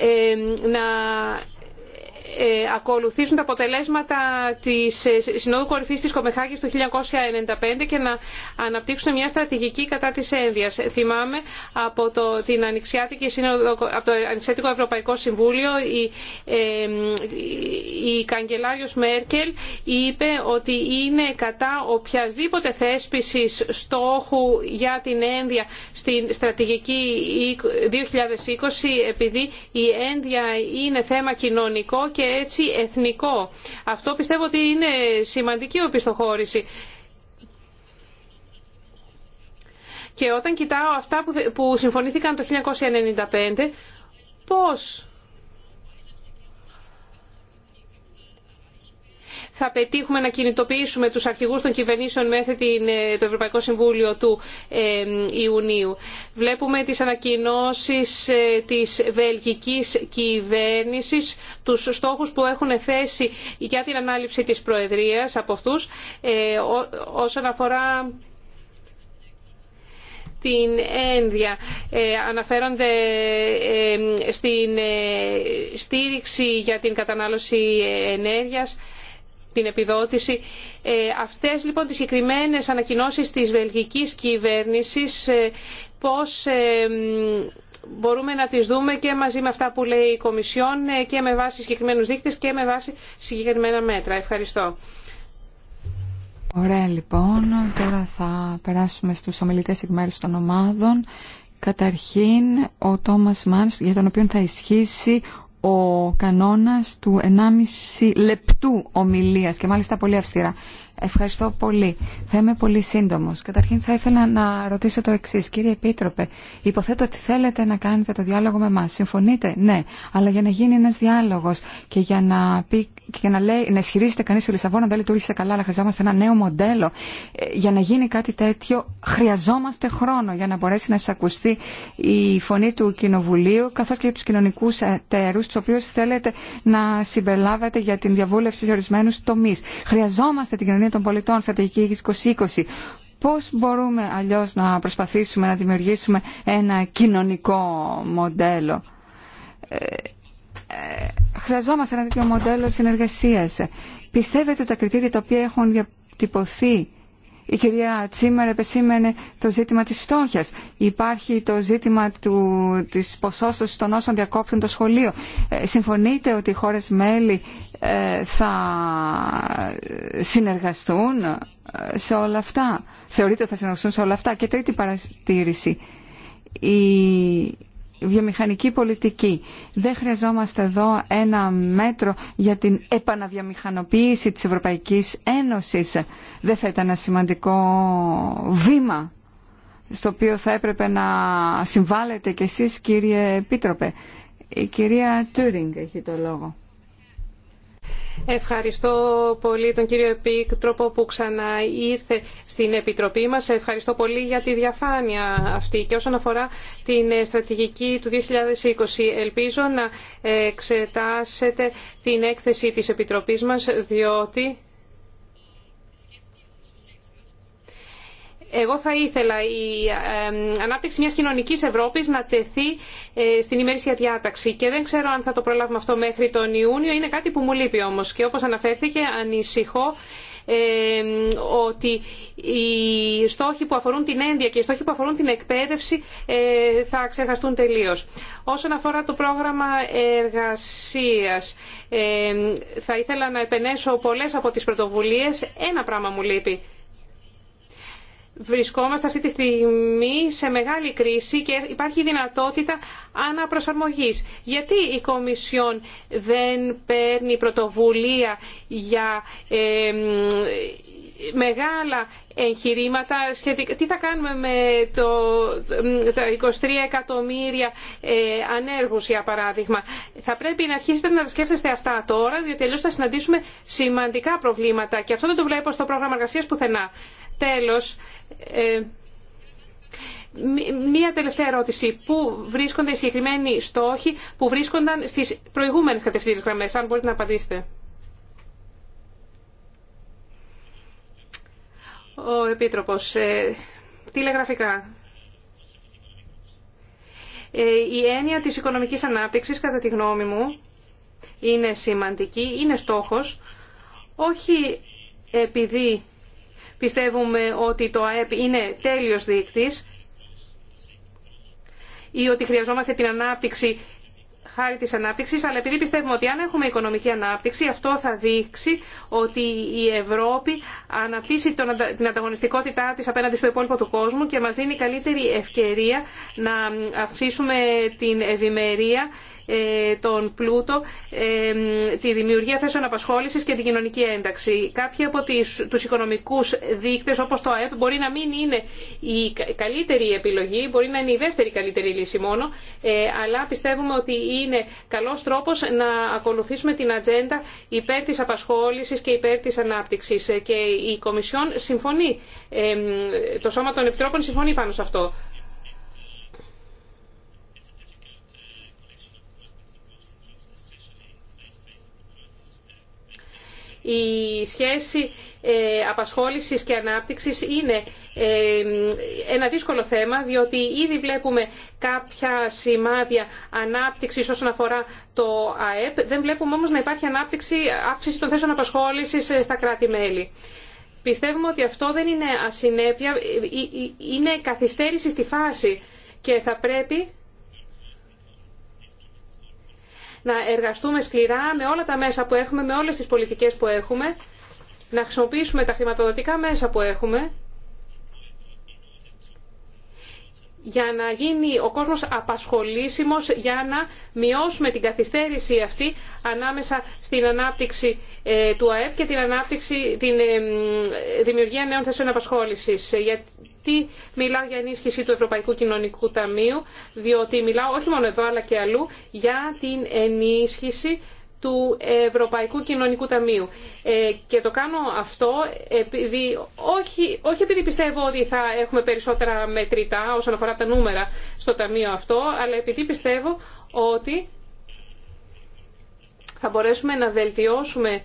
ε, να ε, ακολουθήσουν τα αποτελέσματα της ε, Συνόδου Κορυφής της Κομεχάγης του 1995 και να αναπτύξουν μια στρατηγική κατά της ένδυας. Θυμάμαι από το, την Σύνοδο, από το Ανοιξιάτικο Ευρωπαϊκό Συμβούλιο η, ε, η καγκελάριος Μέρκελ είπε ότι είναι κατά οποιασδήποτε θέσπιση στόχου για την ένδυα στην στρατηγική 2020 επειδή η ένδυα είναι θέμα κοινωνικό και έτσι εθνικό. Αυτό πιστεύω ότι είναι σημαντική οπισθοχώρηση. Και όταν κοιτάω αυτά που συμφωνήθηκαν το 1995, πώς θα πετύχουμε να κινητοποιήσουμε τους αρχηγούς των κυβερνήσεων μέχρι την, ε, το Ευρωπαϊκό Συμβούλιο του ε, Ιουνίου. Βλέπουμε τις ανακοινώσεις ε, της βελγικής κυβέρνησης, τους στόχους που έχουν θέσει για την ανάληψη της Προεδρίας από αυτούς όσον αφορά την ένδια αναφέρονται στην στήριξη για την κατανάλωση ενέργειας την επιδότηση. Ε, αυτές λοιπόν τις συγκεκριμένε ανακοινώσεις της βελγικής κυβέρνησης ε, πώς ε, μπορούμε να τις δούμε και μαζί με αυτά που λέει η Κομισιόν και με βάση συγκεκριμένους δείκτες και με βάση συγκεκριμένα μέτρα. Ευχαριστώ. Ωραία λοιπόν, τώρα θα περάσουμε στους ομιλητές εκ μέρους των ομάδων. Καταρχήν ο Τόμας Μάνς για τον οποίο θα ισχύσει ο κανόνας του 1,5 λεπτού ομιλίας και μάλιστα πολύ αυστηρά. Ευχαριστώ πολύ. Θα είμαι πολύ σύντομο. Καταρχήν θα ήθελα να ρωτήσω το εξή. Κύριε Επίτροπε, υποθέτω ότι θέλετε να κάνετε το διάλογο με εμά. Συμφωνείτε, ναι. Αλλά για να γίνει ένα διάλογο και για να, πει, και για να, λέει, να ισχυρίζεται κανεί ότι Λισαβόνα δεν λειτουργήσε καλά, αλλά χρειαζόμαστε ένα νέο μοντέλο. Ε, για να γίνει κάτι τέτοιο, χρειαζόμαστε χρόνο για να μπορέσει να εισακουστεί η φωνή του Κοινοβουλίου, καθώ και του κοινωνικού εταίρου, του οποίου θέλετε να συμπεριλάβετε για την διαβούλευση σε ορισμένου τομεί. Χρειαζόμαστε την των πολιτών, στρατηγική 2020. Πώς μπορούμε αλλιώς να προσπαθήσουμε να δημιουργήσουμε ένα κοινωνικό μοντέλο. Ε, ε, χρειαζόμαστε ένα τέτοιο μοντέλο συνεργασίας. Πιστεύετε ότι τα κριτήρια τα οποία έχουν διατυπωθεί η κυρία Τσίμερ επεσήμενε το ζήτημα της φτώχειας. Υπάρχει το ζήτημα του, της ποσόστοσης των όσων διακόπτουν το σχολείο. Ε, συμφωνείτε ότι οι χώρες μέλη ε, θα συνεργαστούν ε, σε όλα αυτά. Θεωρείτε ότι θα συνεργαστούν σε όλα αυτά. Και τρίτη παρατήρηση. Η βιομηχανική πολιτική. Δεν χρειαζόμαστε εδώ ένα μέτρο για την επαναβιομηχανοποίηση της Ευρωπαϊκής Ένωσης. Δεν θα ήταν ένα σημαντικό βήμα στο οποίο θα έπρεπε να συμβάλλετε κι εσείς κύριε πίτροπε. Η κυρία Τούρινγκ έχει το λόγο. Ευχαριστώ πολύ τον κύριο Επίτροπο που ξανά ήρθε στην Επιτροπή μας. Ευχαριστώ πολύ για τη διαφάνεια αυτή. Και όσον αφορά την στρατηγική του 2020, ελπίζω να εξετάσετε την έκθεση της Επιτροπής μας, διότι Εγώ θα ήθελα η ανάπτυξη μιας κοινωνικής Ευρώπης να τεθεί ε, στην ημερήσια διάταξη και δεν ξέρω αν θα το προλάβουμε αυτό μέχρι τον Ιούνιο. Είναι κάτι που μου λείπει όμως και όπως αναφέρθηκε ανησυχώ ότι οι στόχοι που αφορούν την ένδια και οι στόχοι που αφορούν την εκπαίδευση ε, θα ξεχαστούν τελείως. Όσον αφορά το πρόγραμμα εργασίας, θα ήθελα να επενέσω πολλές από τις πρωτοβουλίες. Ένα πράγμα μου λείπει. Βρισκόμαστε αυτή τη στιγμή σε μεγάλη κρίση και υπάρχει δυνατότητα αναπροσαρμογής. Γιατί η Κομισιόν δεν παίρνει πρωτοβουλία για μεγάλα εγχειρήματα σχετικά. Τι θα κάνουμε με το, τα 23 εκατομμύρια ε, ανέργους, για παράδειγμα. Θα πρέπει να αρχίσετε να τα σκέφτεστε αυτά τώρα, διότι αλλιώς θα συναντήσουμε σημαντικά προβλήματα. Και αυτό δεν το βλέπω στο πρόγραμμα εργασίας πουθενά. Τέλος, ε, μία τελευταία ερώτηση. Πού βρίσκονται οι συγκεκριμένοι στόχοι που βρίσκονταν στις προηγούμενες κατευθύνσεις γραμμές, αν μπορείτε να απαντήσετε. Ο Επίτροπος, ε, τηλεγραφικά. Ε, η έννοια της οικονομικής ανάπτυξης, κατά τη γνώμη μου, είναι σημαντική, είναι στόχος, όχι επειδή πιστεύουμε ότι το ΑΕΠ είναι τέλειος δείκτης ή ότι χρειαζόμαστε την ανάπτυξη χάρη της ανάπτυξης, αλλά επειδή πιστεύουμε ότι αν έχουμε οικονομική ανάπτυξη, αυτό θα δείξει ότι η Ευρώπη αναπτύσσει την ανταγωνιστικότητά της απέναντι στο υπόλοιπο του κόσμου και μας δίνει καλύτερη ευκαιρία να αυξήσουμε την ευημερία ε, τον πλούτο, ε, τη δημιουργία θέσεων απασχόληση και την κοινωνική ένταξη. Κάποιοι από του οικονομικού δείκτε, όπω το ΑΕΠ μπορεί να μην είναι η καλύτερη επιλογή, μπορεί να είναι η δεύτερη καλύτερη λύση μόνο, ε, αλλά πιστεύουμε ότι είναι καλό τρόπο να ακολουθήσουμε την ατζέντα υπέρ τη απασχόλησης και υπέρ τη ανάπτυξη. Και η Κομισιόν συμφωνεί, το Σώμα των Επιτρόπων συμφωνεί πάνω σε αυτό. Η σχέση ε, απασχόλησης και ανάπτυξης είναι ε, ένα δύσκολο θέμα διότι ήδη βλέπουμε κάποια σημάδια ανάπτυξης όσον αφορά το ΑΕΠ. Δεν βλέπουμε όμως να υπάρχει ανάπτυξη αύξηση των θέσεων απασχόλησης ε, στα κράτη-μέλη. Πιστεύουμε ότι αυτό δεν είναι ασυνέπεια, είναι καθυστέρηση στη φάση και θα πρέπει να εργαστούμε σκληρά με όλα τα μέσα που έχουμε, με όλες τις πολιτικές που έχουμε, να χρησιμοποιήσουμε τα χρηματοδοτικά μέσα που έχουμε, για να γίνει ο κόσμος απασχολήσιμος, για να μειώσουμε την καθυστέρηση αυτή ανάμεσα στην ανάπτυξη ε, του ΑΕΠ και την, ανάπτυξη, την ε, δημιουργία νέων θέσεων απασχόλησης γιατί μιλάω για ενίσχυση του Ευρωπαϊκού Κοινωνικού Ταμείου, διότι μιλάω όχι μόνο εδώ αλλά και αλλού για την ενίσχυση του Ευρωπαϊκού Κοινωνικού Ταμείου. Ε, και το κάνω αυτό επειδή, όχι, όχι επειδή πιστεύω ότι θα έχουμε περισσότερα μετρητά όσον αφορά τα νούμερα στο Ταμείο αυτό, αλλά επειδή πιστεύω ότι θα μπορέσουμε να βελτιώσουμε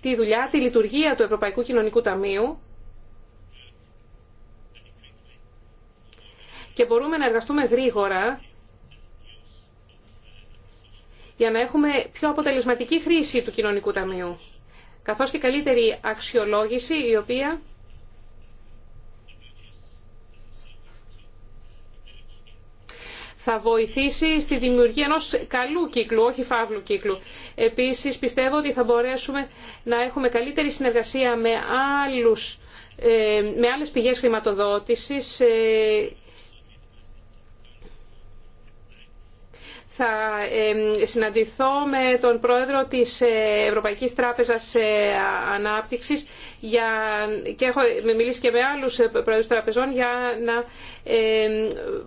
τη δουλειά, τη λειτουργία του Ευρωπαϊκού Κοινωνικού Ταμείου και μπορούμε να εργαστούμε γρήγορα για να έχουμε πιο αποτελεσματική χρήση του κοινωνικού ταμείου, καθώς και καλύτερη αξιολόγηση η οποία θα βοηθήσει στη δημιουργία ενός καλού κύκλου, όχι φαύλου κύκλου. Επίσης πιστεύω ότι θα μπορέσουμε να έχουμε καλύτερη συνεργασία με, άλλους, ε, με άλλες πηγές χρηματοδότησης ε, θα συναντηθώ με τον πρόεδρο της ε, Ευρωπαϊκής Τράπεζας ε, Ανάπτυξης για, και έχω μιλήσει και με άλλους ε, πρόεδρους τραπεζών για να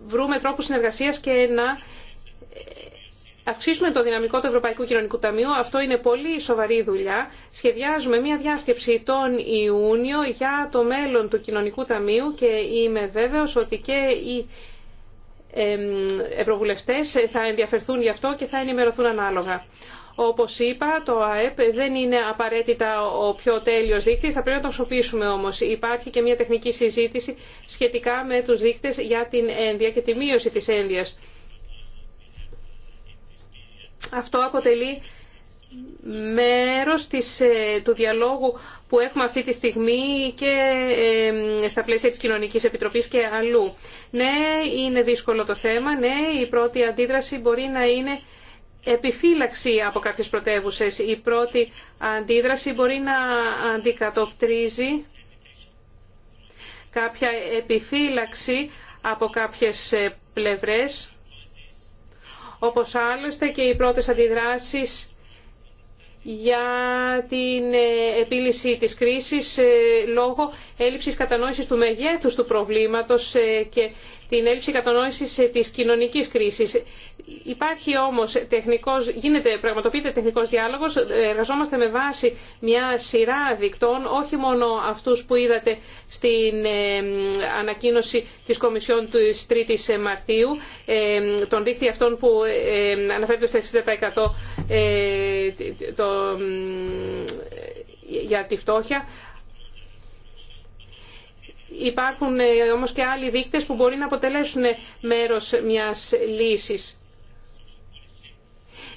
βρούμε τρόπους συνεργασίας και να αυξήσουμε το δυναμικό του Ευρωπαϊκού Κοινωνικού Ταμείου. Αυτό είναι πολύ σοβαρή δουλειά. Σχεδιάζουμε μια διάσκεψη τον Ιούνιο για το μέλλον του Κοινωνικού Ταμείου και είμαι βέβαιος ότι και η ευρωβουλευτές ε, θα ενδιαφερθούν γι' αυτό και θα ενημερωθούν ανάλογα. Όπως είπα, το ΑΕΠ δεν είναι απαραίτητα ο πιο τέλειος δείκτης, θα πρέπει να το χρησιμοποιήσουμε όμως. Υπάρχει και μια τεχνική συζήτηση σχετικά με τους δείκτες για την ένδια και τη μείωση της ένδια. Αυτό αποτελεί μέρος της, ε, του διαλόγου που έχουμε αυτή τη στιγμή και ε, στα πλαίσια της Κοινωνικής Επιτροπής και αλλού. Ναι, είναι δύσκολο το θέμα. Ναι, η πρώτη αντίδραση μπορεί να είναι επιφύλαξη από κάποιες πρωτεύουσε. Η πρώτη αντίδραση μπορεί να αντικατοπτρίζει κάποια επιφύλαξη από κάποιες ε, πλευρές, όπως άλλωστε και οι πρώτες αντιδράσεις για την ε, επίλυση της κρίσης ε, λόγω έλλειψης κατανόησης του μεγέθους του προβλήματος ε, και την έλλειψη κατανόησης της κοινωνικής κρίσης. Υπάρχει όμως τεχνικός, γίνεται, πραγματοποιείται τεχνικός διάλογος, εργαζόμαστε με βάση μια σειρά δικτών, όχι μόνο αυτούς που είδατε στην ανακοίνωση της Κομισιόν της 3ης Μαρτίου, τον αυτών που αναφέρεται στο 60% για τη φτώχεια. Υπάρχουν ε, όμως και άλλοι δείκτες που μπορεί να αποτελέσουν μέρος μιας λύσης.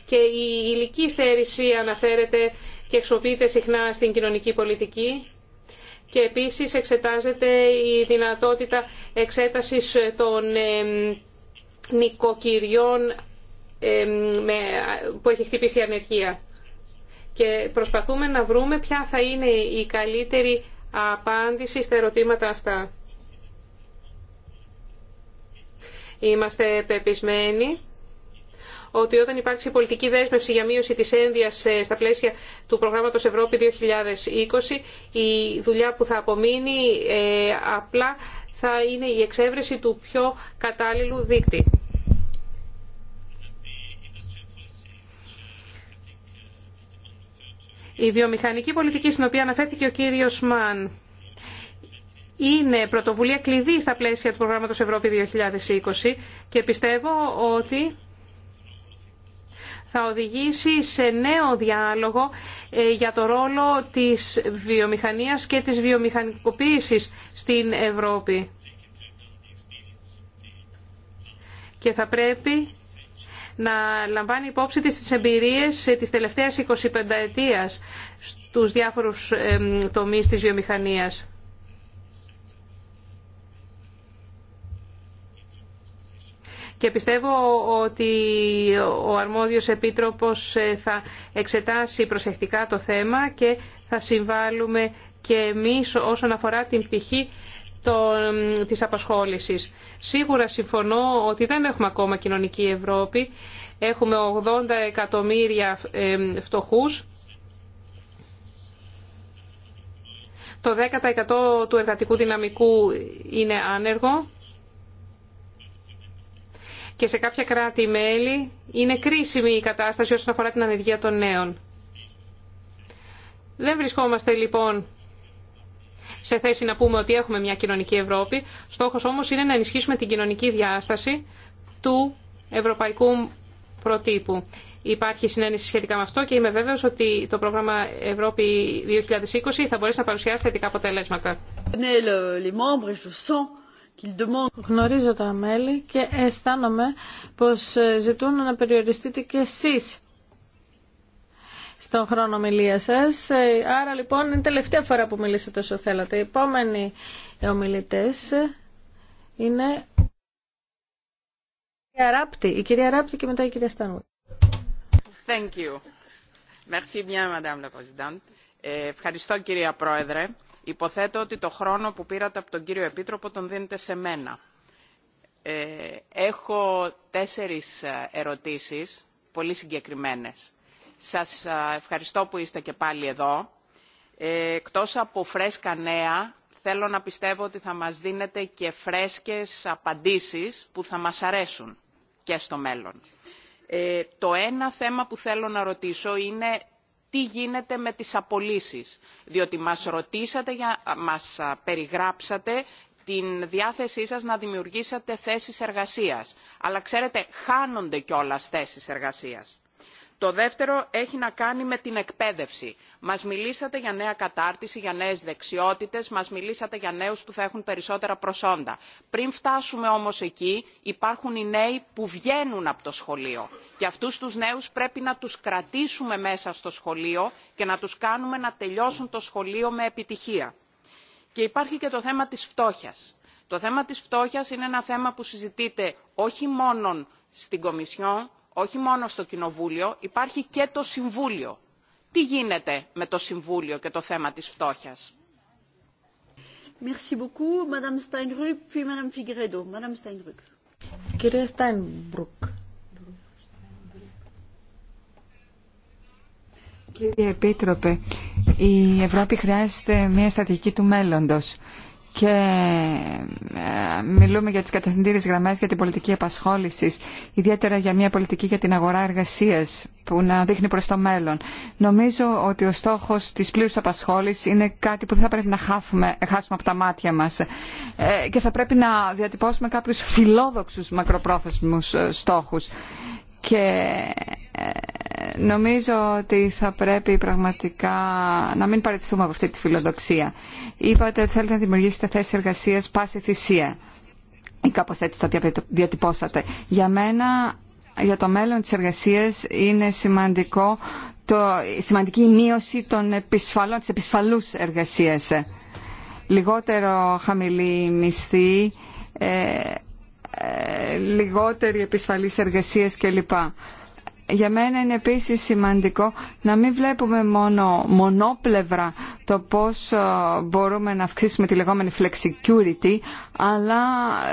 Και η ηλική στέρηση αναφέρεται και χρησιμοποιείται συχνά στην κοινωνική πολιτική και επίσης εξετάζεται η δυνατότητα εξέτασης των ε, νοικοκυριών ε, που έχει χτυπήσει η ανεργία και προσπαθούμε να βρούμε ποια θα είναι η καλύτερη απάντηση στα ερωτήματα αυτά. Είμαστε πεπισμένοι ότι όταν υπάρξει πολιτική δέσμευση για μείωση της ένδυας ε, στα πλαίσια του προγράμματος Ευρώπη 2020, η δουλειά που θα απομείνει ε, απλά θα είναι η εξέβρεση του πιο κατάλληλου δίκτυου. Η βιομηχανική πολιτική στην οποία αναφέρθηκε ο κύριος Μαν είναι πρωτοβουλία κλειδί στα πλαίσια του προγράμματος Ευρώπη 2020 και πιστεύω ότι θα οδηγήσει σε νέο διάλογο ε, για το ρόλο της βιομηχανίας και της βιομηχανικοποίησης στην Ευρώπη. Και θα πρέπει να λαμβάνει υπόψη της τις εμπειρίες της τελευταίας 25 ετίας στους διάφορους τομείς της βιομηχανίας. και πιστεύω ότι ο αρμόδιος επίτροπος ε, θα εξετάσει προσεκτικά το θέμα και θα συμβάλλουμε και εμείς όσον αφορά την πτυχή το, της απασχόλησης. Σίγουρα συμφωνώ ότι δεν έχουμε ακόμα κοινωνική Ευρώπη. Έχουμε 80 εκατομμύρια ε, φτωχούς. Το 10% του εργατικού δυναμικού είναι άνεργο. Και σε κάποια κράτη-μέλη είναι κρίσιμη η κατάσταση όσον αφορά την ανεργία των νέων. Δεν βρισκόμαστε λοιπόν σε θέση να πούμε ότι έχουμε μια κοινωνική Ευρώπη. στόχο όμω είναι να ενισχύσουμε την κοινωνική διάσταση του ευρωπαϊκού προτύπου. Υπάρχει συνένεση σχετικά με αυτό και είμαι βέβαιος ότι το πρόγραμμα Ευρώπη 2020 θα μπορέσει να παρουσιάσει θετικά αποτελέσματα. Γνωρίζω τα μέλη και αισθάνομαι πως ζητούν να περιοριστείτε και εσείς στον χρόνο ομιλία σα. Ε, άρα λοιπόν είναι η τελευταία φορά που μιλήσατε όσο θέλατε. Οι επόμενοι ομιλητέ είναι η κυρία Ράπτη, η κυρία Ράπτη και μετά η κυρία Στανού. Ε, ευχαριστώ κυρία Πρόεδρε. Υποθέτω ότι το χρόνο που πήρατε από τον κύριο Επίτροπο τον δίνετε σε μένα. Ε, έχω τέσσερις ερωτήσεις, πολύ συγκεκριμένες σας ευχαριστώ που είστε και πάλι εδώ. Ε, εκτός από φρέσκα νέα, θέλω να πιστεύω ότι θα μας δίνετε και φρέσκες απαντήσεις που θα μας αρέσουν και στο μέλλον. Ε, το ένα θέμα που θέλω να ρωτήσω είναι τι γίνεται με τις απολύσεις, διότι μας ρωτήσατε, για, μας περιγράψατε την διάθεσή σας να δημιουργήσετε θέσεις εργασίας. Αλλά ξέρετε, χάνονται κιόλας θέσεις εργασίας. Το δεύτερο έχει να κάνει με την εκπαίδευση. Μας μιλήσατε για νέα κατάρτιση, για νέες δεξιότητες, μας μιλήσατε για νέους που θα έχουν περισσότερα προσόντα. Πριν φτάσουμε όμως εκεί υπάρχουν οι νέοι που βγαίνουν από το σχολείο και αυτούς τους νέους πρέπει να τους κρατήσουμε μέσα στο σχολείο και να τους κάνουμε να τελειώσουν το σχολείο με επιτυχία. Και υπάρχει και το θέμα της φτώχειας. Το θέμα της φτώχειας είναι ένα θέμα που συζητείται όχι μόνο στην Κομισιόν, όχι μόνο στο Κοινοβούλιο, υπάρχει και το Συμβούλιο. Τι γίνεται με το Συμβούλιο και το θέμα της φτώχειας. Merci beaucoup, Madame puis Madame Madame Κύριε Επίτροπε, η Ευρώπη χρειάζεται μια στατική του μέλλοντος και ε, μιλούμε για τις κατευθυντήριες γραμμές για την πολιτική απασχόλησης, ιδιαίτερα για μια πολιτική για την αγορά εργασίας που να δείχνει προς το μέλλον. Νομίζω ότι ο στόχος της πλήρους απασχόλησης είναι κάτι που δεν θα πρέπει να χάσουμε, χάσουμε από τα μάτια μας ε, και θα πρέπει να διατυπώσουμε κάποιους φιλόδοξους μακροπρόθεσμους ε, στόχους. Και νομίζω ότι θα πρέπει πραγματικά να μην παραιτηθούμε από αυτή τη φιλοδοξία. Είπατε ότι θέλετε να δημιουργήσετε θέσει εργασία πάση θυσία. Ή κάπως έτσι το διατυπώσατε. Για μένα, για το μέλλον της εργασίας είναι σημαντικό το, σημαντική μείωση των επισφαλών, της επισφαλούς εργασίας. Λιγότερο χαμηλή μισθή, ε, ε, λιγότερη επισφαλής εργασίας κλπ για μένα είναι επίσης σημαντικό να μην βλέπουμε μόνο μονόπλευρα το πώς ε, μπορούμε να αυξήσουμε τη λεγόμενη flexicurity, αλλά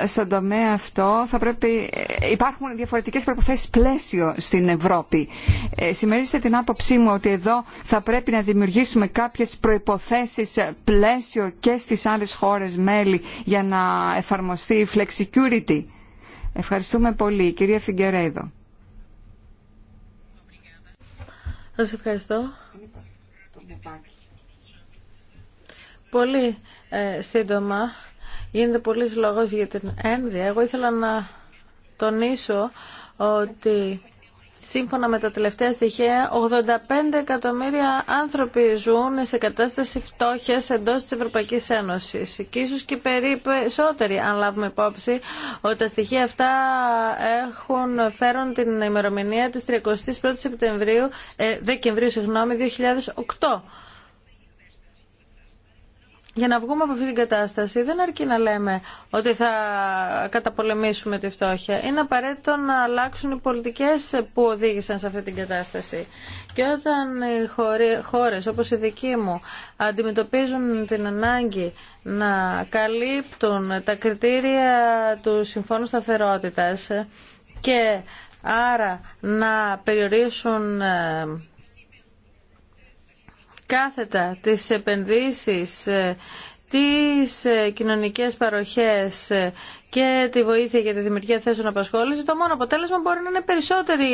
στον τομέα αυτό θα πρέπει... Ε, υπάρχουν διαφορετικές προποθέσεις πλαίσιο στην Ευρώπη. Ε, την άποψή μου ότι εδώ θα πρέπει να δημιουργήσουμε κάποιες προϋποθέσεις πλαίσιο και στις άλλες χώρες μέλη για να εφαρμοστεί η flexicurity. Ευχαριστούμε πολύ. Κυρία Φιγκερέδο. Σας ευχαριστώ. Πολύ ε, σύντομα γίνεται πολλής λόγος για την ένδυα. Εγώ ήθελα να τονίσω ότι Σύμφωνα με τα τελευταία στοιχεία, 85 εκατομμύρια άνθρωποι ζουν σε κατάσταση φτώχεια εντό τη Ευρωπαϊκή Ένωση. Και ίσω και περισσότεροι, αν λάβουμε υπόψη, ότι τα στοιχεία αυτά έχουν φέρουν την ημερομηνία τη 31η Σεπτεμβρίου, ε, Δεκεμβρίου συγγνώμη, 2008 για να βγούμε από αυτή την κατάσταση δεν αρκεί να λέμε ότι θα καταπολεμήσουμε τη φτώχεια. Είναι απαραίτητο να αλλάξουν οι πολιτικές που οδήγησαν σε αυτή την κατάσταση. Και όταν οι χώρες όπως η δική μου αντιμετωπίζουν την ανάγκη να καλύπτουν τα κριτήρια του Συμφώνου Σταθερότητας και άρα να περιορίσουν ε, κάθετα τις επενδύσεις, ε, τις ε, κοινωνικές παροχές ε, και τη βοήθεια για τη δημιουργία θέσεων απασχόληση, το μόνο αποτέλεσμα μπορεί να είναι περισσότερη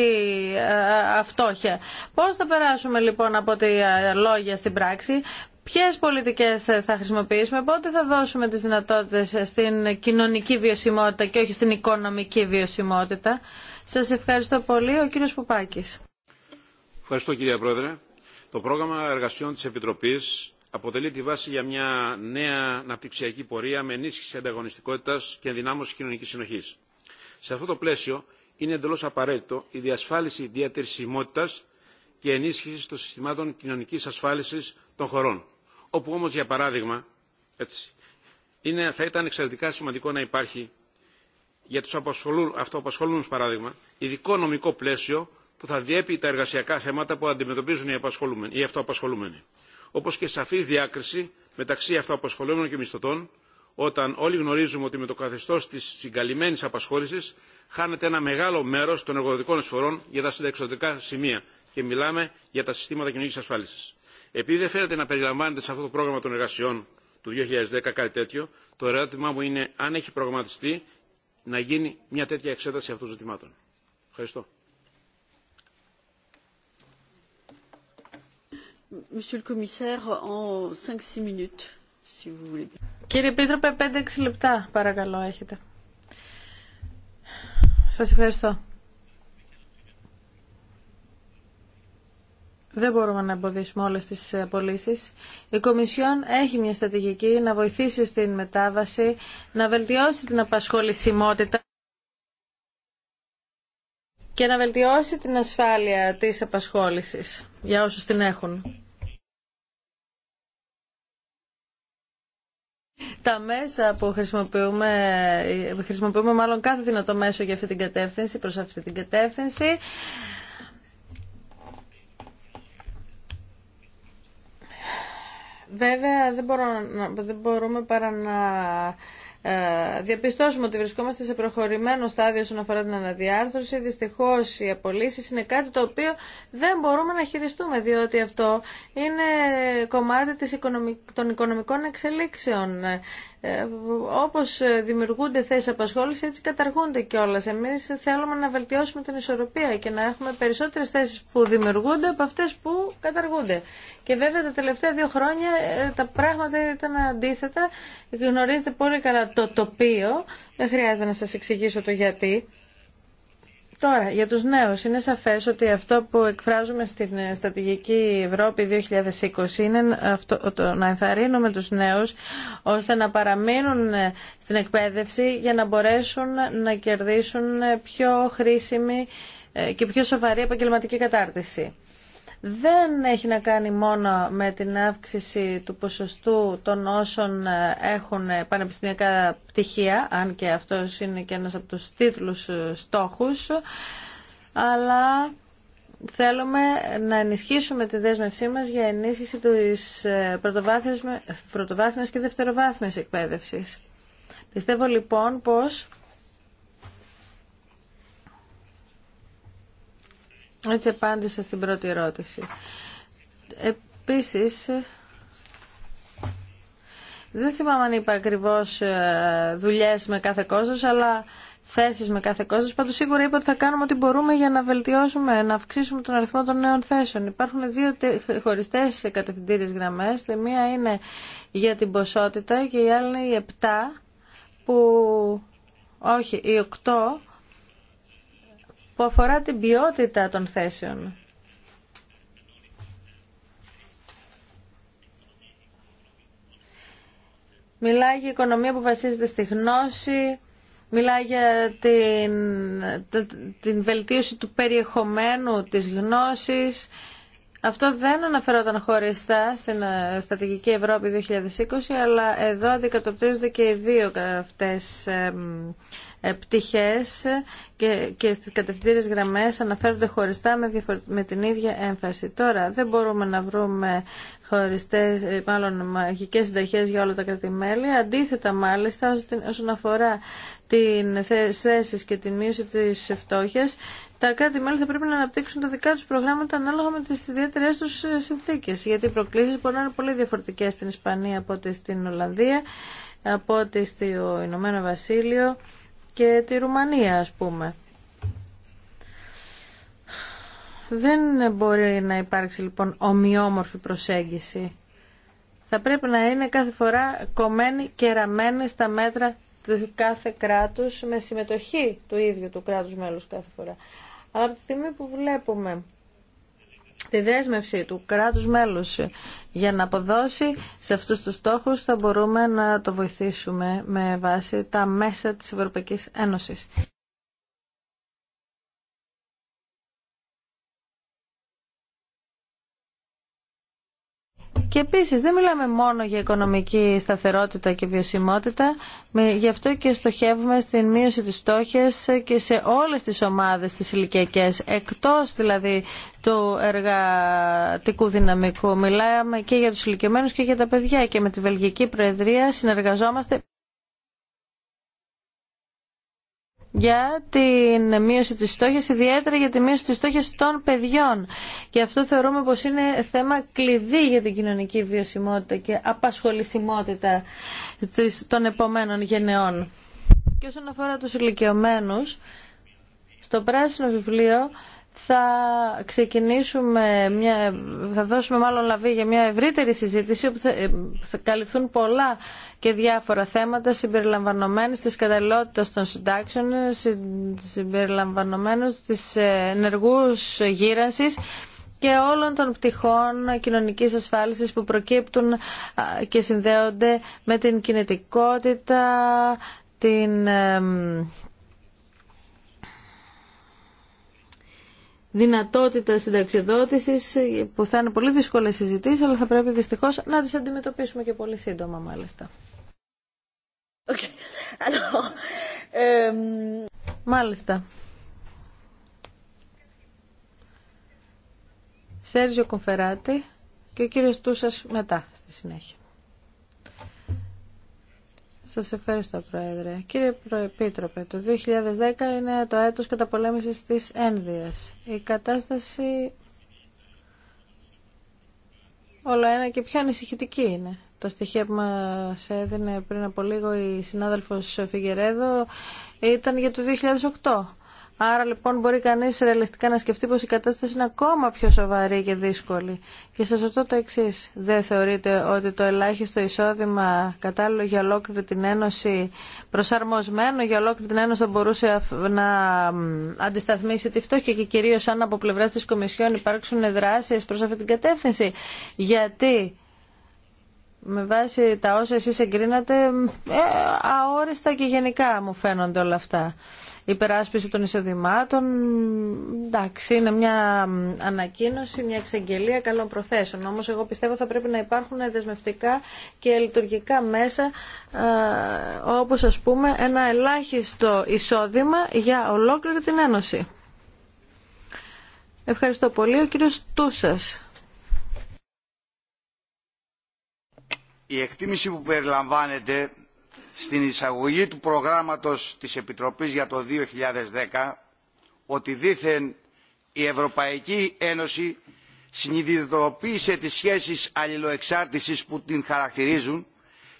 αυτόχεια. Πώς θα περάσουμε λοιπόν από τη λόγια στην πράξη, ποιε πολιτικές θα χρησιμοποιήσουμε, πότε θα δώσουμε τις δυνατότητες στην κοινωνική βιωσιμότητα και όχι στην οικονομική βιωσιμότητα. σα ευχαριστώ πολύ. Ο κύριο Πουπάκη. Ευχαριστώ κυρία Πρόεδρε. Το πρόγραμμα εργασιών της Επιτροπής αποτελεί τη βάση για μια νέα αναπτυξιακή πορεία με ενίσχυση ανταγωνιστικότητας και ενδυνάμωση κοινωνικής συνοχής. Σε αυτό το πλαίσιο είναι εντελώς απαραίτητο η διασφάλιση διατηρησιμότητας και ενίσχυση των συστημάτων κοινωνικής ασφάλισης των χωρών, όπου όμως για παράδειγμα έτσι, είναι, θα ήταν εξαιρετικά σημαντικό να υπάρχει για τους αυτοαπασχολούμενους παράδειγμα ειδικό νομικό πλαίσιο που θα διέπει τα εργασιακά θέματα που αντιμετωπίζουν οι, αυτοαπασχολούμενοι, όπως και σαφής διάκριση μεταξύ αυτοαπασχολούμενων και μισθωτών, όταν όλοι γνωρίζουμε ότι με το καθεστώς της συγκαλυμμένης απασχόλησης χάνεται ένα μεγάλο μέρος των εργοδοτικών εισφορών για τα συνταξιδοτικά σημεία και μιλάμε για τα συστήματα κοινωνικής ασφάλισης. Επειδή δεν φαίνεται να περιλαμβάνεται σε αυτό το πρόγραμμα των εργασιών του 2010 κάτι τέτοιο, το ερώτημά μου είναι αν έχει προγραμματιστεί να γίνει μια τέτοια εξέταση αυτών των ζητημάτων. Ευχαριστώ. Monsieur le Commissaire, en minutes, si vous voulez. Κύριε Πίτροπε, 5-6 λεπτά παρακαλώ έχετε. Σας ευχαριστώ. Δεν μπορούμε να εμποδίσουμε όλες τις πωλήσει. Η Κομισιόν έχει μια στρατηγική να βοηθήσει στην μετάβαση, να βελτιώσει την απασχολησιμότητα και να βελτιώσει την ασφάλεια της απασχόλησης για όσους την έχουν. Τα μέσα που χρησιμοποιούμε, χρησιμοποιούμε μάλλον κάθε δυνατό μέσο για αυτή την κατεύθυνση, προς αυτή την κατεύθυνση. Βέβαια δεν, μπορώ, δεν μπορούμε παρά να ε, διαπιστώσουμε ότι βρισκόμαστε σε προχωρημένο στάδιο όσον αφορά την αναδιάρθρωση. Δυστυχώ οι απολύσει είναι κάτι το οποίο δεν μπορούμε να χειριστούμε, διότι αυτό είναι κομμάτι της των οικονομικών εξελίξεων. Ε, Όπω δημιουργούνται θέσει απασχόληση, έτσι καταργούνται κιόλα. Εμεί θέλουμε να βελτιώσουμε την ισορροπία και να έχουμε περισσότερε θέσει που δημιουργούνται από αυτέ που καταργούνται. Και βέβαια τα τελευταία δύο χρόνια ε, τα πράγματα ήταν αντίθετα. Γνωρίζετε πολύ καλά το τοπίο, δεν χρειάζεται να σας εξηγήσω το γιατί. Τώρα, για τους νέους, είναι σαφές ότι αυτό που εκφράζουμε στην ε, Στρατηγική Ευρώπη 2020 είναι αυτό, το να ενθαρρύνουμε τους νέους ώστε να παραμείνουν ε, στην εκπαίδευση για να μπορέσουν να κερδίσουν ε, πιο χρήσιμη και πιο σοβαρή επαγγελματική κατάρτιση δεν έχει να κάνει μόνο με την αύξηση του ποσοστού των όσων ε, έχουν πανεπιστημιακά πτυχία, αν και αυτός είναι και ένας από τους τίτλους ε, στόχους, αλλά θέλουμε να ενισχύσουμε τη δέσμευσή μας για ενίσχυση της ε, πρωτοβάθμιας και δευτεροβάθμιας εκπαίδευσης. Πιστεύω λοιπόν πως Έτσι απάντησα στην πρώτη ερώτηση. Επίσης, δεν θυμάμαι αν είπα ακριβώς ε, δουλειές με κάθε κόστος, αλλά θέσεις με κάθε κόστος. Πάντως σίγουρα είπα ότι θα κάνουμε ό,τι μπορούμε για να βελτιώσουμε, να αυξήσουμε τον αριθμό των νέων θέσεων. Υπάρχουν δύο χωριστές κατευθυντήριες γραμμές. Η μία είναι για την ποσότητα και η άλλη είναι η 7 που... Όχι, οι 8 που αφορά την ποιότητα των θέσεων. Μιλάει για οικονομία που βασίζεται στη γνώση, μιλάει για την, την βελτίωση του περιεχομένου της γνώσης, αυτό δεν αναφερόταν χωριστά στην ε, Στατηγική Ευρώπη 2020, αλλά εδώ αντικατοπτρίζονται και οι δύο αυτές ε, πτυχές και, και στις κατευθύντερες γραμμές αναφέρονται χωριστά με, με την ίδια έμφαση. Τώρα δεν μπορούμε να βρούμε χωριστές, ε, μάλλον μαγικές συνταχές για όλα τα κρατημέλη. Αντίθετα μάλιστα όσον αφορά την θέση και την μείωση της φτώχειας τα κράτη-μέλη θα πρέπει να αναπτύξουν τα δικά του προγράμματα ανάλογα με τι ιδιαίτερε του ε, συνθήκε. Γιατί οι προκλήσει μπορεί να είναι πολύ διαφορετικέ στην Ισπανία από ό,τι στην Ολλανδία, από ό,τι στο Ηνωμένο Βασίλειο και τη Ρουμανία, α πούμε. Δεν μπορεί να υπάρξει λοιπόν ομοιόμορφη προσέγγιση. Θα πρέπει να είναι κάθε φορά κομμένη και ραμμένη στα μέτρα του κάθε κράτους με συμμετοχή του ίδιου του κράτους μέλους κάθε φορά. Αλλά από τη στιγμή που βλέπουμε τη δέσμευση του κράτους μέλους για να αποδώσει σε αυτούς τους στόχους θα μπορούμε να το βοηθήσουμε με βάση τα μέσα της Ευρωπαϊκής Ένωσης. Και επίση, δεν μιλάμε μόνο για οικονομική σταθερότητα και βιωσιμότητα, γι' αυτό και στοχεύουμε στην μείωση τη στόχε και σε όλες τις ομάδες τις ηλικιακέ, εκτός δηλαδή του εργατικού δυναμικού. Μιλάμε και για τους ηλικιωμένου και για τα παιδιά και με τη Βελγική Προεδρία συνεργαζόμαστε για την μείωση της στόχης, ιδιαίτερα για τη μείωση της στόχης των παιδιών. Και αυτό θεωρούμε πως είναι θέμα κλειδί για την κοινωνική βιωσιμότητα και απασχολησιμότητα των επομένων γενεών. Και όσον αφορά τους ηλικιωμένους, στο πράσινο βιβλίο θα ξεκινήσουμε, μια, θα δώσουμε μάλλον λαβή για μια ευρύτερη συζήτηση όπου θα, ε, καλυφθούν πολλά και διάφορα θέματα συμπεριλαμβανομένες της καταλληλότητας των συντάξεων, συμπεριλαμβανομένες της ε, ενεργούς γύρανσης και όλων των πτυχών κοινωνικής ασφάλισης που προκύπτουν και συνδέονται με την κινητικότητα, την δυνατότητα συνταξιοδότησης που θα είναι πολύ δύσκολες συζητήσει, αλλά θα πρέπει δυστυχώς να τις αντιμετωπίσουμε και πολύ σύντομα μάλιστα. Okay. Μάλιστα. Σέρζιο Κομφεράτη και ο κύριος Τούσας μετά στη συνέχεια. Σας ευχαριστώ, Πρόεδρε. Κύριε Προεπίτροπε, το 2010 είναι το έτος καταπολέμησης της ένδυας. Η κατάσταση όλο ένα και πιο ανησυχητική είναι. Τα στοιχεία που μας έδινε πριν από λίγο η συνάδελφος Φιγερέδο ήταν για το 2008. Άρα λοιπόν μπορεί κανείς ρεαλιστικά να σκεφτεί πως η κατάσταση είναι ακόμα πιο σοβαρή και δύσκολη. Και σας ρωτώ το εξή. Δεν θεωρείτε ότι το ελάχιστο εισόδημα κατάλληλο για ολόκληρη την Ένωση, προσαρμοσμένο για ολόκληρη την Ένωση θα μπορούσε να αντισταθμίσει τη φτώχεια και κυρίως αν από πλευρά της Κομισιόν υπάρξουν δράσεις προς αυτή την κατεύθυνση. Γιατί με βάση τα όσα εσείς εγκρίνατε, ε, αόριστα και γενικά μου φαίνονται όλα αυτά. Η περάσπιση των εισοδημάτων, εντάξει, είναι μια ανακοίνωση, μια εξαγγελία καλών προθέσεων. Όμως εγώ πιστεύω θα πρέπει να υπάρχουν δεσμευτικά και λειτουργικά μέσα, ε, όπως ας πούμε ένα ελάχιστο εισόδημα για ολόκληρη την Ένωση. Ευχαριστώ πολύ. Ο κύριος Τούσας. η εκτίμηση που περιλαμβάνεται στην εισαγωγή του προγράμματος της Επιτροπής για το 2010 ότι δήθεν η Ευρωπαϊκή Ένωση συνειδητοποίησε τις σχέσεις αλληλοεξάρτησης που την χαρακτηρίζουν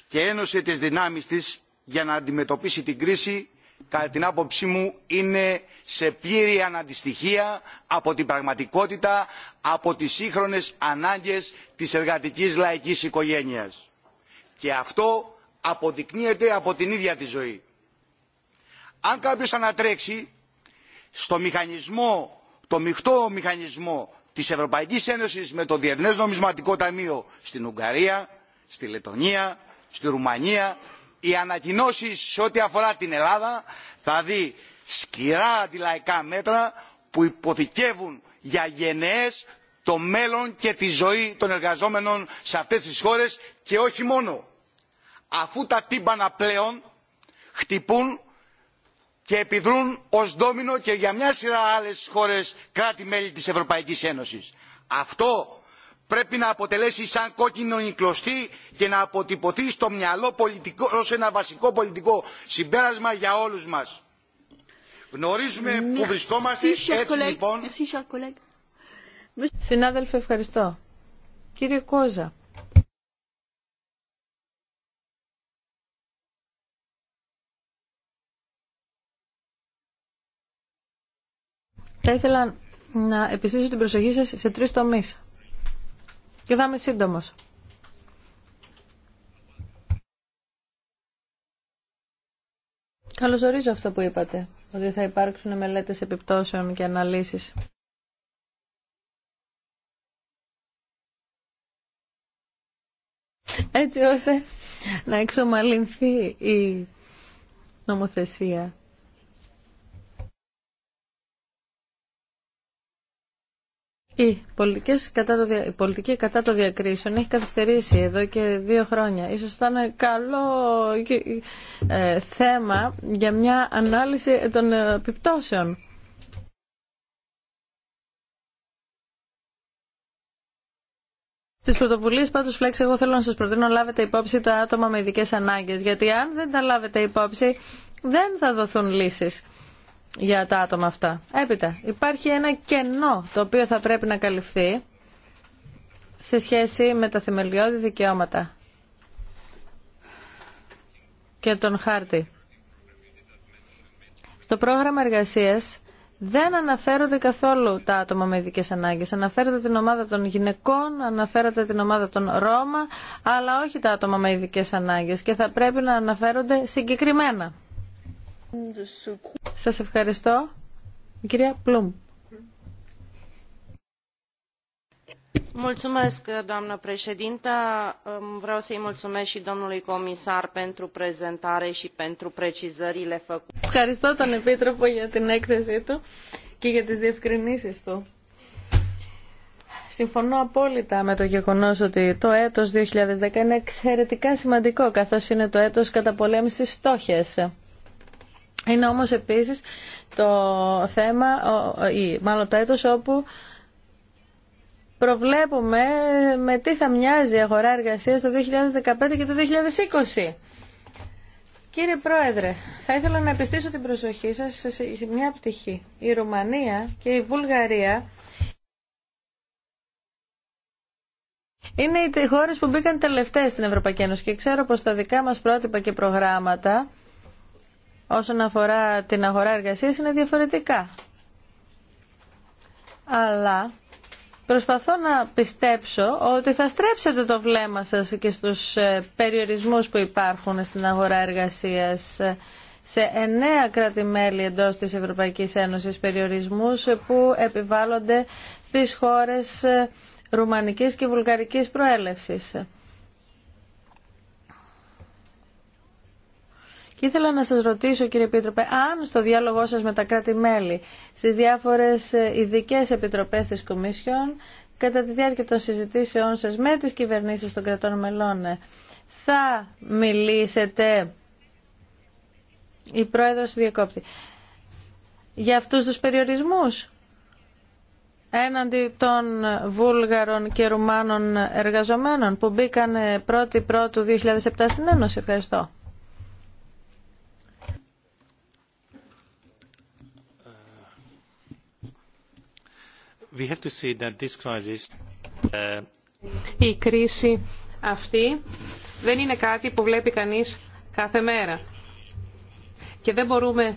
και ένωσε τις δυνάμεις της για να αντιμετωπίσει την κρίση κατά την άποψή μου είναι σε πλήρη αναντιστοιχεία από την πραγματικότητα από τις σύγχρονες ανάγκες της εργατικής λαϊκής οικογένειας. Και αυτό αποδεικνύεται από την ίδια τη ζωή. Αν κάποιος ανατρέξει στο μηχανισμό, το μειχτό μηχανισμό της Ευρωπαϊκής Ένωσης με το Διεθνές Νομισματικό Ταμείο στην Ουγγαρία, στη Λετωνία, στη Ρουμανία, οι ανακοινώσει σε ό,τι αφορά την Ελλάδα θα δει σκληρά αντιλαϊκά μέτρα που υποθηκεύουν για γενναίες το μέλλον και τη ζωή των εργαζόμενων σε αυτές τις χώρες και όχι μόνο. Αφού τα τύμπανα πλέον χτυπούν και επιδρούν ως ντόμινο και για μια σειρά άλλες χώρες κράτη-μέλη της Ευρωπαϊκής Ένωσης. Αυτό πρέπει να αποτελέσει σαν κόκκινο νικλωστή και να αποτυπωθεί στο μυαλό πολιτικό, ως ένα βασικό πολιτικό συμπέρασμα για όλους μας. Γνωρίζουμε που βρισκόμαστε, έτσι λοιπόν... Συνάδελφε, ευχαριστώ. Κύριε Κόζα. Θα ήθελα να επιστήσω την προσοχή σας σε τρεις τομείς. Και θα είμαι σύντομος. Καλωσορίζω αυτό που είπατε, ότι θα υπάρξουν μελέτες επιπτώσεων και αναλύσεις. έτσι ώστε να εξομαλυνθεί η νομοθεσία. Η, κατά το, πολιτική κατά το διακρίσεων έχει καθυστερήσει εδώ και δύο χρόνια. Ίσως θα είναι καλό ε, θέμα για μια ανάλυση των επιπτώσεων. Στι πρωτοβουλίε πάντω Φλέξ, εγώ θέλω να σα προτείνω να λάβετε υπόψη τα άτομα με ειδικέ ανάγκε. Γιατί αν δεν τα λάβετε υπόψη, δεν θα δοθούν λύσει για τα άτομα αυτά. Έπειτα, υπάρχει ένα κενό το οποίο θα πρέπει να καλυφθεί σε σχέση με τα θεμελιώδη δικαιώματα και τον χάρτη. Στο πρόγραμμα εργασίας δεν αναφέρονται καθόλου τα άτομα με ειδικέ ανάγκε. Αναφέρεται την ομάδα των γυναικών, αναφέρεται την ομάδα των Ρώμα, αλλά όχι τα άτομα με ειδικέ ανάγκε και θα πρέπει να αναφέρονται συγκεκριμένα. Σας ευχαριστώ. κυρία Πλούμ. Ευχαριστώ τον Επίτροπο για την έκθεσή του και για τις διευκρινήσει του. Συμφωνώ απόλυτα με το γεγονό ότι το έτο 2010 είναι εξαιρετικά σημαντικό καθώ είναι το έτο κατά πολέμηση στόχες. Είναι όμω επίση, το θέμα, ή μάλλον το έτο όπου προβλέπουμε με τι θα μοιάζει η αγορά εργασίας το 2015 και το 2020. Κύριε Πρόεδρε, θα ήθελα να επιστήσω την προσοχή σας σε μια πτυχή. Η Ρουμανία και η Βουλγαρία είναι οι χώρες που μπήκαν τελευταίες στην Ευρωπαϊκή Ένωση και ξέρω πως τα δικά μας πρότυπα και προγράμματα όσον αφορά την αγορά εργασίας είναι διαφορετικά. Αλλά Προσπαθώ να πιστέψω ότι θα στρέψετε το βλέμμα σας και στους ε, περιορισμούς που υπάρχουν στην αγορά εργασίας σε εννέα κράτη-μέλη εντός της Ευρωπαϊκής Ένωσης περιορισμούς που επιβάλλονται στις χώρες ε, ρουμανικής και βουλγαρικής προέλευσης. Και ήθελα να σας ρωτήσω κύριε Επίτροπε, αν στο διάλογό σας με τα κράτη-μέλη στις διάφορες ε, ειδικέ επιτροπές της Κομίσιον κατά τη διάρκεια των συζητήσεών σας με τις κυβερνήσεις των κρατών μελών ε, θα μιλήσετε η πρόεδρος διακόπτη για αυτούς τους περιορισμούς έναντι των Βούλγαρων και Ρουμάνων εργαζομένων που μπήκαν Πρώτου 2007 στην Ένωση. Ευχαριστώ. Uh, Η κρίση αυτή δεν είναι κάτι που βλέπει κανείς κάθε μέρα. Και δεν μπορούμε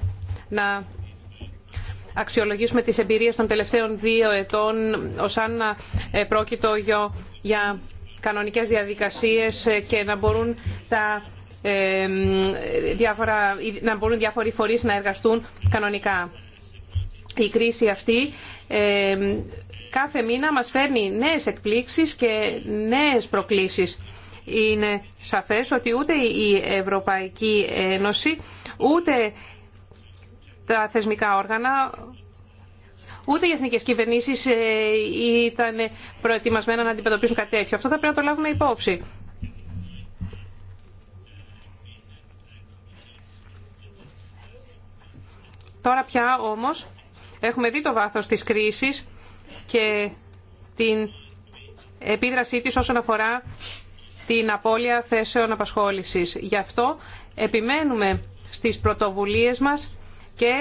να αξιολογήσουμε τις εμπειρίες των τελευταίων δύο ετών ως αν ε, πρόκειται για κανονικές διαδικασίες ε, και να μπορούν τα ε, διάφορα, να μπορούν διάφοροι φορείς να εργαστούν κανονικά. Η κρίση αυτή κάθε μήνα μας φέρνει νέες εκπλήξεις και νέες προκλήσεις. Είναι σαφές ότι ούτε η Ευρωπαϊκή Ένωση, ούτε τα θεσμικά όργανα, ούτε οι εθνικές κυβερνήσεις ε, ήταν προετοιμασμένα να αντιμετωπίσουν κάτι τέτοιο. Αυτό θα πρέπει να το λάβουμε υπόψη. Τώρα πια όμως Έχουμε δει το βάθος της κρίσης και την επίδρασή της όσον αφορά την απώλεια θέσεων απασχόλησης. Γι' αυτό επιμένουμε στις πρωτοβουλίες μας και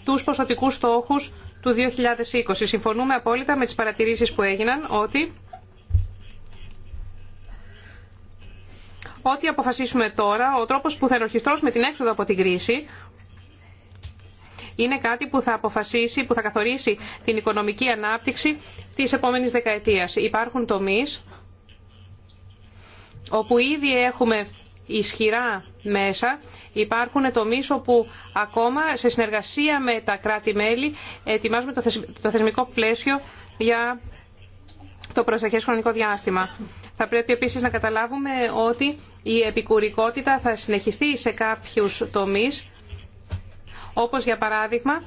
στους ποσοτικούς στόχους του 2020. Συμφωνούμε απόλυτα με τις παρατηρήσεις που έγιναν ότι ό,τι αποφασίσουμε τώρα, ο τρόπος που θα ενορχιστρώσουμε την έξοδο από την κρίση, είναι κάτι που θα αποφασίσει, που θα καθορίσει την οικονομική ανάπτυξη της επόμενης δεκαετία. Υπάρχουν τομεί όπου ήδη έχουμε ισχυρά μέσα. Υπάρχουν τομεί όπου ακόμα σε συνεργασία με τα κράτη-μέλη ετοιμάζουμε το θεσμικό πλαίσιο για το προσεχές χρονικό διάστημα. Θα πρέπει επίσης να καταλάβουμε ότι η επικουρικότητα θα συνεχιστεί σε κάποιους τομείς όπως για παράδειγμα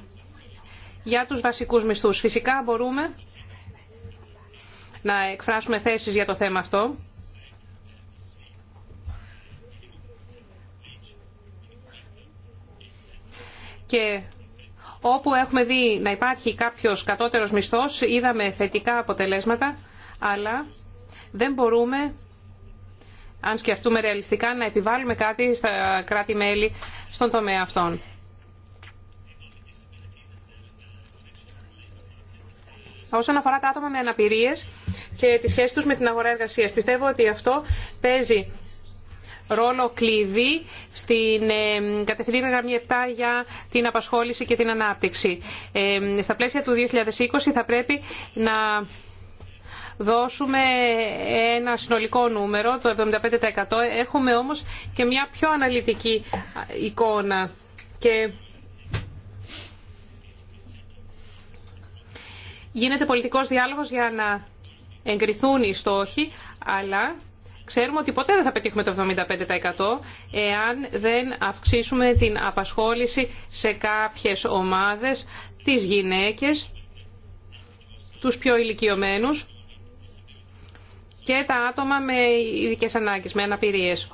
για τους βασικούς μισθούς. Φυσικά μπορούμε να εκφράσουμε θέσεις για το θέμα αυτό. Και όπου έχουμε δει να υπάρχει κάποιος κατώτερος μισθός, είδαμε θετικά αποτελέσματα, αλλά δεν μπορούμε, αν σκεφτούμε ρεαλιστικά, να επιβάλλουμε κάτι στα κράτη-μέλη στον τομέα αυτών. όσον αφορά τα άτομα με αναπηρίες και τη σχέση του με την αγορά εργασίας. Πιστεύω ότι αυτό παίζει ρόλο κλειδί στην ε, κατευθυντήρια γραμμή 7 για την απασχόληση και την ανάπτυξη. Ε, στα πλαίσια του 2020 θα πρέπει να δώσουμε ένα συνολικό νούμερο, το 75%. Έχουμε όμως και μια πιο αναλυτική εικόνα και γίνεται πολιτικός διάλογος για να εγκριθούν οι στόχοι, αλλά ξέρουμε ότι ποτέ δεν θα πετύχουμε το 75% εάν δεν αυξήσουμε την απασχόληση σε κάποιες ομάδες, τις γυναίκες, τους πιο ηλικιωμένους και τα άτομα με ειδικές ανάγκες, με αναπηρίες.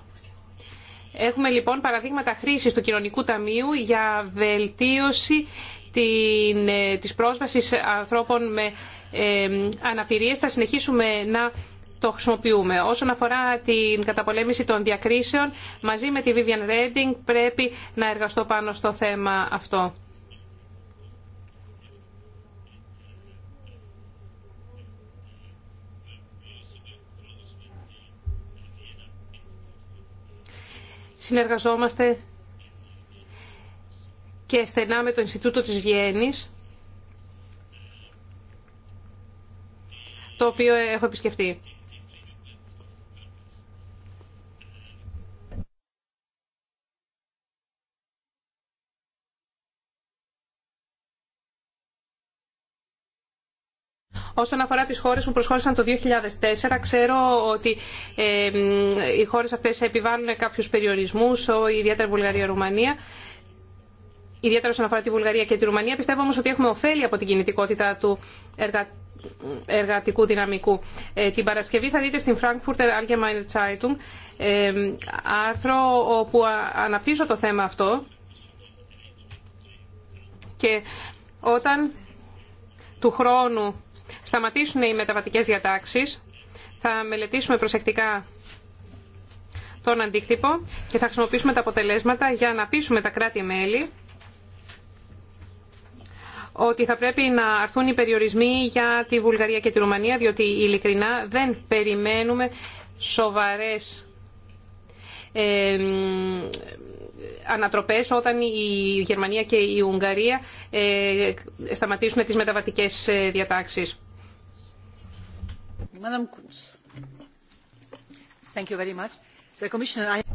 Έχουμε λοιπόν παραδείγματα χρήσης του κοινωνικού ταμείου για βελτίωση την, ε, της πρόσβασης ανθρώπων με ε, αναπηρίες θα συνεχίσουμε να το χρησιμοποιούμε. Όσον αφορά την καταπολέμηση των διακρίσεων, μαζί με τη Vivian Redding πρέπει να εργαστώ πάνω στο θέμα αυτό. Συνεργαζόμαστε και στενά με το Ινστιτούτο της Βιέννης, το οποίο έχω επισκεφτεί. Όσον αφορά τις χώρες που προσχώρησαν το 2004, ξέρω ότι ε, οι χώρες αυτές επιβάλλουν κάποιους περιορισμούς, ιδιαίτερα Βουλγαρία-Ρουμανία ιδιαίτερα όσον αφορά τη Βουλγαρία και τη Ρουμανία. Πιστεύω όμω ότι έχουμε ωφέλη από την κινητικότητα του εργα... εργατικού δυναμικού. Ε, την Παρασκευή θα δείτε στην Frankfurter Allgemeine Zeitung ε, άρθρο όπου αναπτύσσω το θέμα αυτό και όταν του χρόνου σταματήσουν οι μεταβατικές διατάξεις θα μελετήσουμε προσεκτικά τον αντίκτυπο και θα χρησιμοποιήσουμε τα αποτελέσματα για να πείσουμε τα κράτη-μέλη ότι θα πρέπει να αρθούν οι περιορισμοί για τη Βουλγαρία και τη Ρουμανία, διότι ειλικρινά δεν περιμένουμε σοβαρές ε, ανατροπές όταν η Γερμανία και η Ουγγαρία ε, σταματήσουν τις μεταβατικές ε, διατάξεις. Thank you very much.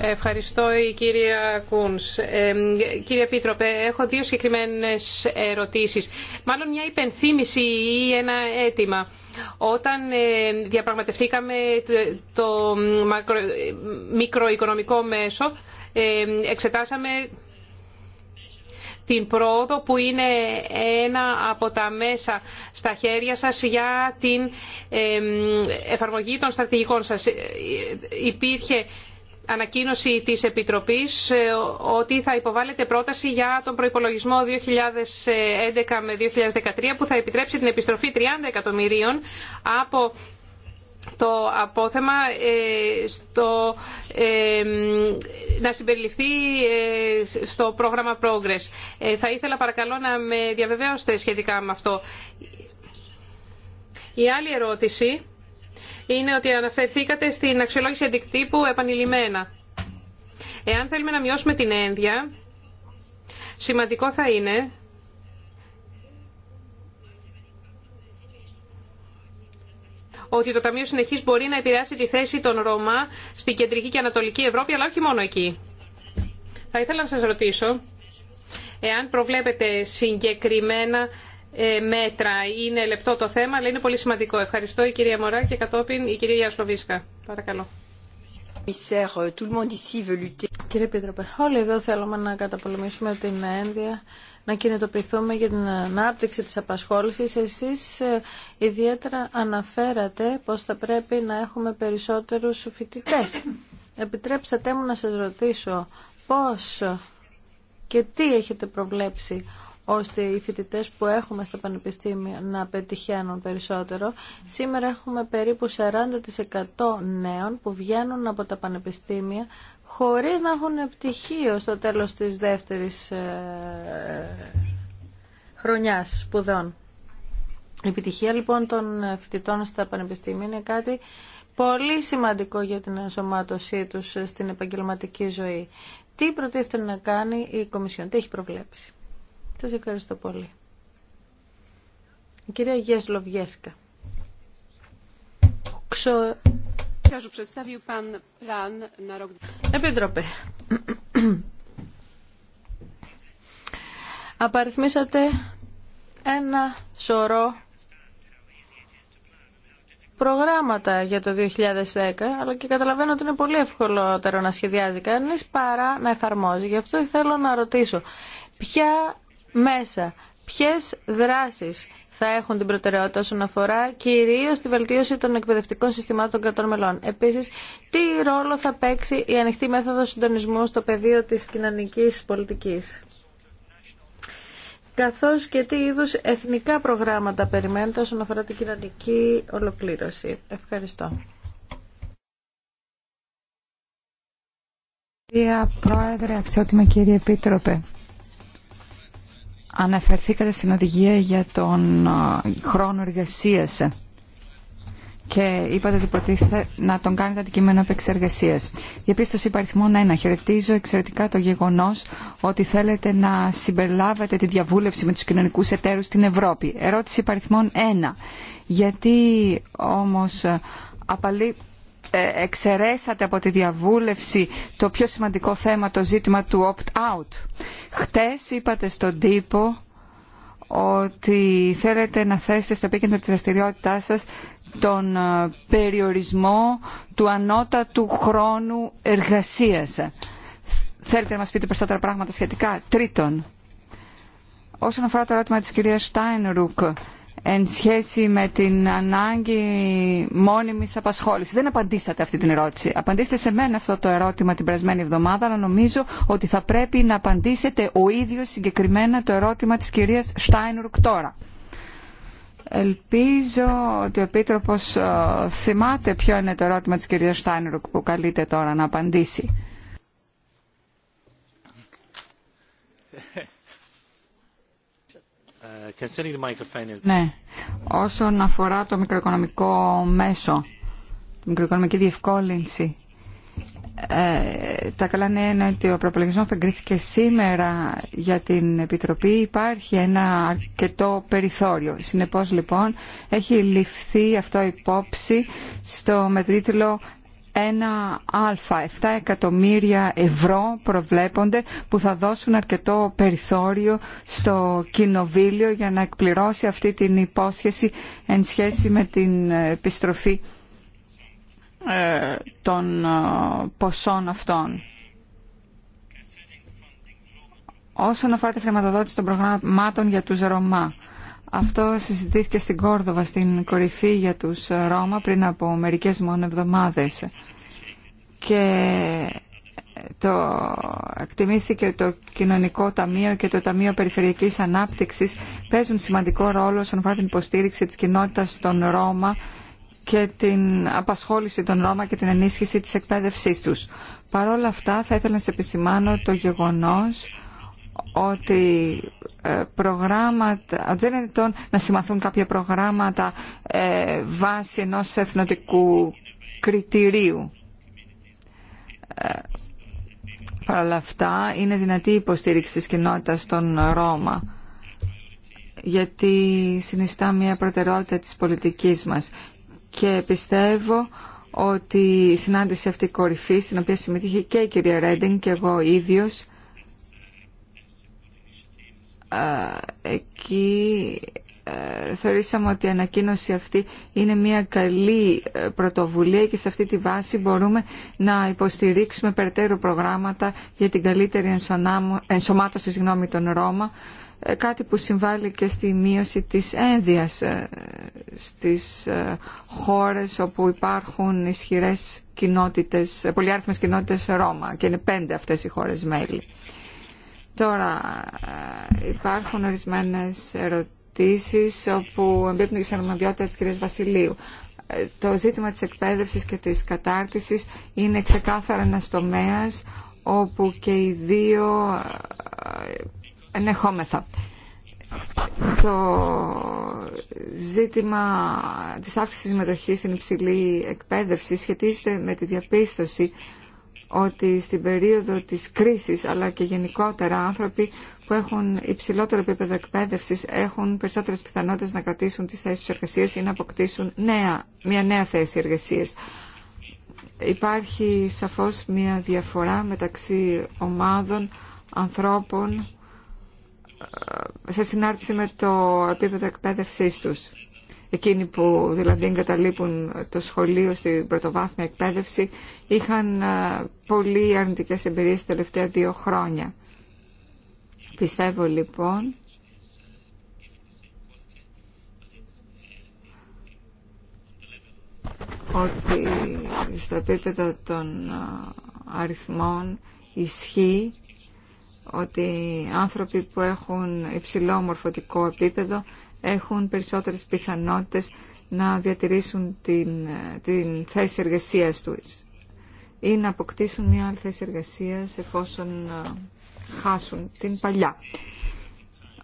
Ευχαριστώ η κυρία Κούνς. Ε, κύριε Πίτροπε, έχω δύο συγκεκριμένες ερωτήσεις. Μάλλον μια υπενθύμηση ή ένα αίτημα. Όταν ε, διαπραγματευτήκαμε το, μικροοικονομικό μέσο, ε, εξετάσαμε την πρόοδο που είναι ένα από τα μέσα στα χέρια σας για την εφαρμογή των στρατηγικών σας. Υπήρχε ανακοίνωση της Επιτροπής ε, ότι θα υποβάλλεται πρόταση για τον προϋπολογισμό 2011 με 2013 που θα επιτρέψει την επιστροφή 30 εκατομμυρίων από το απόθεμα ε, στο, ε, να συμπεριληφθεί στο πρόγραμμα Progress. θα ήθελα παρακαλώ να με διαβεβαίωσετε σχετικά με αυτό. Η άλλη ερώτηση είναι ότι αναφερθήκατε στην αξιολόγηση αντικτύπου επανειλημμένα. Εάν θέλουμε να μειώσουμε την ένδια, σημαντικό θα είναι ότι το Ταμείο Συνεχής μπορεί να επηρεάσει τη θέση των Ρώμα στην κεντρική και ανατολική Ευρώπη, αλλά όχι μόνο εκεί. Θα ήθελα να σας ρωτήσω εάν προβλέπετε συγκεκριμένα ε, μέτρα. Είναι λεπτό το θέμα, αλλά είναι πολύ σημαντικό. Ευχαριστώ η κυρία Μωρά και κατόπιν η κυρία Γιασλοβίσκα. Παρακαλώ. Κύριε Πίτροπε, όλοι εδώ θέλουμε να καταπολεμήσουμε την ένδια, να κινητοποιηθούμε για την ανάπτυξη της απασχόλησης. Εσείς ε, ιδιαίτερα αναφέρατε πως θα πρέπει να έχουμε περισσότερους φοιτητές. Επιτρέψατε μου να σας ρωτήσω πώς και τι έχετε προβλέψει ώστε οι φοιτητέ που έχουμε στα πανεπιστήμια να πετυχαίνουν περισσότερο. Σήμερα έχουμε περίπου 40% νέων που βγαίνουν από τα πανεπιστήμια χωρίς να έχουν πτυχίο στο τέλος της δεύτερης ε, χρονιάς σπουδών. Η επιτυχία λοιπόν των ε, φοιτητών στα πανεπιστήμια είναι κάτι πολύ σημαντικό για την ενσωμάτωσή τους ε, στην επαγγελματική ζωή. Τι προτίθεται να κάνει η Κομισιόν, τι έχει προβλέψει. Σας ευχαριστώ πολύ. Η κυρία Γεσλοβιέσκα. Επίτροπε, απαριθμίσατε ένα σωρό προγράμματα για το 2010, αλλά και καταλαβαίνω ότι είναι πολύ ευκολότερο να σχεδιάζει κανείς παρά να εφαρμόζει. Γι' αυτό θέλω να ρωτήσω, ποια μέσα. Ποιε δράσεις θα έχουν την προτεραιότητα όσον αφορά κυρίω τη βελτίωση των εκπαιδευτικών συστημάτων των κρατών μελών. Επίση, τι ρόλο θα παίξει η ανοιχτή μέθοδο συντονισμού στο πεδίο τη κοινωνική πολιτική καθώς και τι είδου εθνικά προγράμματα περιμένετε όσον αφορά την κοινωνική ολοκλήρωση. Ευχαριστώ. Κυρία Πρόεδρε, αξιότιμα κύριε Επίτροπε, Αναφερθήκατε στην οδηγία για τον χρόνο εργασίας και είπατε ότι προτίθεται να τον κάνετε αντικείμενο επεξεργασία. Διαπίστωση παριθμών 1. Χαιρετίζω εξαιρετικά το γεγονό ότι θέλετε να συμπεριλάβετε τη διαβούλευση με του κοινωνικού εταίρου στην Ευρώπη. Ερώτηση παριθμών 1. Γιατί όμω απαλή εξαιρέσατε από τη διαβούλευση το πιο σημαντικό θέμα, το ζήτημα του opt-out. Χτες είπατε στον τύπο ότι θέλετε να θέσετε στο επίκεντρο της δραστηριότητά σας τον ε, περιορισμό του ανώτατου χρόνου εργασίας. Θέλετε να μας πείτε περισσότερα πράγματα σχετικά. Τρίτον, όσον αφορά το ερώτημα της κυρίας Στάινρουκ εν σχέση με την ανάγκη μόνιμης απασχόλησης. Δεν απαντήσατε αυτή την ερώτηση. Απαντήστε σε μένα αυτό το ερώτημα την περασμένη εβδομάδα, αλλά νομίζω ότι θα πρέπει να απαντήσετε ο ίδιος συγκεκριμένα το ερώτημα της κυρίας Στάινρουκ τώρα. Ελπίζω ότι ο Επίτροπος ε, θυμάται ποιο είναι το ερώτημα της κυρίας Στάινρουκ που καλείται τώρα να απαντήσει. Ναι, όσον αφορά το μικροοικονομικό μέσο, τη μικροοικονομική διευκόλυνση, ε, τα καλά νέα είναι ότι ο προπολογισμό που εγκρίθηκε σήμερα για την Επιτροπή υπάρχει ένα αρκετό περιθώριο. Συνεπώς λοιπόν έχει ληφθεί αυτό υπόψη στο, μετρήτηλο. Ένα αλφα, 7 εκατομμύρια ευρώ προβλέπονται που θα δώσουν αρκετό περιθώριο στο κοινοβίλιο για να εκπληρώσει αυτή την υπόσχεση εν σχέση με την επιστροφή ε, των ε, ποσών αυτών. Όσον αφορά τη χρηματοδότηση των προγραμμάτων για τους Ρωμά, αυτό συζητήθηκε στην Κόρδοβα, στην κορυφή για τους ε, Ρώμα πριν από μερικές μόνο εβδομάδες. Και ε, το εκτιμήθηκε το Κοινωνικό Ταμείο και το Ταμείο Περιφερειακής Ανάπτυξης παίζουν σημαντικό ρόλο όσον αφορά την υποστήριξη της κοινότητας των Ρώμα και την απασχόληση των Ρώμα και την ενίσχυση της εκπαίδευσής τους. Παρ' όλα αυτά θα ήθελα να σε επισημάνω το γεγονός ότι ε, προγράμματα, δεν είναι να συμμαθούν κάποια προγράμματα ε, βάσει ενός εθνοτικού κριτηρίου. Ε, αυτά είναι δυνατή η υποστήριξη της κοινότητας των Ρώμα γιατί συνιστά μια προτεραιότητα της πολιτικής μας και πιστεύω ότι η συνάντηση αυτή κορυφή, στην οποία συμμετείχε και η κυρία Ρέντινγκ και εγώ ίδιος, εκεί ε, θεωρήσαμε ότι η ανακοίνωση αυτή είναι μια καλή ε, πρωτοβουλία και σε αυτή τη βάση μπορούμε να υποστηρίξουμε περαιτέρω προγράμματα για την καλύτερη ενσωμάτωση συγγνώμη, των Ρώμα ε, κάτι που συμβάλλει και στη μείωση της ένδυας στις χώρες όπου υπάρχουν ισχυρές κοινότητες, πολυάριθμες κοινότητες Ρώμα και είναι πέντε αυτές οι χώρες μέλη. Τώρα ε, υπάρχουν ορισμένες ερωτήσεις όπου εμπίπτουν και σε αρμοδιότητα της κυρίας Βασιλείου. Ε, το ζήτημα της εκπαίδευσης και της κατάρτισης είναι ξεκάθαρα ένα τομέα όπου και οι δύο ε, ενεχόμεθα. Το ζήτημα της αύξησης συμμετοχή στην υψηλή εκπαίδευση σχετίζεται με τη διαπίστωση ότι στην περίοδο της κρίσης αλλά και γενικότερα άνθρωποι που έχουν υψηλότερο επίπεδο εκπαίδευση έχουν περισσότερες πιθανότητες να κρατήσουν τις θέσεις εργασίας ή να αποκτήσουν νέα, μια νέα θέση εργασίας. Υπάρχει σαφώς μια διαφορά μεταξύ ομάδων, ανθρώπων ε, σε συνάρτηση με το επίπεδο εκπαίδευσής τους εκείνοι που δηλαδή εγκαταλείπουν το σχολείο στην πρωτοβάθμια εκπαίδευση, είχαν πολύ αρνητικές εμπειρίες τα τελευταία δύο χρόνια. Πιστεύω λοιπόν ότι στο επίπεδο των αριθμών ισχύει ότι άνθρωποι που έχουν υψηλό μορφωτικό επίπεδο έχουν περισσότερες πιθανότητες να διατηρήσουν την, την θέση εργασίας τους ή να αποκτήσουν μια άλλη θέση εργασίας εφόσον ε, χάσουν την παλιά.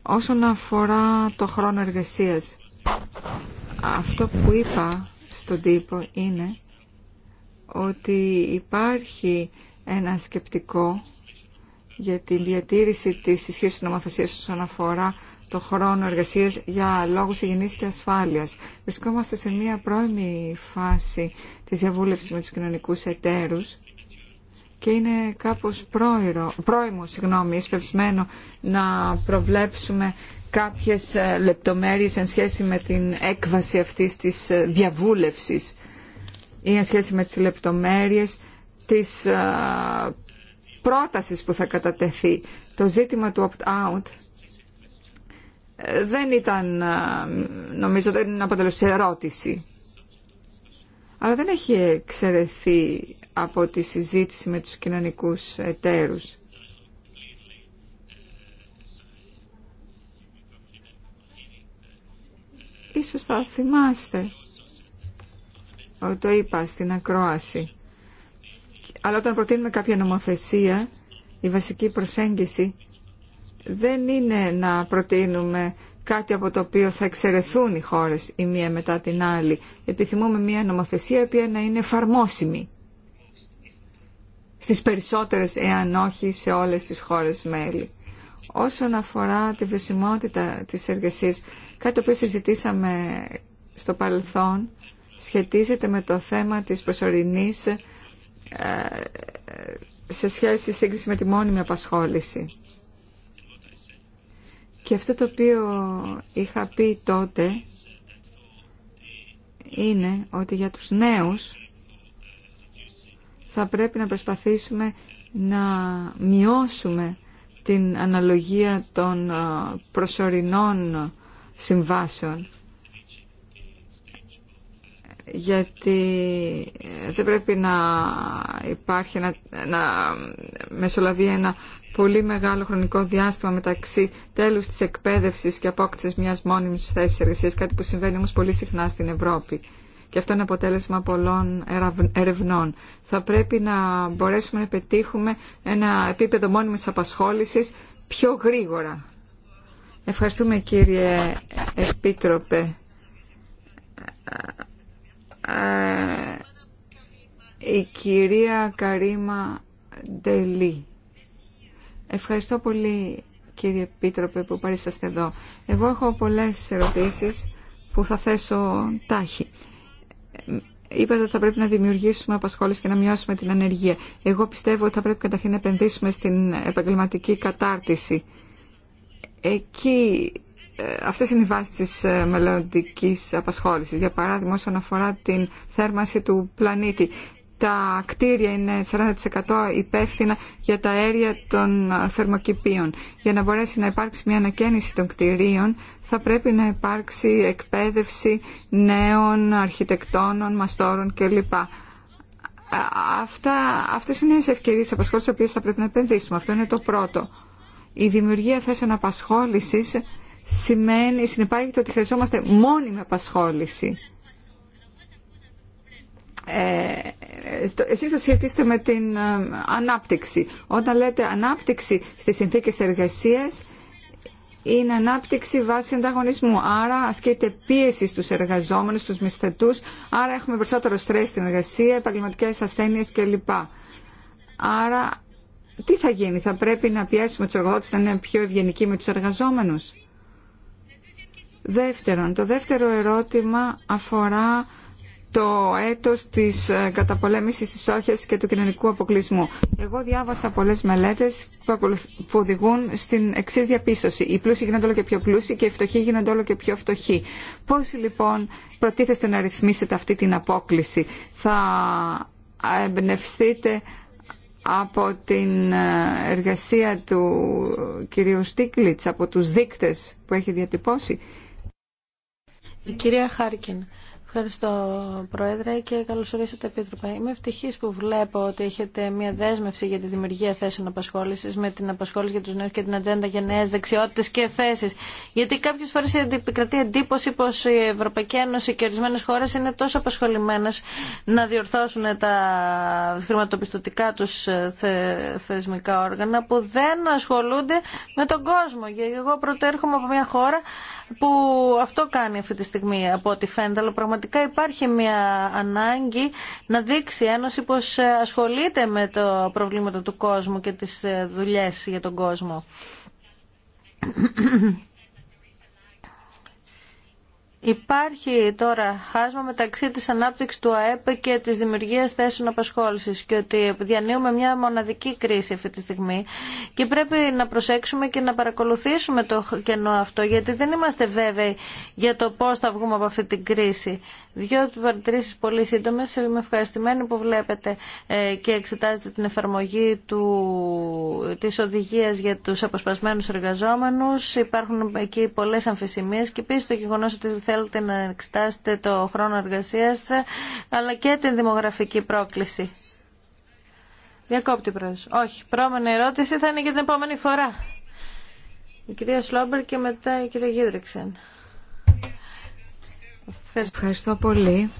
Όσον αφορά το χρόνο εργασίας, αυτό που είπα στον τύπο είναι ότι υπάρχει ένα σκεπτικό για τη διατήρηση της ισχύς της νομοθεσίας όσον αφορά το χρόνο εργασία για λόγους υγιεινή και ασφάλεια. Βρισκόμαστε σε μια πρώιμη φάση της διαβούλευση με του κοινωνικού εταίρου και είναι κάπως πρόημο, συγγνώμη, να προβλέψουμε κάποιες ε, λεπτομέρειες εν σχέση με την έκβαση αυτή της ε, διαβούλευση ή εν σχέση με τις λεπτομέρειες της ε, πρότασης που θα κατατεθεί. Το ζήτημα του opt-out δεν ήταν, ε, νομίζω δεν αποτελούσε ερώτηση. Αλλά δεν έχει εξαιρεθεί από τη συζήτηση με τους κοινωνικούς εταίρους. Ίσως θα θυμάστε ότι το είπα στην ακρόαση. Αλλά όταν προτείνουμε κάποια νομοθεσία, η βασική προσέγγιση δεν είναι να προτείνουμε κάτι από το οποίο θα εξαιρεθούν οι χώρες η μία μετά την άλλη. Επιθυμούμε μία νομοθεσία η οποία να είναι εφαρμόσιμη στις περισσότερες εάν όχι σε όλες τις χώρες μέλη. Όσον αφορά τη βιωσιμότητα της εργασίας, κάτι το οποίο συζητήσαμε στο παρελθόν σχετίζεται με το θέμα της προσωρινής ε, σε σχέση σύγκριση με τη μόνιμη απασχόληση. Και αυτό το οποίο είχα πει τότε είναι ότι για τους νέους θα πρέπει να προσπαθήσουμε να μειώσουμε την αναλογία των προσωρινών συμβάσεων γιατί ε, δεν πρέπει να υπάρχει να, να μεσολαβεί ένα πολύ μεγάλο χρονικό διάστημα μεταξύ τέλους της εκπαίδευσης και απόκτησης μιας μόνιμης θέσης εργασίας, κάτι που συμβαίνει όμως πολύ συχνά στην Ευρώπη. Και αυτό είναι αποτέλεσμα πολλών ερευνών. Θα πρέπει να μπορέσουμε να πετύχουμε ένα επίπεδο μόνιμης απασχόλησης πιο γρήγορα. Ευχαριστούμε κύριε Επίτροπε. Ε, ε, η κυρία Καρίμα Ντελή. Ευχαριστώ πολύ κύριε Επίτροπε που παρήσαστε εδώ. Εγώ έχω πολλές ερωτήσεις που θα θέσω τάχη. Είπατε ότι θα πρέπει να δημιουργήσουμε απασχόληση και να μειώσουμε την ανεργία. Εγώ πιστεύω ότι θα πρέπει καταρχήν να επενδύσουμε στην επαγγελματική κατάρτιση. Εκεί ε, αυτές είναι οι βάσεις της ε, μελλοντικής απασχόλησης. Για παράδειγμα, όσον αφορά την θέρμανση του πλανήτη τα κτίρια είναι 40% υπεύθυνα για τα αέρια των θερμοκηπίων. Για να μπορέσει να υπάρξει μια ανακαίνιση των κτιρίων θα πρέπει να υπάρξει εκπαίδευση νέων αρχιτεκτόνων, μαστόρων κλπ. Αυτά, αυτές είναι οι ευκαιρίες απασχόλησης στις οποίες θα πρέπει να επενδύσουμε. Αυτό είναι το πρώτο. Η δημιουργία θέσεων απασχόλησης σημαίνει, συνεπάγεται ότι χρειαζόμαστε μόνιμη απασχόληση. Ε, εσείς το σχετίσετε με την ε, ανάπτυξη. Όταν λέτε ανάπτυξη στις συνθήκες εργασίας, είναι ανάπτυξη βάσει ανταγωνισμού. Άρα ασκείται πίεση στους εργαζόμενους, στους μισθετούς, άρα έχουμε περισσότερο στρες στην εργασία, επαγγελματικέ ασθένειες κλπ. Άρα τι θα γίνει, θα πρέπει να πιέσουμε τους εργοδότες να είναι πιο ευγενικοί με τους εργαζόμενους. Δεύτερον, το δεύτερο ερώτημα αφορά το έτος της ε, καταπολέμησης της φτώχειας και του κοινωνικού αποκλεισμού. Εγώ διάβασα πολλές μελέτες που οδηγούν στην εξή διαπίσωση. Οι πλούσιοι γίνονται όλο και πιο πλούσιοι και οι φτωχοί γίνονται όλο και πιο φτωχοί. Πώς λοιπόν προτίθεστε να ρυθμίσετε αυτή την απόκληση. Θα εμπνευστείτε από την ε, εργασία του κυρίου Στίκλιτς, από τους δείκτες που έχει διατυπώσει. Η κυρία Χάρκιν. Ευχαριστώ Πρόεδρε και καλώς ορίσατε Επίτροπα. Είμαι ευτυχής που βλέπω ότι έχετε μια δέσμευση για τη δημιουργία θέσεων απασχόλησης με την απασχόληση για τους νέους και την ατζέντα για νέες δεξιότητες και θέσεις. Γιατί κάποιε φορέ επικρατεί εντύπωση πως η Ευρωπαϊκή Ένωση και ορισμένε χώρε είναι τόσο απασχολημένε να διορθώσουν τα χρηματοπιστωτικά τους ε, θεσμικά όργανα που δεν ασχολούνται με τον κόσμο. Εγώ πρωτοέρχομαι από μια χώρα που αυτό κάνει αυτή τη στιγμή από ό,τι φαίνεται, αλλά πραγματικά υπάρχει μια ανάγκη να δείξει η Ένωση πως ασχολείται με το προβλήματα του κόσμου και τις ε, δουλειές για τον κόσμο υπάρχει τώρα χάσμα μεταξύ της ανάπτυξης του ΑΕΠ και της δημιουργίας θέσεων απασχόλησης και ότι διανύουμε μια μοναδική κρίση αυτή τη στιγμή και πρέπει να προσέξουμε και να παρακολουθήσουμε το κενό αυτό γιατί δεν είμαστε βέβαιοι για το πώς θα βγούμε από αυτή την κρίση. Δύο παρατηρήσεις πολύ σύντομες. Είμαι ευχαριστημένη που βλέπετε ε, και εξετάζετε την εφαρμογή του, της οδηγίας για τους αποσπασμένους εργαζόμενους. Υπάρχουν εκεί πολλές αμφισημίες και επίση το γεγονός ότι θέλετε να εξετάσετε το χρόνο εργασίας αλλά και την δημογραφική πρόκληση. Διακόπτη πρόεδρος. Όχι, Πρώμενη ερώτηση θα είναι για την επόμενη φορά. Η κυρία Σλόμπερ και μετά η κυρία Γίδρυξεν. Ευχαριστώ. Ευχαριστώ πολύ.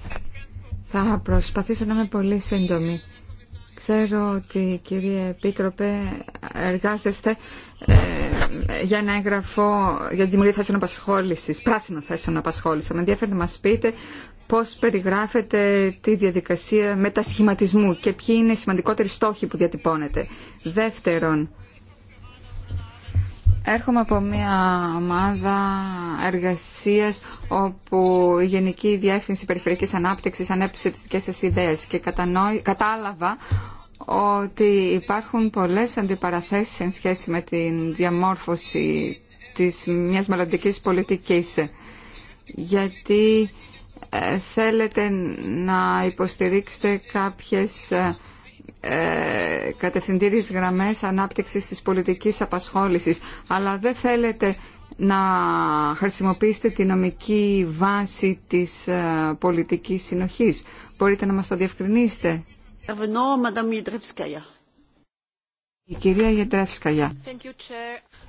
Θα προσπαθήσω να είμαι πολύ σύντομη. Ξέρω ότι κύριε Επίτροπε εργάζεστε ε, για ένα έγγραφο για τη δημιουργία θέσεων απασχόλησης, πράσινων θέσεων απασχόλησης. Με ενδιαφέρει να μας πείτε πώς περιγράφετε τη διαδικασία μετασχηματισμού και ποιοι είναι οι σημαντικότεροι στόχοι που διατυπώνετε. Δεύτερον, Έρχομαι από μια ομάδα εργασίας όπου η Γενική Διεύθυνση Περιφερειακής Ανάπτυξης ανέπτυξε τις δικές σας ιδέες και κατάλαβα ότι υπάρχουν πολλές αντιπαραθέσεις εν σχέση με την διαμόρφωση της μιας μελλοντική πολιτικής γιατί ε, θέλετε να υποστηρίξετε κάποιες ε, ε, κατευθυντήριες γραμμές ανάπτυξης της πολιτικής απασχόλησης, αλλά δεν θέλετε να χρησιμοποιήσετε τη νομική βάση της πολιτική ε, πολιτικής συνοχής. Μπορείτε να μας το διευκρινίσετε. Η κυρία Γεντρεύσκαγια.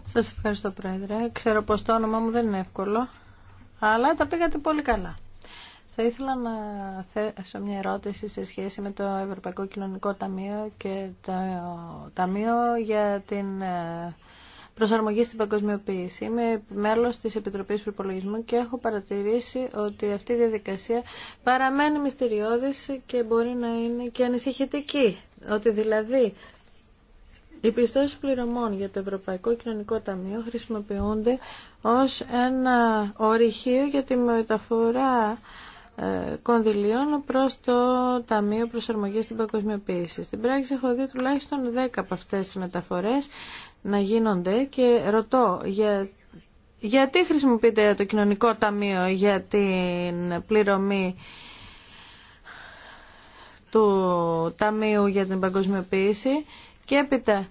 Σας ευχαριστώ, Πρόεδρε. Ξέρω πως το όνομά μου δεν είναι εύκολο, αλλά τα πήγατε πολύ καλά. Θα ήθελα να θέσω μια ερώτηση σε σχέση με το Ευρωπαϊκό Κοινωνικό Ταμείο και το Ταμείο για την ε, προσαρμογή στην παγκοσμιοποίηση. Είμαι μέλο της Επιτροπής Προπολογισμού και έχω παρατηρήσει ότι αυτή η διαδικασία παραμένει μυστηριώδης και μπορεί να είναι και ανησυχητική. Ότι δηλαδή οι πιστώσει πληρωμών για το Ευρωπαϊκό Κοινωνικό Ταμείο χρησιμοποιούνται ως ένα ορυχείο για τη μεταφορά ε, κονδυλίων προς το Ταμείο Προσαρμογής στην Παγκοσμιοποίηση. Στην πράξη έχω δει τουλάχιστον 10 από αυτές τις μεταφορές να γίνονται και ρωτώ για... γιατί χρησιμοποιείται το Κοινωνικό Ταμείο για την πληρωμή του Ταμείου για την Παγκοσμιοποίηση και έπειτα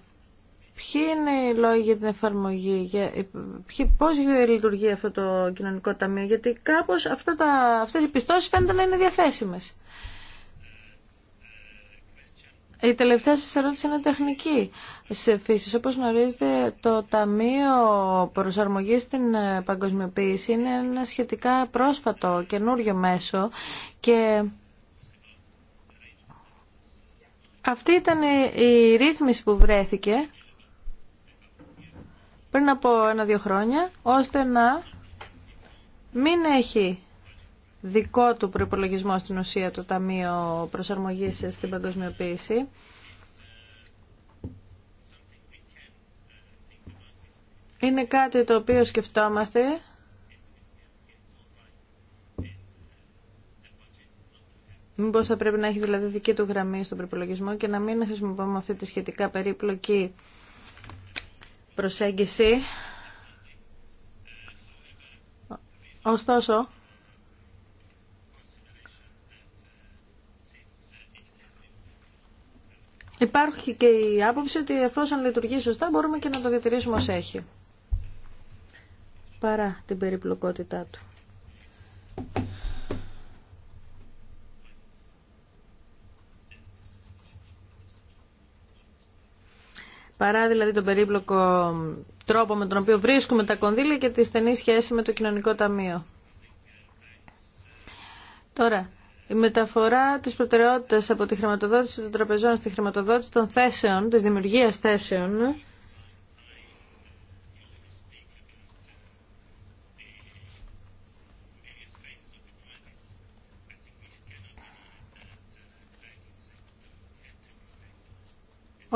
Ποιοι είναι οι λόγοι για την εφαρμογή, για, πώς λειτουργεί αυτό το κοινωνικό ταμείο, γιατί κάπως αυτά τα, αυτές οι πιστώσεις φαίνεται να είναι διαθέσιμες. Η τελευταία σας ερώτηση είναι τεχνική. Σε φύση, όπως γνωρίζετε, το Ταμείο Προσαρμογής στην Παγκοσμιοποίηση είναι ένα σχετικά πρόσφατο καινούριο μέσο και αυτή ήταν η ρύθμιση που βρέθηκε πριν από ένα-δύο χρόνια, ώστε να μην έχει δικό του προπολογισμό στην ουσία το Ταμείο Προσαρμογής στην Παγκοσμιοποίηση. Είναι κάτι το οποίο σκεφτόμαστε Μήπω θα πρέπει να έχει δηλαδή δική του γραμμή στον προπολογισμό και να μην χρησιμοποιούμε αυτή τη σχετικά περίπλοκη προσέγγιση. Ωστόσο, Υπάρχει και η άποψη ότι εφόσον λειτουργεί σωστά μπορούμε και να το διατηρήσουμε ως έχει. Παρά την περιπλοκότητά του. παρά δηλαδή τον περίπλοκο τρόπο με τον οποίο βρίσκουμε τα κονδύλια και τη στενή σχέση με το κοινωνικό ταμείο. Τώρα, η μεταφορά τη προτεραιότητα από τη χρηματοδότηση των τραπεζών στη χρηματοδότηση των θέσεων, τη δημιουργία θέσεων,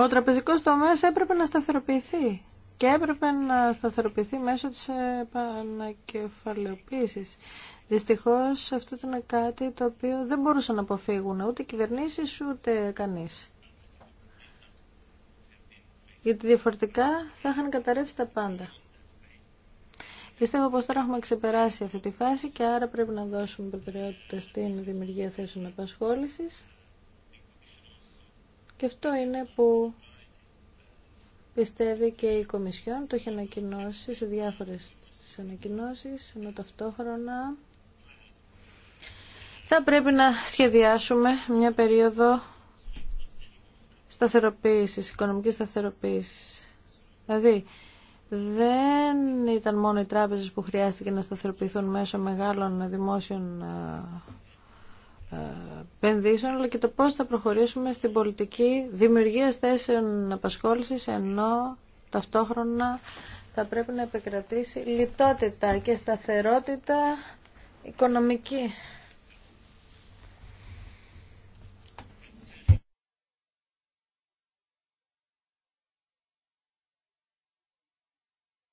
Ο τραπεζικό τομέα έπρεπε να σταθεροποιηθεί και έπρεπε να σταθεροποιηθεί μέσω τη επανακεφαλαιοποίηση. Δυστυχώ αυτό ήταν κάτι το οποίο δεν μπορούσαν να αποφύγουν ούτε κυβερνήσει ούτε κανεί. Γιατί διαφορετικά θα είχαν καταρρεύσει τα πάντα. Πιστεύω πως τώρα έχουμε ξεπεράσει αυτή τη φάση και άρα πρέπει να δώσουμε προτεραιότητα στην δημιουργία θέσεων απασχόλησης. Και αυτό είναι που πιστεύει και η Κομισιόν, το έχει ανακοινώσει σε διάφορες ανακοινώσεις, ενώ ταυτόχρονα θα πρέπει να σχεδιάσουμε μια περίοδο σταθεροποίησης, οικονομικής σταθεροποίησης. Δηλαδή, δεν ήταν μόνο οι τράπεζες που χρειάστηκε να σταθεροποιηθούν μέσω μεγάλων δημόσιων επενδύσεων, αλλά και το πώς θα προχωρήσουμε στην πολιτική δημιουργία θέσεων απασχόλησης, ενώ ταυτόχρονα θα πρέπει να επικρατήσει λιτότητα και σταθερότητα οικονομική.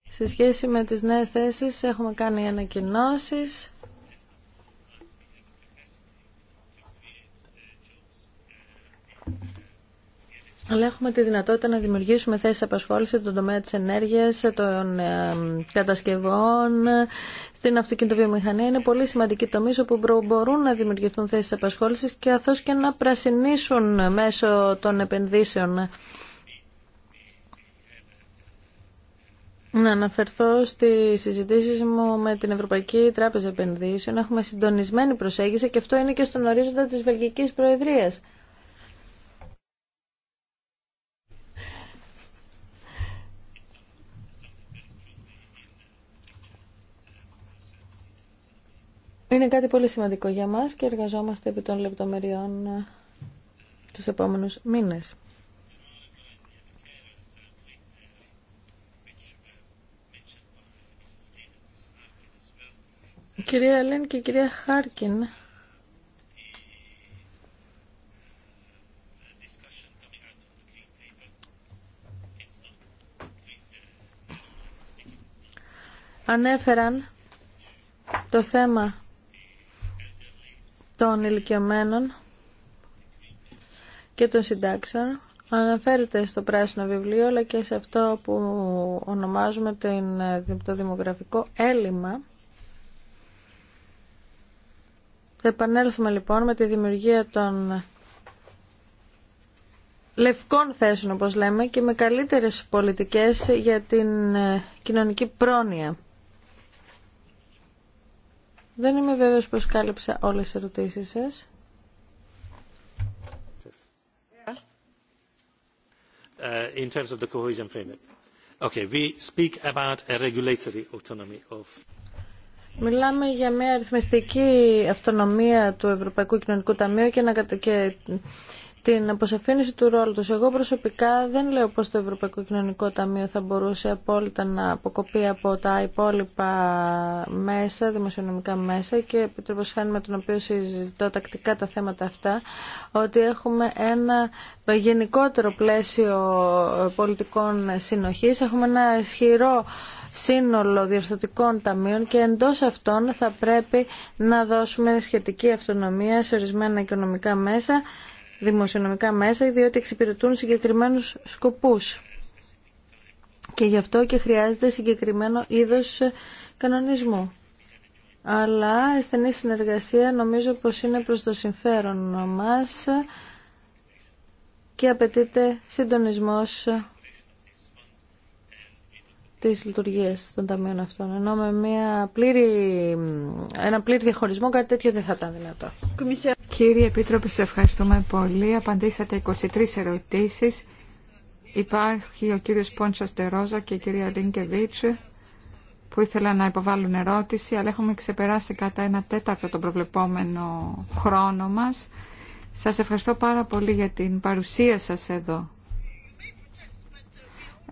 Σε σχέση με τις νέες θέσεις έχουμε κάνει ανακοινώσεις. αλλά έχουμε τη δυνατότητα να δημιουργήσουμε θέσεις απασχόλησης στον τομέα της ενέργειας, των ε, κατασκευών, στην αυτοκινητοβιομηχανία. Είναι πολύ σημαντική τομή όπου μπορούν να δημιουργηθούν θέσεις απασχόλησης και αθώς και να πρασινίσουν μέσω των επενδύσεων. Να αναφερθώ στι συζητήσει μου με την Ευρωπαϊκή Τράπεζα Επενδύσεων. Έχουμε συντονισμένη προσέγγιση και αυτό είναι και στον ορίζοντα τη Βελγικής Προεδρία. Είναι κάτι πολύ σημαντικό για μας και εργαζόμαστε επί των λεπτομεριών ε, τους επόμενους μήνες. κυρία Ελέν και κυρία Χάρκιν ανέφεραν το θέμα των ηλικιωμένων και των συντάξεων αναφέρεται στο πράσινο βιβλίο αλλά και σε αυτό που ονομάζουμε το δημογραφικό έλλειμμα. Θα επανέλθουμε λοιπόν με τη δημιουργία των λευκών θέσεων όπως λέμε και με καλύτερες πολιτικές για την ε, κοινωνική πρόνοια. Δεν είμαι βέβαιος πως κάλυψα όλες τις ερωτήσεις σας. Uh, in terms of the cohesion framework. Okay, we speak about a regulatory autonomy of... Μιλάμε για μια αριθμιστική αυτονομία του Ευρωπαϊκού Κοινωνικού Ταμείου και, να, και την αποσαφήνιση του ρόλου του. Εγώ προσωπικά δεν λέω πως το Ευρωπαϊκό Κοινωνικό Ταμείο θα μπορούσε απόλυτα να αποκοπεί από τα υπόλοιπα μέσα, δημοσιονομικά μέσα και επιτρέπως χάνει με τον οποίο συζητώ τακτικά τα θέματα αυτά, ότι έχουμε ένα γενικότερο πλαίσιο πολιτικών συνοχής, έχουμε ένα ισχυρό σύνολο διορθωτικών ταμείων και εντός αυτών θα πρέπει να δώσουμε σχετική αυτονομία σε ορισμένα οικονομικά μέσα δημοσιονομικά μέσα, διότι εξυπηρετούν συγκεκριμένους σκοπούς. Και γι' αυτό και χρειάζεται συγκεκριμένο είδος κανονισμού. Αλλά η στενή συνεργασία νομίζω πως είναι προς το συμφέρον μας και απαιτείται συντονισμός τις λειτουργίες των ταμείων αυτών. Ενώ με μια πλήρη, ένα πλήρη διαχωρισμό κάτι τέτοιο δεν θα ήταν δυνατό. Κύριε Επίτροπε, σε ευχαριστούμε πολύ. Απαντήσατε 23 ερωτήσεις. Υπάρχει ο κύριος Πόντσας Τερόζα και η κυρία Λίνκεβιτς που ήθελαν να υποβάλουν ερώτηση, αλλά έχουμε ξεπεράσει κατά ένα τέταρτο τον προβλεπόμενο χρόνο μας. Σας ευχαριστώ πάρα πολύ για την παρουσία σας εδώ.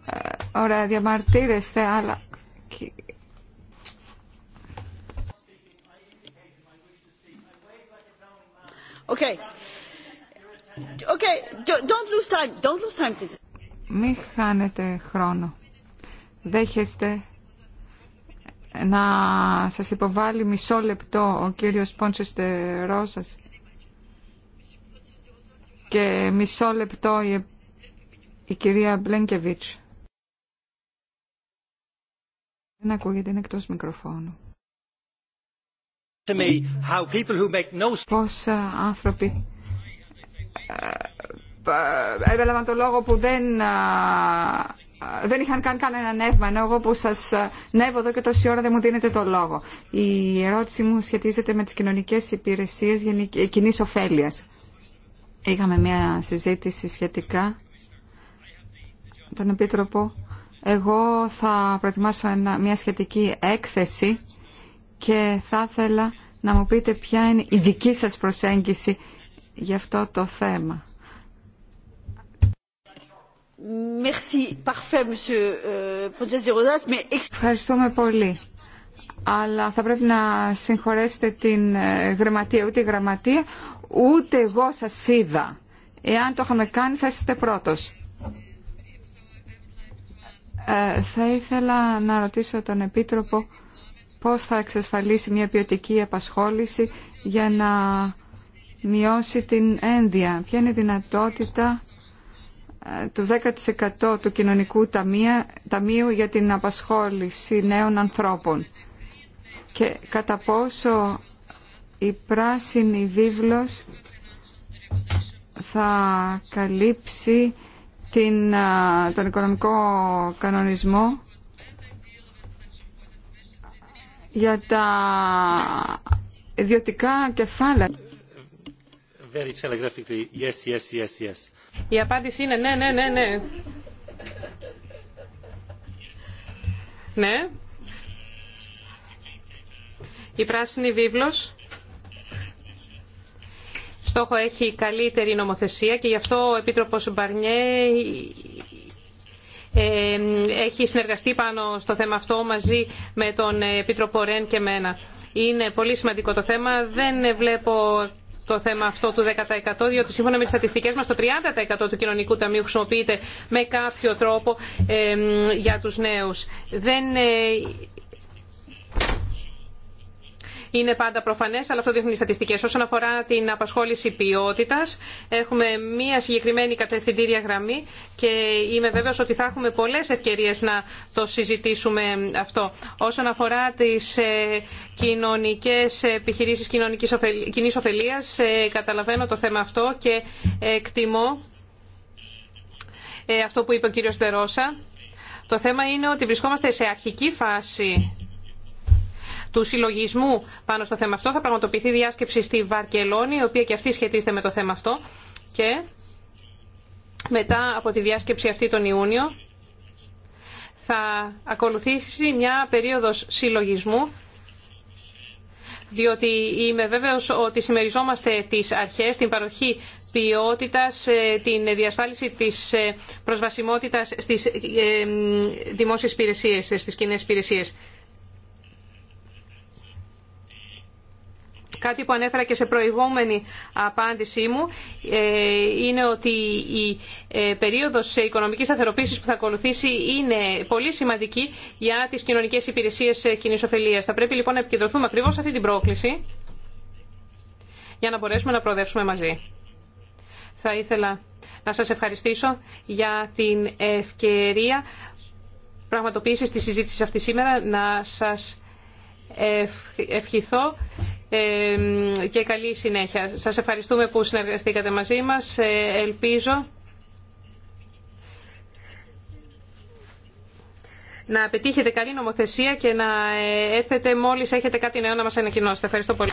Ε, ωραία, διαμαρτύρεστε, αλλά... Okay. Okay. Don't lose time. Don't lose time, please. Μην χάνετε χρόνο. Δέχεστε να σας υποβάλει μισό λεπτό ο κύριος Πόντσεστε Τε και μισό λεπτό η, η κυρία Μπλένκεβιτς. Δεν ακούγεται, είναι εκτός μικροφώνου. Πώς άνθρωποι έβαλαν το λόγο που δεν, ε, ε, δεν είχαν καν κανένα νεύμα, ενώ εγώ που σας ε, νεύω εδώ και τόση ώρα δεν μου δίνετε το λόγο. Η ερώτηση μου σχετίζεται με τις κοινωνικές υπηρεσίες κοινή ωφέλεια. Είχαμε μια συζήτηση σχετικά τον Επίτροπο εγώ θα προετοιμάσω μια σχετική έκθεση και θα ήθελα να μου πείτε ποια είναι η δική σας προσέγγιση για αυτό το θέμα. Euh, Ευχαριστούμε πολύ. Αλλά θα πρέπει να συγχωρέσετε την ε, γραμματεία, ούτε η γραμματεία, ούτε εγώ σας είδα. Εάν το είχαμε κάνει θα είστε πρώτος. Ε, θα ήθελα να ρωτήσω τον Επίτροπο πώς θα εξασφαλίσει μια ποιοτική απασχόληση για να μειώσει την ένδια. Ποια είναι η δυνατότητα ε, του 10% του κοινωνικού ταμείου για την απασχόληση νέων ανθρώπων και κατά πόσο η πράσινη βίβλος θα καλύψει την, τον οικονομικό κανονισμό για τα ιδιωτικά κεφάλαια. Very telegraphically, yes, yes, yes, yes. Η απάντηση είναι ναι, ναι, ναι, ναι. Ναι. Η πράσινη βίβλος στόχο έχει καλύτερη νομοθεσία και γι' αυτό ο Επίτροπος Μπαρνιέ ε, έχει συνεργαστεί πάνω στο θέμα αυτό μαζί με τον Επίτροπο Ρεν και μένα. Είναι πολύ σημαντικό το θέμα. Δεν βλέπω το θέμα αυτό του 10% διότι σύμφωνα με τις στατιστικές μας το 30% του κοινωνικού ταμείου χρησιμοποιείται με κάποιο τρόπο ε, για τους νέους. Δεν ε, είναι πάντα προφανέ, αλλά αυτό δείχνουν οι στατιστικέ. Όσον αφορά την απασχόληση ποιότητα, έχουμε μία συγκεκριμένη κατευθυντήρια γραμμή και είμαι βέβαιο ότι θα έχουμε πολλέ ευκαιρίε να το συζητήσουμε αυτό. Όσον αφορά τι ε, κοινωνικέ επιχειρήσει κοινή ωφελία, ε, καταλαβαίνω το θέμα αυτό και εκτιμώ ε, αυτό που είπε ο κύριος Στερόσα. Το θέμα είναι ότι βρισκόμαστε σε αρχική φάση του συλλογισμού πάνω στο θέμα αυτό. Θα πραγματοποιηθεί διάσκεψη στη Βαρκελόνη, η οποία και αυτή σχετίζεται με το θέμα αυτό. Και μετά από τη διάσκεψη αυτή τον Ιούνιο θα ακολουθήσει μια περίοδος συλλογισμού διότι είμαι βέβαιος ότι συμμεριζόμαστε τις αρχές, την παροχή ποιότητας, ε, την διασφάλιση της ε, προσβασιμότητας στις ε, δημόσιες υπηρεσίες, στις κοινές υπηρεσίες. Κάτι που ανέφερα και σε προηγούμενη απάντησή μου ε, είναι ότι η ε, περίοδος οικονομικής σταθεροποίησης που θα ακολουθήσει είναι πολύ σημαντική για τις κοινωνικές υπηρεσίες ε, κοινή ωφελίας. Θα πρέπει λοιπόν να επικεντρωθούμε ακριβώς σε αυτή την πρόκληση για να μπορέσουμε να προοδεύσουμε μαζί. Θα ήθελα να σας ευχαριστήσω για την ευκαιρία πραγματοποίησης της συζήτησης αυτή σήμερα να σας ευχηθώ και καλή συνέχεια. Σας ευχαριστούμε που συνεργαστήκατε μαζί μας. Ε, ελπίζω να πετύχετε καλή νομοθεσία και να ε, έρθετε μόλις έχετε κάτι νέο να μας ανακοινώσετε. Ευχαριστώ πολύ.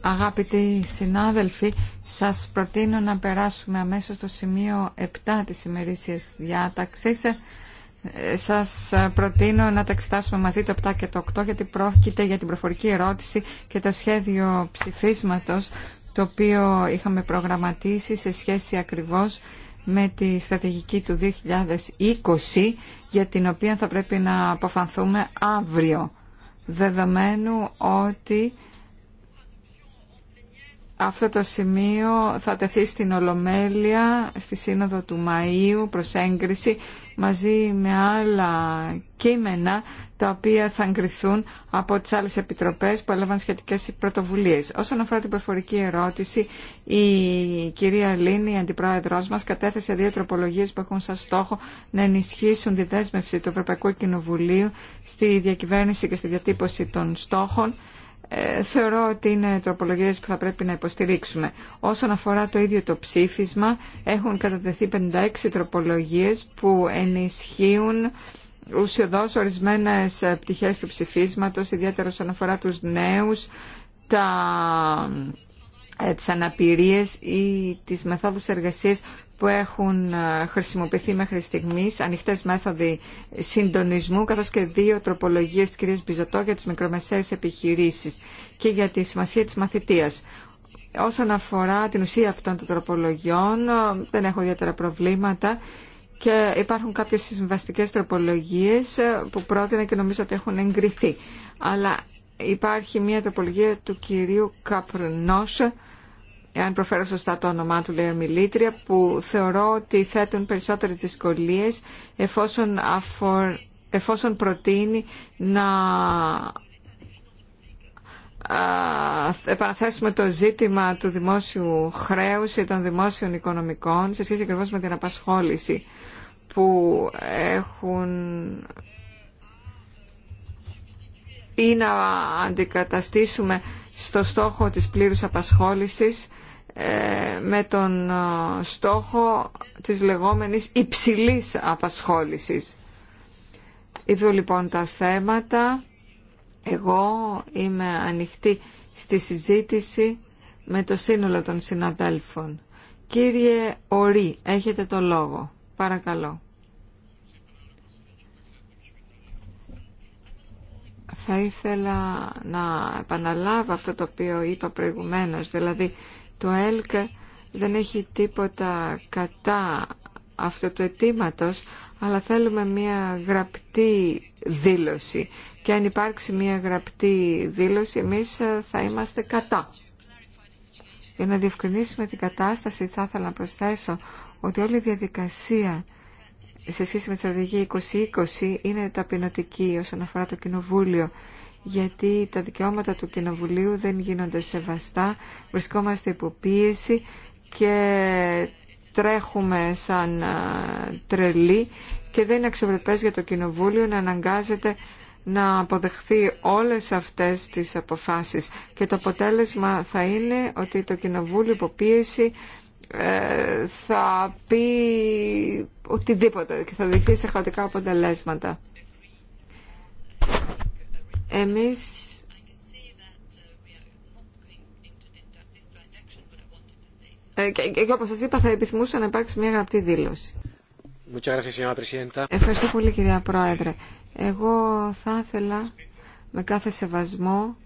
Αγαπητοί συνάδελφοι, σας προτείνω να περάσουμε αμέσως στο σημείο 7 της ημερήσιας διάταξης. Ε, σας προτείνω να τα εξετάσουμε μαζί το 7 και το 8 γιατί πρόκειται για την προφορική ερώτηση και το σχέδιο ψηφίσματος το οποίο είχαμε προγραμματίσει σε σχέση ακριβώς με τη στρατηγική του 2020 για την οποία θα πρέπει να αποφανθούμε αύριο δεδομένου ότι αυτό το σημείο θα τεθεί στην Ολομέλεια στη Σύνοδο του Μαΐου προς έγκριση μαζί με άλλα κείμενα τα οποία θα εγκριθούν από τις άλλες επιτροπές που έλαβαν σχετικές πρωτοβουλίες. Όσον αφορά την προφορική ερώτηση, η κυρία Λίνη, η αντιπρόεδρός μας, κατέθεσε δύο τροπολογίες που έχουν σαν στόχο να ενισχύσουν τη δέσμευση του Ευρωπαϊκού Κοινοβουλίου στη διακυβέρνηση και στη διατύπωση των στόχων ε, θεωρώ ότι είναι τροπολογίες που θα πρέπει να υποστηρίξουμε. Όσον αφορά το ίδιο το ψήφισμα, έχουν κατατεθεί 56 τροπολογίες που ενισχύουν ουσιοδός ορισμένες πτυχές του ψηφίσματος, ιδιαίτερα όσον αφορά τους νέους, τα, ε, τις αναπηρίες ή τις μεθόδους εργασίας που έχουν ε, χρησιμοποιηθεί μέχρι στιγμή ανοιχτές μέθοδοι συντονισμού, καθώς και δύο τροπολογίες τη κυρία Μπιζωτό για τι μικρομεσαίες επιχειρήσεις και για τη σημασία τη μαθητείας. Όσον αφορά την ουσία αυτών των τροπολογιών, ε, δεν έχω ιδιαίτερα προβλήματα και υπάρχουν κάποιες συμβαστικές τροπολογίες ε, που πρότεινα και νομίζω ότι έχουν εγκριθεί. Αλλά υπάρχει μια τροπολογία του κυρίου Καπρνός, εάν προφέρω σωστά το όνομά του λέει ομιλήτρια, που θεωρώ ότι θέτουν περισσότερες δυσκολίες εφόσον, αφορ... εφόσον προτείνει να επαναθέσουμε το ζήτημα του δημόσιου χρέους ή των δημόσιων οικονομικών σε σχέση ακριβώ με την απασχόληση που έχουν ή να αντικαταστήσουμε στο στόχο της πλήρους απασχόλησης ε, με τον ε, στόχο της λεγόμενης υψηλής απασχόλησης. Είδω λοιπόν τα θέματα. Εγώ είμαι ανοιχτή στη συζήτηση με το σύνολο των συναδέλφων. Κύριε Ορή, έχετε το λόγο. Παρακαλώ. Θα ήθελα να επαναλάβω αυτό το οποίο είπα προηγουμένως, δηλαδή το ΕΛΚ δεν έχει τίποτα κατά αυτό του αιτήματο, αλλά θέλουμε μια γραπτή δήλωση. Και αν υπάρξει μια γραπτή δήλωση, εμείς θα είμαστε κατά. Για να διευκρινίσουμε την κατάσταση, θα ήθελα να προσθέσω ότι όλη η διαδικασία σε σχέση με τη στρατηγική 2020 είναι ταπεινωτική όσον αφορά το Κοινοβούλιο γιατί τα δικαιώματα του Κοινοβουλίου δεν γίνονται σεβαστά, βρισκόμαστε υποπίεση και τρέχουμε σαν τρελή και δεν είναι αξιοπρεπές για το Κοινοβούλιο να αναγκάζεται να αποδεχθεί όλες αυτές τις αποφάσεις και το αποτέλεσμα θα είναι ότι το Κοινοβούλιο υποπίεση ε, θα πει οτιδήποτε και θα δεχθεί σε χαοτικά αποτελέσματα. Εμείς ε, και, και, και όπως σας είπα θα επιθυμούσα να υπάρξει μια γραπτή δήλωση. Ευχαριστώ πολύ κυρία Πρόεδρε. Εγώ θα ήθελα με κάθε σεβασμό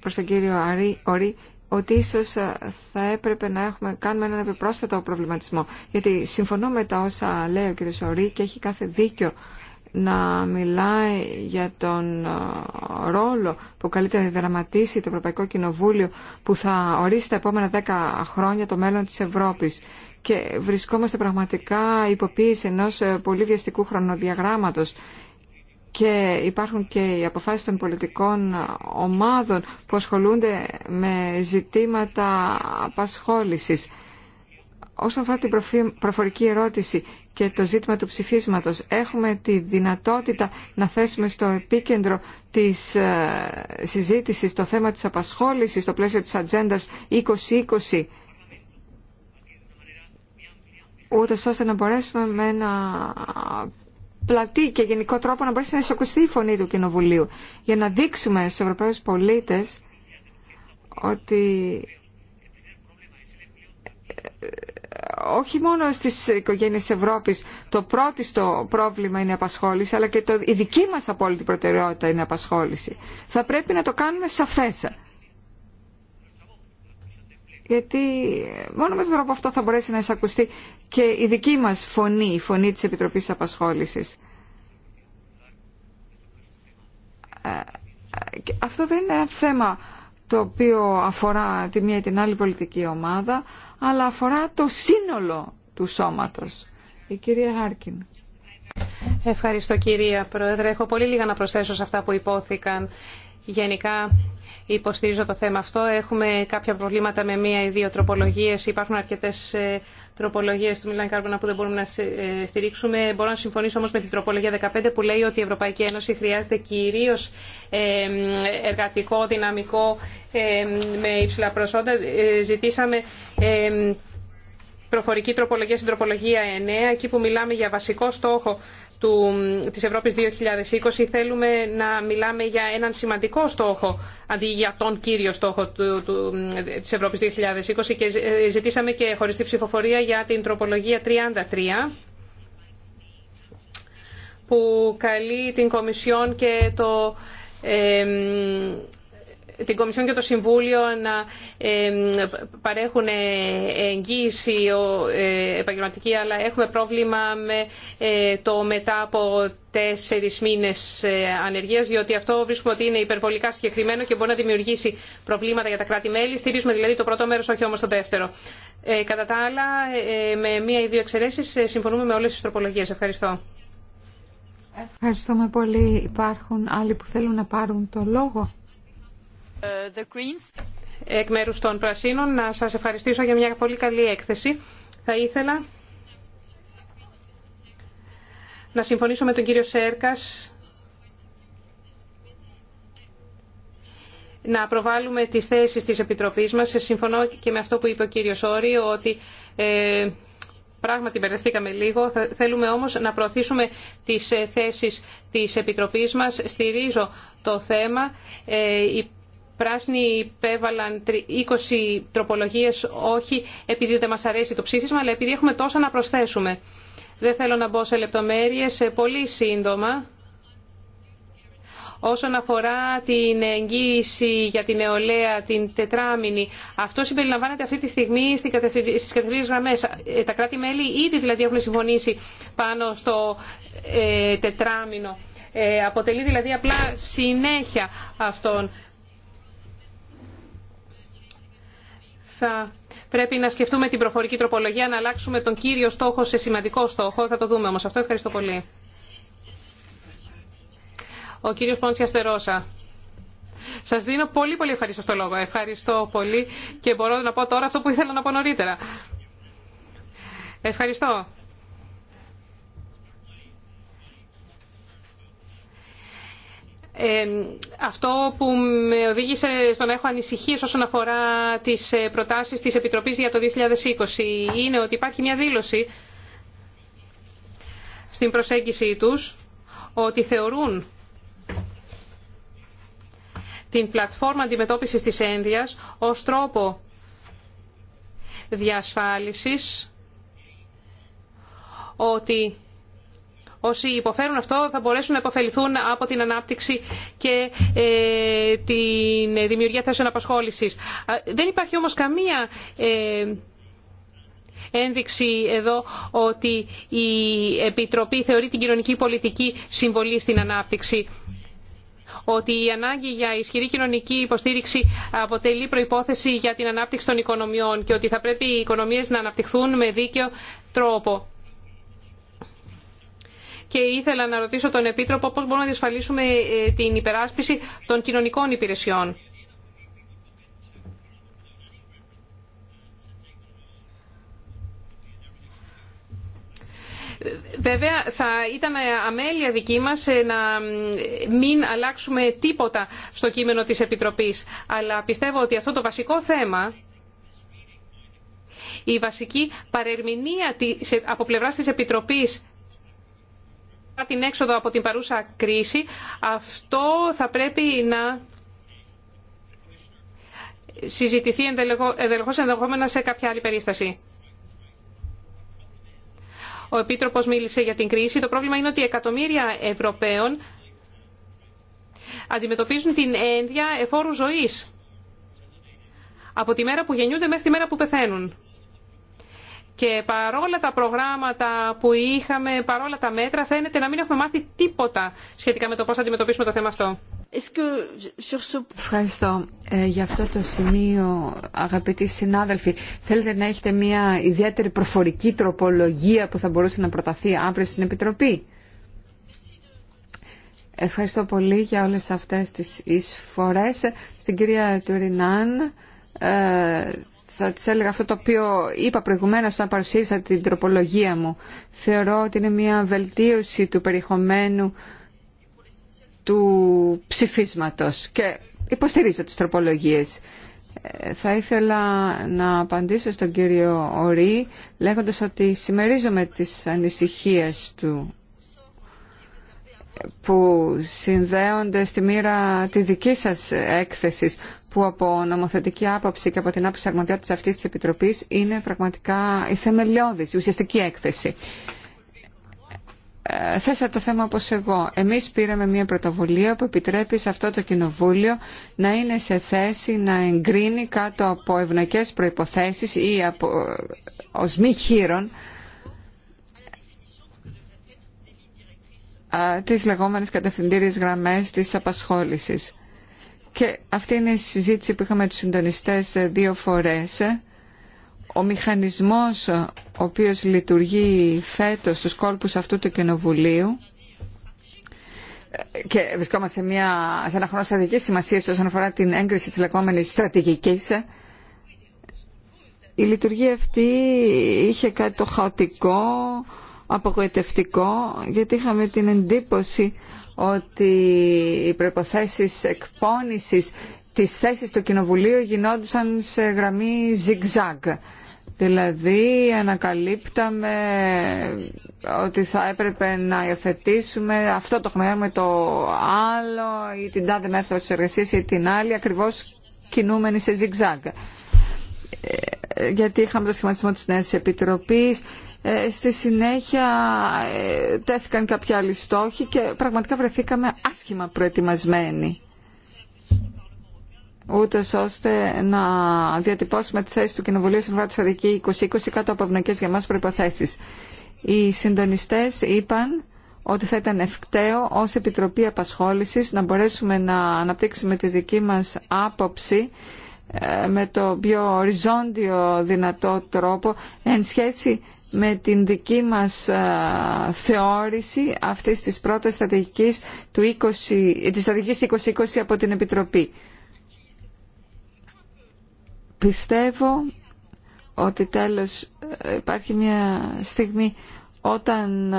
προς τον κύριο Αρή, Ορή ότι ίσως ε, θα έπρεπε να έχουμε, κάνουμε έναν επιπρόσθετο προβληματισμό. Γιατί συμφωνώ με τα όσα λέει ο κύριος Ορή και έχει κάθε δίκιο να μιλάει για τον ε, ρόλο που καλύτερα να το Ευρωπαϊκό Κοινοβούλιο που θα ορίσει τα επόμενα δέκα χρόνια το μέλλον της Ευρώπης. Και βρισκόμαστε πραγματικά υποποίηση ενός ε, πολύ βιαστικού χρονοδιαγράμματος και υπάρχουν και οι αποφάσεις των πολιτικών ομάδων που ασχολούνται με ζητήματα απασχόλησης. Όσον αφορά την προφορική ερώτηση, και το ζήτημα του ψηφίσματος. Έχουμε τη δυνατότητα να θέσουμε στο επίκεντρο της ε, συζήτησης το θέμα της απασχόλησης στο πλαίσιο της Ατζέντα 2020 ούτως ώστε να μπορέσουμε με ένα πλατή και γενικό τρόπο να μπορέσει να εισακουστεί η φωνή του Κοινοβουλίου για να δείξουμε στους Ευρωπαίους πολίτες ότι όχι μόνο στις οικογένειες της Ευρώπης το πρώτιστο πρόβλημα είναι η απασχόληση, αλλά και το, η δική μας απόλυτη προτεραιότητα είναι απασχόληση. Θα πρέπει να το κάνουμε σαφές. Γιατί μόνο με τον τρόπο αυτό θα μπορέσει να εισακουστεί και η δική μας φωνή, η φωνή της Επιτροπής Απασχόλησης. Ε, αυτό δεν είναι ένα θέμα το οποίο αφορά τη μία ή την άλλη πολιτική ομάδα, αλλά αφορά το σύνολο του σώματος. Η κυρία Χάρκιν. Ευχαριστώ κυρία Πρόεδρε. Έχω πολύ λίγα να προσθέσω σε αυτά που υπόθηκαν. Γενικά υποστήριζω το θέμα αυτό. Έχουμε κάποια προβλήματα με μία ή δύο τροπολογίες. Υπάρχουν αρκετές ε, τροπολογίες του Μιλάν Κάρμπονα που δεν μπορούμε να ε, στηρίξουμε. Μπορώ να συμφωνήσω όμως με την τροπολογία 15 που λέει ότι η Ευρωπαϊκή Ένωση χρειάζεται κυρίως ε, εργατικό, δυναμικό, με υψηλά προσόντα. Ζητήσαμε προφορική τροπολογία στην τροπολογία 9, εκεί που μιλάμε για βασικό στόχο του, της Ευρώπης 2020 θέλουμε να μιλάμε για έναν σημαντικό στόχο αντί για τον κύριο στόχο του, του, της Ευρώπης 2020 και ε, ζητήσαμε και χωριστή ψηφοφορία για την τροπολογία 33 που καλεί την Κομισιόν και το ε, την Κομισιόν και το Συμβούλιο να παρέχουν ε, εγγύηση ε, επαγγελματική, αλλά έχουμε πρόβλημα με ε, το μετά από τέσσερι μήνε ανεργία, διότι αυτό βρίσκουμε ότι είναι υπερβολικά συγκεκριμένο και μπορεί να δημιουργήσει προβλήματα για τα κράτη-μέλη. Στηρίζουμε δηλαδή το πρώτο μέρο, όχι όμω το δεύτερο. Ε, κατά τα άλλα, ε, με μία ή δύο εξαιρέσει, συμφωνούμε με όλε τι τροπολογίε. Ευχαριστώ. Ευχαριστούμε πολύ. Υπάρχουν άλλοι που θέλουν να πάρουν το λόγο. Εκ μέρους των Πρασίνων να σας ευχαριστήσω για μια πολύ καλή έκθεση. Θα ήθελα να συμφωνήσω με τον κύριο Σέρκας να προβάλλουμε τις θέσεις της Επιτροπής μας. Συμφωνώ και με αυτό που είπε ο κύριος Όρη, ότι ε, πράγματι μπερδευτήκαμε λίγο. Θέλουμε όμως να προωθήσουμε τις ε, θέσεις της Επιτροπής μας. Στηρίζω το θέμα. Ε, πράσινοι υπέβαλαν 20 τροπολογίες, όχι επειδή δεν μα αρέσει το ψήφισμα, αλλά επειδή έχουμε τόσα να προσθέσουμε. Δεν θέλω να μπω σε λεπτομέρειες, ε, πολύ σύντομα. Όσον αφορά την εγγύηση για την νεολαία, την τετράμινη, αυτό συμπεριλαμβάνεται αυτή τη στιγμή στι κατευθυντικέ γραμμέ. Ε, τα κράτη-μέλη ήδη δηλαδή έχουν συμφωνήσει πάνω στο ε, τετράμινο. αποτελεί δηλαδή απλά συνέχεια αυτών. θα πρέπει να σκεφτούμε την προφορική τροπολογία, να αλλάξουμε τον κύριο στόχο σε σημαντικό στόχο. Θα το δούμε όμως αυτό. Ευχαριστώ πολύ. Ο κύριος Πόντσια Στερόσα. Σας δίνω πολύ πολύ ευχαριστώ στο λόγο. Ευχαριστώ πολύ και μπορώ να πω τώρα αυτό που ήθελα να πω νωρίτερα. Ευχαριστώ. αυτό που με οδήγησε στο να έχω ανησυχίες όσον αφορά τις ε, προτάσεις της Επιτροπής για το 2020 είναι ότι υπάρχει μια δήλωση στην προσέγγιση τους ότι θεωρούν την πλατφόρμα αντιμετώπισης της ένδυας ως τρόπο διασφάλισης ότι όσοι υποφέρουν αυτό θα μπορέσουν να υποφεληθούν από την ανάπτυξη και τη ε, την δημιουργία θέσεων απασχόλησης. Δεν υπάρχει όμως καμία ε, ένδειξη εδώ ότι η Επιτροπή θεωρεί την κοινωνική πολιτική συμβολή στην ανάπτυξη ότι η ανάγκη για ισχυρή κοινωνική υποστήριξη αποτελεί προϋπόθεση για την ανάπτυξη των οικονομιών και ότι θα πρέπει οι οικονομίες να αναπτυχθούν με δίκαιο τρόπο και ήθελα να ρωτήσω τον Επίτροπο πώς μπορούμε να διασφαλίσουμε ε, την υπεράσπιση των κοινωνικών υπηρεσιών. Βέβαια, θα ήταν αμέλεια δική μας ε, να μην αλλάξουμε τίποτα στο κείμενο της Επιτροπής. Αλλά πιστεύω ότι αυτό το βασικό θέμα, η βασική παρερμηνία από πλευράς της Επιτροπής την έξοδο από την παρούσα κρίση, αυτό θα πρέπει να συζητηθεί ενδελεχώς ενδεχόμενα σε κάποια άλλη περίσταση. Ο Επίτροπος μίλησε για την κρίση. Το πρόβλημα είναι ότι εκατομμύρια Ευρωπαίων αντιμετωπίζουν την ένδια εφόρου ζωής από τη μέρα που γεννιούνται μέχρι τη μέρα που πεθαίνουν. Και παρόλα τα προγράμματα που είχαμε, παρόλα τα μέτρα, φαίνεται να μην έχουμε μάθει τίποτα σχετικά με το πώ θα αντιμετωπίσουμε το θέμα αυτό. Ευχαριστώ. Ε, για αυτό το σημείο, αγαπητοί συνάδελφοι, θέλετε να έχετε μια ιδιαίτερη προφορική τροπολογία που θα μπορούσε να προταθεί αύριο στην Επιτροπή. Ευχαριστώ πολύ για όλες αυτές τις εισφορές. Στην κυρία Τουρινάν, ε, θα της έλεγα αυτό το οποίο είπα προηγουμένως όταν παρουσίασα την τροπολογία μου. Θεωρώ ότι είναι μια βελτίωση του περιεχομένου του ψηφίσματος και υποστηρίζω τις τροπολογίες. Ε, θα ήθελα να απαντήσω στον κύριο Ορή λέγοντας ότι συμμερίζομαι τις ανησυχίες του που συνδέονται στη μοίρα τη δική σας έκθεσης που από νομοθετική άποψη και από την άποψη αρμοδιότητας αυτής της Επιτροπής είναι πραγματικά η θεμελιωδή, η ουσιαστική έκθεση. Ε, το θέμα όπως εγώ. Εμείς πήραμε μια πρωτοβουλία που επιτρέπει σε αυτό το κοινοβούλιο να είναι σε θέση να εγκρίνει κάτω από ευνοϊκές προϋποθέσεις ή από, ε, ως μη χείρον ε, τις λεγόμενες κατευθυντήριες γραμμές της απασχόλησης. Και αυτή είναι η συζήτηση που είχαμε τους συντονιστές ε, δύο φορές. Ο μηχανισμός ε, ο οποίος λειτουργεί φέτος στους κόλπους αυτού του κοινοβουλίου ε, και βρισκόμαστε σε, μια, σε ένα χρόνο στρατηγικής σημασία όσον αφορά την έγκριση της λεγόμενης στρατηγικής η λειτουργία αυτή είχε κάτι το χαοτικό, απογοητευτικό, γιατί είχαμε την εντύπωση ότι οι προϋποθέσεις εκπόνησης της θέσης του Κοινοβουλίου γινόντουσαν σε γραμμή ζιγ-ζαγ. Δηλαδή ανακαλύπταμε ότι θα έπρεπε να υιοθετήσουμε αυτό το χρόνο το άλλο ή την τάδε μέθοδο της εργασίας ή την άλλη ακριβώς κινούμενη σε ζιγ-ζαγ. Ε, γιατί είχαμε το σχηματισμό της Νέας Επιτροπής, ε, στη συνέχεια ε, τέθηκαν κάποια άλλοι στόχοι και πραγματικά βρεθήκαμε άσχημα προετοιμασμένοι ούτε ώστε να διατυπώσουμε τη θέση του Κοινοβουλίου στην αδικη 2020 κάτω από ευνοϊκές για μας προϋποθέσεις. Οι συντονιστές είπαν ότι θα ήταν ευκταίο ως Επιτροπή Απασχόλησης να μπορέσουμε να αναπτύξουμε τη δική μας άποψη ε, με το πιο οριζόντιο δυνατό τρόπο εν σχέση με την δική μας θεώρηση αυτής της πρώτης στρατηγικής, του 20, της στρατηγικής 2020 από την Επιτροπή. Πιστεύω ότι τέλος ε, υπάρχει μια στιγμή όταν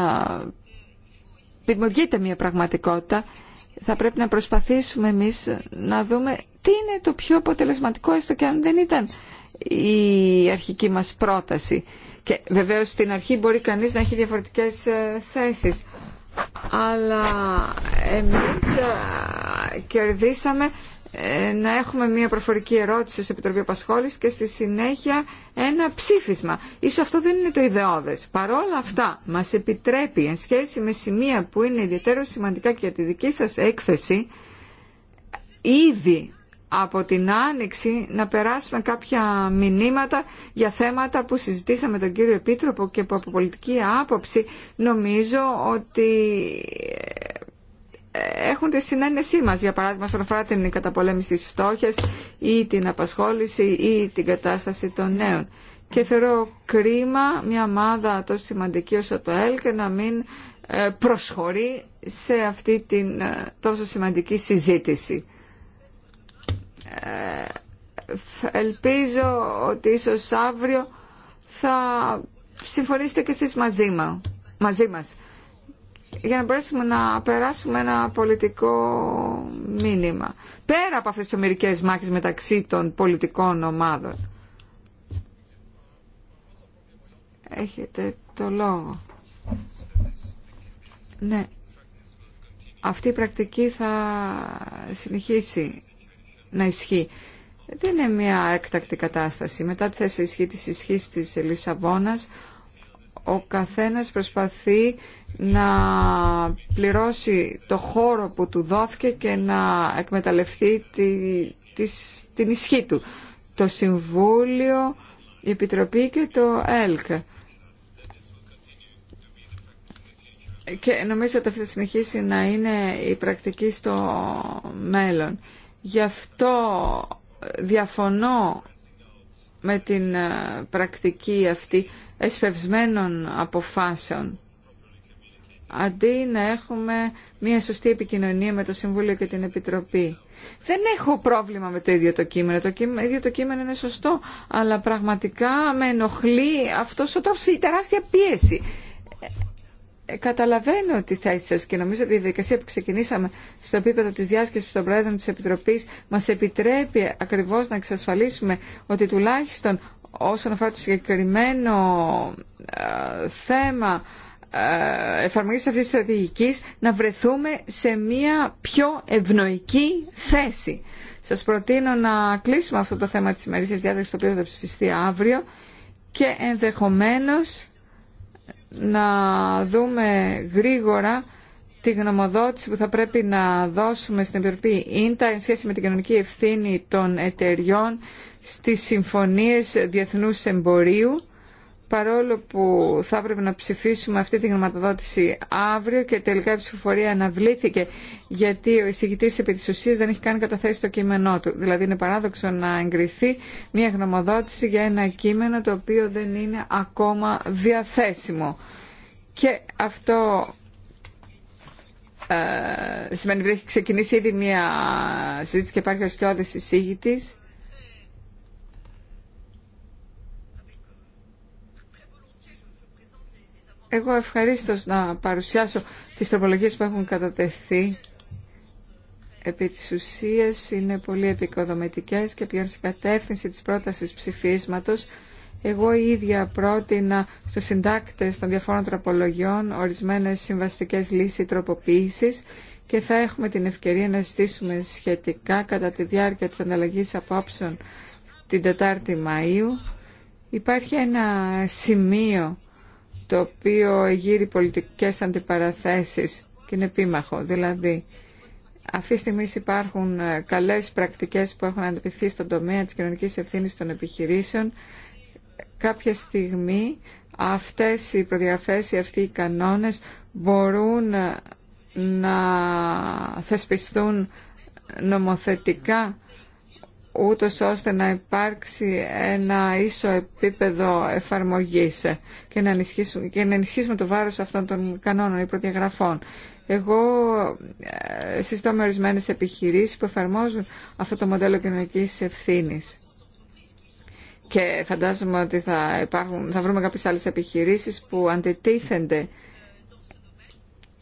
δημιουργείται μια πραγματικότητα θα πρέπει να προσπαθήσουμε εμείς να δούμε τι είναι το πιο αποτελεσματικό έστω και αν δεν ήταν η αρχική μας πρόταση. Και βεβαίω στην αρχή μπορεί κανείς να έχει διαφορετικές ε, θέσεις. Αλλά εμείς ε, κερδίσαμε ε, να έχουμε μια προφορική ερώτηση στην Επιτροπή Απασχόλησης και στη συνέχεια ένα ψήφισμα. Ίσως αυτό δεν είναι το ιδεώδες. Παρόλα αυτά μας επιτρέπει εν σχέση με σημεία που είναι ιδιαίτερα σημαντικά και για τη δική σας έκθεση ήδη από την Άνοιξη να περάσουμε κάποια μηνύματα για θέματα που συζητήσαμε τον κύριο Επίτροπο και που από πολιτική άποψη νομίζω ότι ε, έχουν τη συνένεσή μας, για παράδειγμα, στον αφορά την καταπολέμηση της φτώχειας ή την απασχόληση ή την κατάσταση των νέων. Και θεωρώ κρίμα μια ομάδα τόσο σημαντική όσο το ΕΛΚΕ να μην ε, προσχωρεί σε αυτή την ε, τόσο σημαντική συζήτηση. Ε, ελπίζω ότι ίσως αύριο θα συμφωνήσετε και εσείς μαζί, μα, μαζί μας για να μπορέσουμε να περάσουμε ένα πολιτικό μήνυμα πέρα από αυτές τις ομυρικές μάχες μεταξύ των πολιτικών ομάδων. Έχετε το λόγο. Ναι. Αυτή η πρακτική θα συνεχίσει να ισχύει. Δεν είναι μια έκτακτη κατάσταση. Μετά τη θέση ισχύ της ισχύς της Λισαβόνας, ο καθένας προσπαθεί να πληρώσει το χώρο που του δόθηκε και να εκμεταλλευτεί τη, την ισχύ του. Το Συμβούλιο, η Επιτροπή και το ΕΛΚ. Και νομίζω ότι αυτή θα συνεχίσει να είναι η πρακτική στο μέλλον. Γι' αυτό ε, διαφωνώ με την ε, πρακτική αυτή εσπευσμένων αποφάσεων. Αντί να έχουμε μια σωστή επικοινωνία με το Συμβούλιο και την Επιτροπή. Δεν έχω πρόβλημα με το ίδιο το κείμενο. Το ίδιο το κείμενο είναι σωστό. Αλλά πραγματικά με ενοχλεί αυτό ο τόπος η τεράστια πίεση. Ε, καταλαβαίνω τη θέση σας και νομίζω ότι η διαδικασία που ξεκινήσαμε στο επίπεδο της διάσκεψης των Πρόεδρων της Επιτροπής μας επιτρέπει ακριβώς να εξασφαλίσουμε ότι τουλάχιστον όσον αφορά το συγκεκριμένο ε, θέμα ε, εφαρμογής αυτής της στρατηγικής να βρεθούμε σε μια πιο ευνοϊκή θέση. Σας προτείνω να κλείσουμε αυτό το θέμα της ημερήσια διάταξης το οποίο θα ψηφιστεί αύριο και ενδεχομένως να δούμε γρήγορα τη γνωμοδότηση που θα πρέπει να δώσουμε στην Επιτροπή ΙΝΤΑ εν σχέση με την κοινωνική ευθύνη των εταιριών στις συμφωνίες διεθνούς εμπορίου παρόλο που θα έπρεπε να ψηφίσουμε αυτή τη γνωματοδότηση αύριο και τελικά η ψηφοφορία αναβλήθηκε γιατί ο εισηγητής επί της ουσίας δεν έχει κάνει καταθέσει το κείμενό του. Δηλαδή είναι παράδοξο να εγκριθεί μια γνωμοδότηση για ένα κείμενο το οποίο δεν είναι ακόμα διαθέσιμο. Και αυτό ε, σημαίνει ότι έχει ξεκινήσει ήδη μια συζήτηση και υπάρχει ο εισηγητής Εγώ ευχαρίστω να παρουσιάσω τις τροπολογίες που έχουν κατατεθεί. Επί της ουσία είναι πολύ επικοδομητικές και πηγαίνουν στην κατεύθυνση της πρότασης ψηφίσματος. Εγώ ίδια πρότεινα στους συντάκτες των διαφόρων τροπολογιών ορισμένες συμβαστικές λύσεις τροποποίησης και θα έχουμε την ευκαιρία να ζητήσουμε σχετικά κατά τη διάρκεια της ανταλλαγής απόψεων την 4η Μαΐου. Υπάρχει ένα σημείο το οποίο γύρει πολιτικές αντιπαραθέσεις και είναι επίμαχο. Δηλαδή, αυτή τη στιγμή υπάρχουν ε, καλές πρακτικές που έχουν αντιπιθεί στον τομέα της κοινωνικής ευθύνης των επιχειρήσεων. Κάποια στιγμή αυτές οι προδιαθέσεις, αυτοί οι κανόνες μπορούν ε, να θεσπιστούν νομοθετικά ούτως ώστε να υπάρξει ένα ίσο επίπεδο εφαρμογής και να, ενισχύσουμε, και να το βάρος αυτών των κανόνων ή προδιαγραφών. Εγώ ε, συζητώ με ορισμένε επιχειρήσεις που εφαρμόζουν αυτό το μοντέλο κοινωνικής ευθύνης. Και φαντάζομαι ότι θα, υπάρχουν, θα βρούμε κάποιες άλλες επιχειρήσεις που αντιτίθενται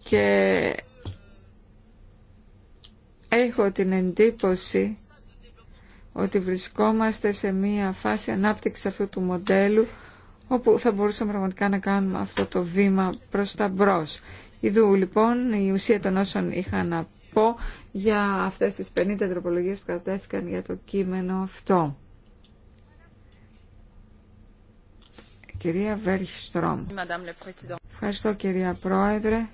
και έχω την εντύπωση ότι βρισκόμαστε σε μία φάση ανάπτυξης αυτού του μοντέλου όπου θα μπορούσαμε πραγματικά να κάνουμε αυτό το βήμα προς τα μπρος. Ιδού λοιπόν η ουσία των όσων είχα να πω για αυτές τις 50 τροπολογίες που κατέθηκαν για το κείμενο αυτό. Κυρία Βέρχιστρομ. Ευχαριστώ κυρία Πρόεδρε.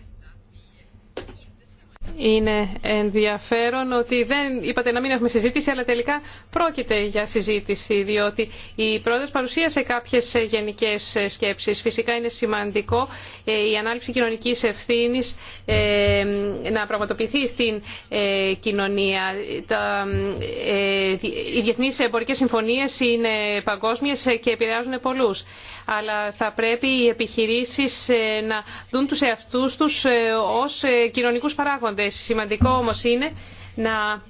Είναι ενδιαφέρον ότι δεν είπατε να μην έχουμε συζήτηση, αλλά τελικά πρόκειται για συζήτηση, διότι η πρόεδρο παρουσίασε κάποιε γενικέ σκέψεις. Φυσικά είναι σημαντικό ε, η ανάληψη κοινωνική ευθύνη ε, να πραγματοποιηθεί στην ε, κοινωνία. Οι διεθνεί εμπορικέ συμφωνίες είναι παγκόσμιες και επηρεάζουν πολλού. αλλά θα πρέπει οι επιχειρήσει να δουν τους εαυτού του ω κοινωνικού παράγοντε. Σημαντικό όμως είναι να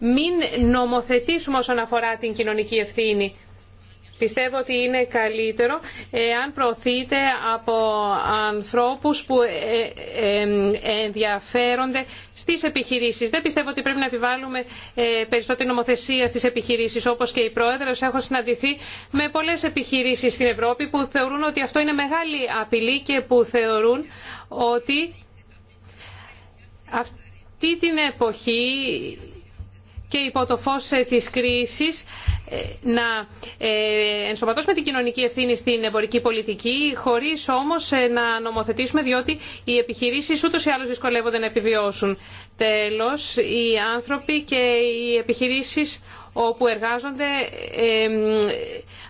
μην νομοθετήσουμε όσον αφορά την κοινωνική ευθύνη. Πιστεύω ότι είναι καλύτερο ε, αν προωθείτε από ανθρώπους που ε, ε, ενδιαφέρονται στις επιχειρήσεις. Δεν πιστεύω ότι πρέπει να επιβάλλουμε περισσότερη νομοθεσία στις επιχειρήσεις. Όπως και η Πρόεδρος έχω συναντηθεί με πολλές επιχειρήσεις στην Ευρώπη που θεωρούν ότι αυτό είναι μεγάλη απειλή και που θεωρούν ότι αυτή την εποχή και υπό το φως ε, της κρίσης ε, να ε, ενσωματώσουμε την κοινωνική ευθύνη στην εμπορική πολιτική χωρίς όμως να νομοθετήσουμε διότι οι επιχειρήσεις ούτως ή άλλως δυσκολεύονται να επιβιώσουν. Τέλος, οι άνθρωποι και οι επιχειρήσεις όπου εργάζονται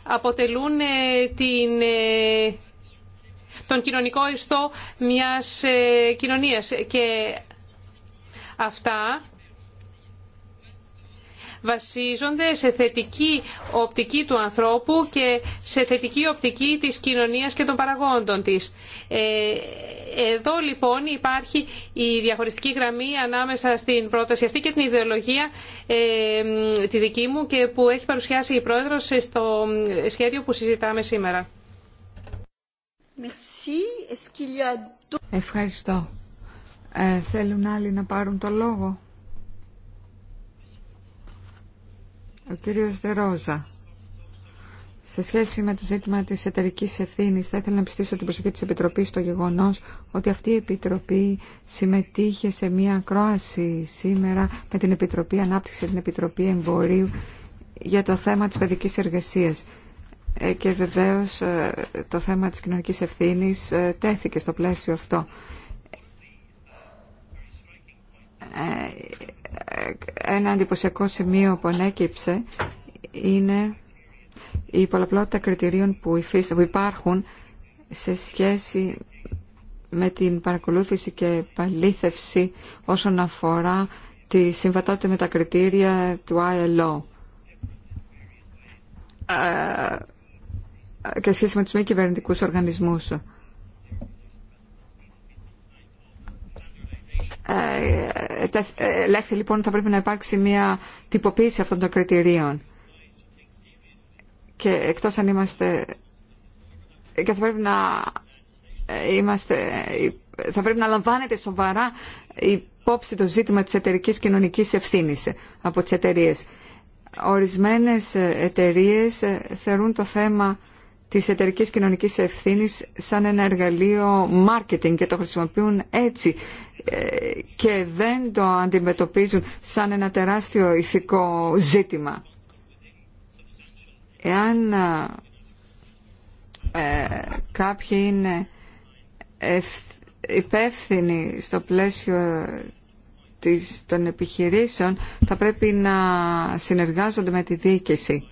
αποτελούν την τον κοινωνικό ιστό μιας κοινωνίας και αυτά βασίζονται σε θετική οπτική του ανθρώπου και σε θετική οπτική της κοινωνίας και των παραγόντων της. Ε, εδώ λοιπόν υπάρχει η διαχωριστική γραμμή ανάμεσα στην πρόταση αυτή και την ιδεολογία ε, τη δική μου και που έχει παρουσιάσει η Πρόεδρος στο σχέδιο που συζητάμε σήμερα. Ευχαριστώ. Ε, θέλουν άλλοι να πάρουν το λόγο. Ο κύριος Δερόζα. Σε σχέση με το ζήτημα της εταιρική ευθύνη, θα ήθελα να πιστήσω την προσοχή της Επιτροπής στο γεγονός ότι αυτή η Επιτροπή συμμετείχε σε μία ακρόαση σήμερα με την Επιτροπή Ανάπτυξη και την Επιτροπή Εμπορίου για το θέμα της παιδικής εργασίας. Ε, και βεβαίως ε, το θέμα της κοινωνικής ευθύνης τέθηκε στο πλαίσιο αυτό ένα εντυπωσιακό σημείο που ανέκυψε είναι η πολλαπλότητα κριτηρίων που, υπάρχουν σε σχέση με την παρακολούθηση και παλήθευση όσον αφορά τη συμβατότητα με τα κριτήρια του ILO. Ε, και σχέση με τους μη κυβερνητικούς οργανισμούς. ελέγχθη ε, ε, λοιπόν θα πρέπει να υπάρξει μια τυποποίηση αυτών των κριτηρίων και εκτός αν είμαστε και θα πρέπει να ε, είμαστε θα πρέπει να λαμβάνεται σοβαρά υπόψη το ζήτημα της εταιρική κοινωνικής ευθύνης από τις εταιρείε. Ορισμένες εταιρείε θεωρούν το θέμα της εταιρική κοινωνικής ευθύνης σαν ένα εργαλείο marketing και το χρησιμοποιούν έτσι ε, και δεν το αντιμετωπίζουν σαν ένα τεράστιο ηθικό ζήτημα. Εάν ε, κάποιοι είναι υπεύθυνοι στο πλαίσιο της, των επιχειρήσεων, θα πρέπει να συνεργάζονται με τη διοίκηση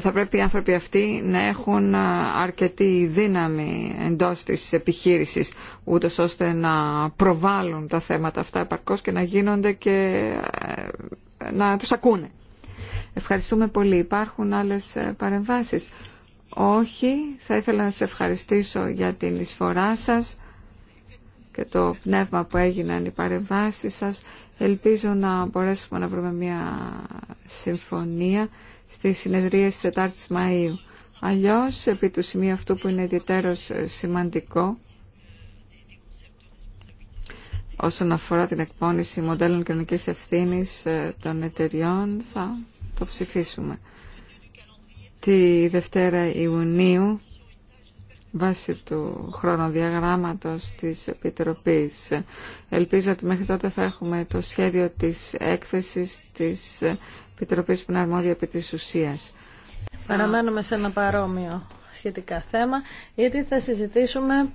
θα πρέπει οι άνθρωποι αυτοί να έχουν αρκετή δύναμη εντός της επιχείρησης ούτως ώστε να προβάλλουν τα θέματα αυτά επαρκώς και να γίνονται και ε, να τους ακούνε. Ευχαριστούμε πολύ. Υπάρχουν άλλες ε, παρεμβάσεις. Όχι, θα ήθελα να σε ευχαριστήσω για την εισφορά σας και το πνεύμα που έγιναν οι παρεμβάσεις σας. Ελπίζω να μπορέσουμε να βρούμε μια συμφωνία στις συνεδρίες της 4ης Μαΐου. Αλλιώς, επί του σημείου αυτού που είναι ιδιαίτερος ε, σημαντικό, όσον αφορά την εκπόνηση μοντέλων κοινωνικής ευθύνης ε, των εταιριών, θα το ψηφίσουμε. Τη Δευτέρα Ιουνίου, βάσει του χρονοδιαγράμματος της Επιτροπής. Ελπίζω ότι μέχρι τότε θα έχουμε το σχέδιο της έκθεσης της Επιτροπή που είναι επί Παραμένουμε σε ένα παρόμοιο σχετικά θέμα, γιατί θα συζητήσουμε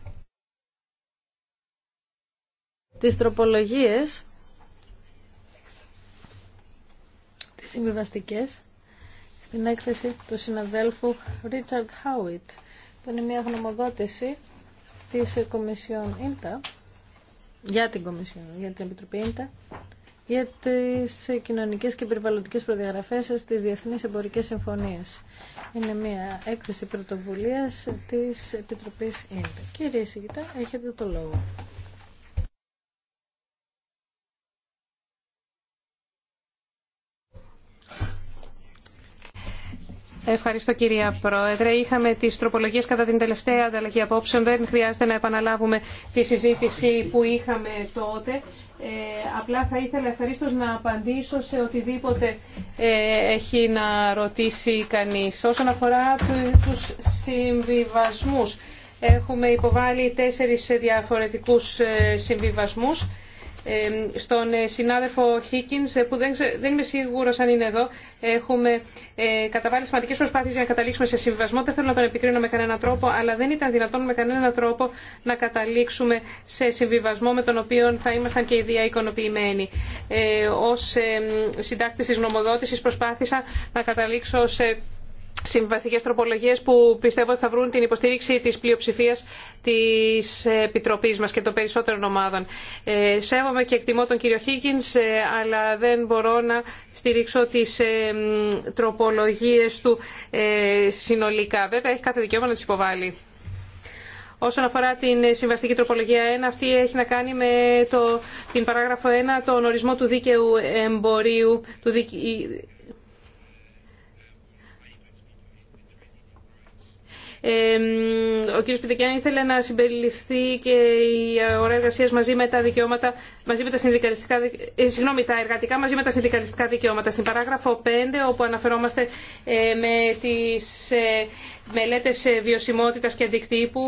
τις τροπολογίες, τις συμβιβαστικέ στην έκθεση του συναδέλφου Richard Howitt, που είναι μια γνωμοδότηση της Κομισιόν Ίντα, για την Κομισιόν, για την Επιτροπή Ίντα, για τι κοινωνικέ και περιβαλλοντικές προδιαγραφές στις διεθνείς εμπορικέ συμφωνίες. Είναι μια έκθεση πρωτοβουλία τη επιτροπή ΕΝΤΑ. Κύριε Σιγητά, έχετε το λόγο. Ευχαριστώ κυρία Πρόεδρε. Είχαμε τις τροπολογίες κατά την τελευταία ανταλλαγή απόψεων. Δεν χρειάζεται να επαναλάβουμε τη συζήτηση που είχαμε τότε. Ε, απλά θα ήθελα ευχαρίστω να απαντήσω σε οτιδήποτε ε, έχει να ρωτήσει κανείς. Όσον αφορά τους συμβιβασμούς, έχουμε υποβάλει τέσσερις διαφορετικούς ε, συμβιβασμούς στον ε, συνάδελφο Χίκινς ε, που δεν, δεν είμαι σίγουρος αν είναι εδώ. Έχουμε ε, καταβάλει σημαντικές προσπάθειες για να καταλήξουμε σε συμβιβασμό. Δεν θέλω να τον επικρίνω με κανέναν τρόπο, αλλά δεν ήταν δυνατόν με κανέναν τρόπο να καταλήξουμε σε συμβιβασμό με τον οποίο θα ήμασταν και οι ικανοποιημένοι. Ε, ως συντάκτης της προσπάθησα να καταλήξω σε Συμβαστικέ τροπολογίε που πιστεύω ότι θα βρουν την υποστήριξη τη πλειοψηφία τη επιτροπή μα και των περισσότερων ομάδων. Ε, σέβομαι και εκτιμώ τον κύριο Χίγκινς, ε, αλλά δεν μπορώ να στηρίξω τι ε, τροπολογίε του ε, συνολικά. Βέβαια, έχει κάθε δικαίωμα να τι υποβάλει. Όσον αφορά την συμβαστική τροπολογία 1, αυτή έχει να κάνει με την παράγραφο 1, τον ορισμό του δίκαιου εμπορίου, του δίκαι ο κ. Πιτεκιάν ήθελε να συμπεριληφθεί και η αγορά εργασία μαζί με τα δικαιώματα, μαζί με τα συνδικαλιστικά, ε, συγγνώμη, τα εργατικά μαζί με τα συνδικαλιστικά δικαιώματα. Στην παράγραφο 5, όπου αναφερόμαστε ε, με τις ε, μελέτε βιωσιμότητα και αντικτύπου,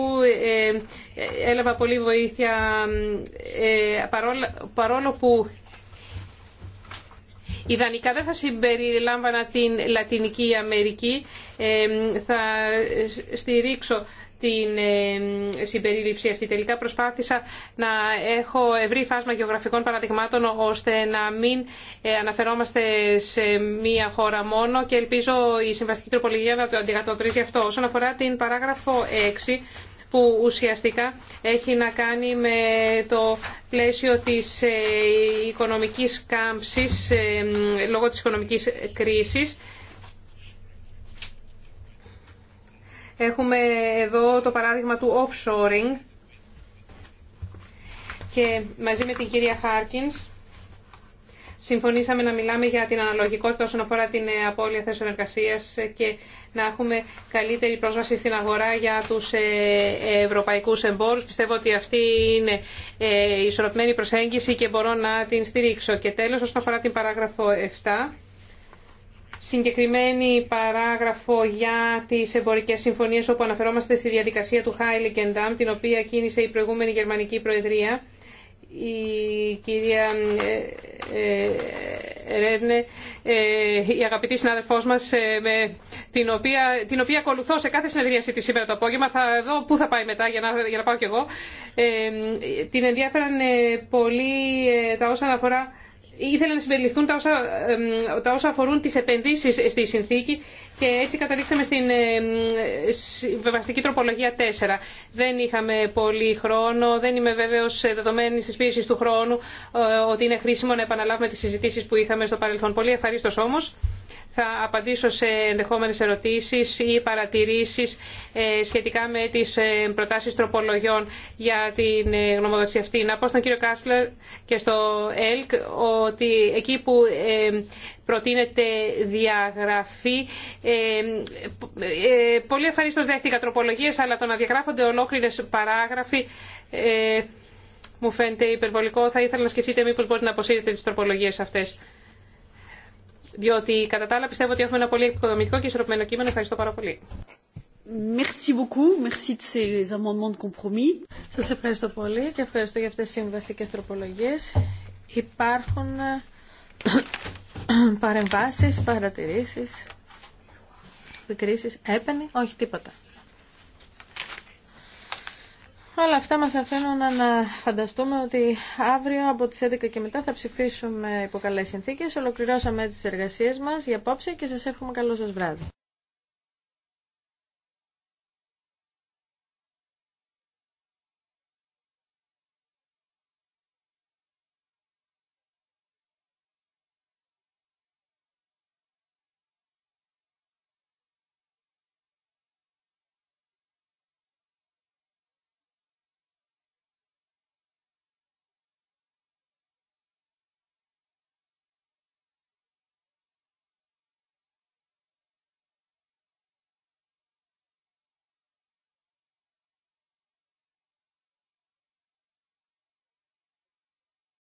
έλαβα πολύ βοήθεια παρόλο που Ιδανικά δεν θα συμπεριλάμβανα την Λατινική Αμερική. Θα στηρίξω την συμπερίληψη αυτή. Τελικά προσπάθησα να έχω ευρύ φάσμα γεωγραφικών παραδειγμάτων ώστε να μην ε, αναφερόμαστε σε μία χώρα μόνο και ελπίζω η συμβαστική τροπολογία να το αντικατοπτρίζει αυτό. Όσον αφορά την παράγραφο 6 που ουσιαστικά έχει να κάνει με το πλαίσιο της ε, οικονομικής κάμψης ε, λόγω της οικονομικής κρίσης. Έχουμε εδώ το παράδειγμα του offshoring και μαζί με την κυρία Χάρκινς συμφωνήσαμε να μιλάμε για την αναλογικότητα όσον αφορά την ε, απώλεια θέσεων εργασία ε, και να έχουμε καλύτερη πρόσβαση στην αγορά για του ε, ευρωπαϊκού εμπόρου. Πιστεύω ότι αυτή είναι η ισορροπημένη προσέγγιση και μπορώ να την στηρίξω. Και τέλο, όσον αφορά την παράγραφο 7. Συγκεκριμένη παράγραφο για τις εμπορικές συμφωνίες όπου αναφερόμαστε στη διαδικασία του Heiligendamm, την οποία κίνησε η προηγούμενη Γερμανική Προεδρία η κυρία ε, ε, Ρέρνε, ε, η αγαπητή συνάδελφός μας, με την, οποία, την οποία ακολουθώ σε κάθε συνεδρίαση της σήμερα το απόγευμα, θα δω πού θα πάει μετά για να, για να πάω κι εγώ, την ενδιαφέραν πολύ τα όσα αναφορά ήθελε να συμπεριληφθούν τα όσα, όσα αφορούν τις επενδύσεις στη συνθήκη και έτσι καταλήξαμε στην βεβαστική τροπολογία 4. Δεν είχαμε πολύ χρόνο, δεν είμαι βέβαιος ε, δεδομένη της πίεσης του χρόνου ε, ότι είναι χρήσιμο να επαναλάβουμε τις συζητήσεις που είχαμε στο παρελθόν. Πολύ ευχαρίστω όμως θα απαντήσω σε ενδεχόμενες ερωτήσεις ή παρατηρήσεις ε, σχετικά με τις ε, προτάσεις τροπολογιών για την ε, γνωμοδοσία αυτή. Να πω στον κύριο Κάσλερ και στο ΕΛΚ ότι εκεί που προτείνεται διαγραφή, πολύ ευχαρίστως δέχτηκα τροπολογίες, αλλά το να διαγράφονται ολόκληρες παράγραφοι μου φαίνεται υπερβολικό. Θα ήθελα να σκεφτείτε μήπως μπορείτε να αποσύρετε τις τροπολογίες αυτές διότι κατά τα άλλα πιστεύω ότι έχουμε ένα πολύ οικοδομητικό και ισορροπημένο κείμενο. Ευχαριστώ πάρα πολύ. Merci beaucoup. Merci de ces amendements de compromis. Σα ευχαριστώ πολύ και ευχαριστώ για αυτέ τι συμβαστικέ τροπολογίε. Υπάρχουν παρεμβάσει, παρατηρήσει επικρίσει, έπαινη, όχι τίποτα. Όλα αυτά μας αφήνουν να φανταστούμε ότι αύριο από τις 11 και μετά θα ψηφίσουμε υπό καλές συνθήκες. Ολοκληρώσαμε τις εργασίες μας για απόψε και σας εύχομαι καλό σας βράδυ.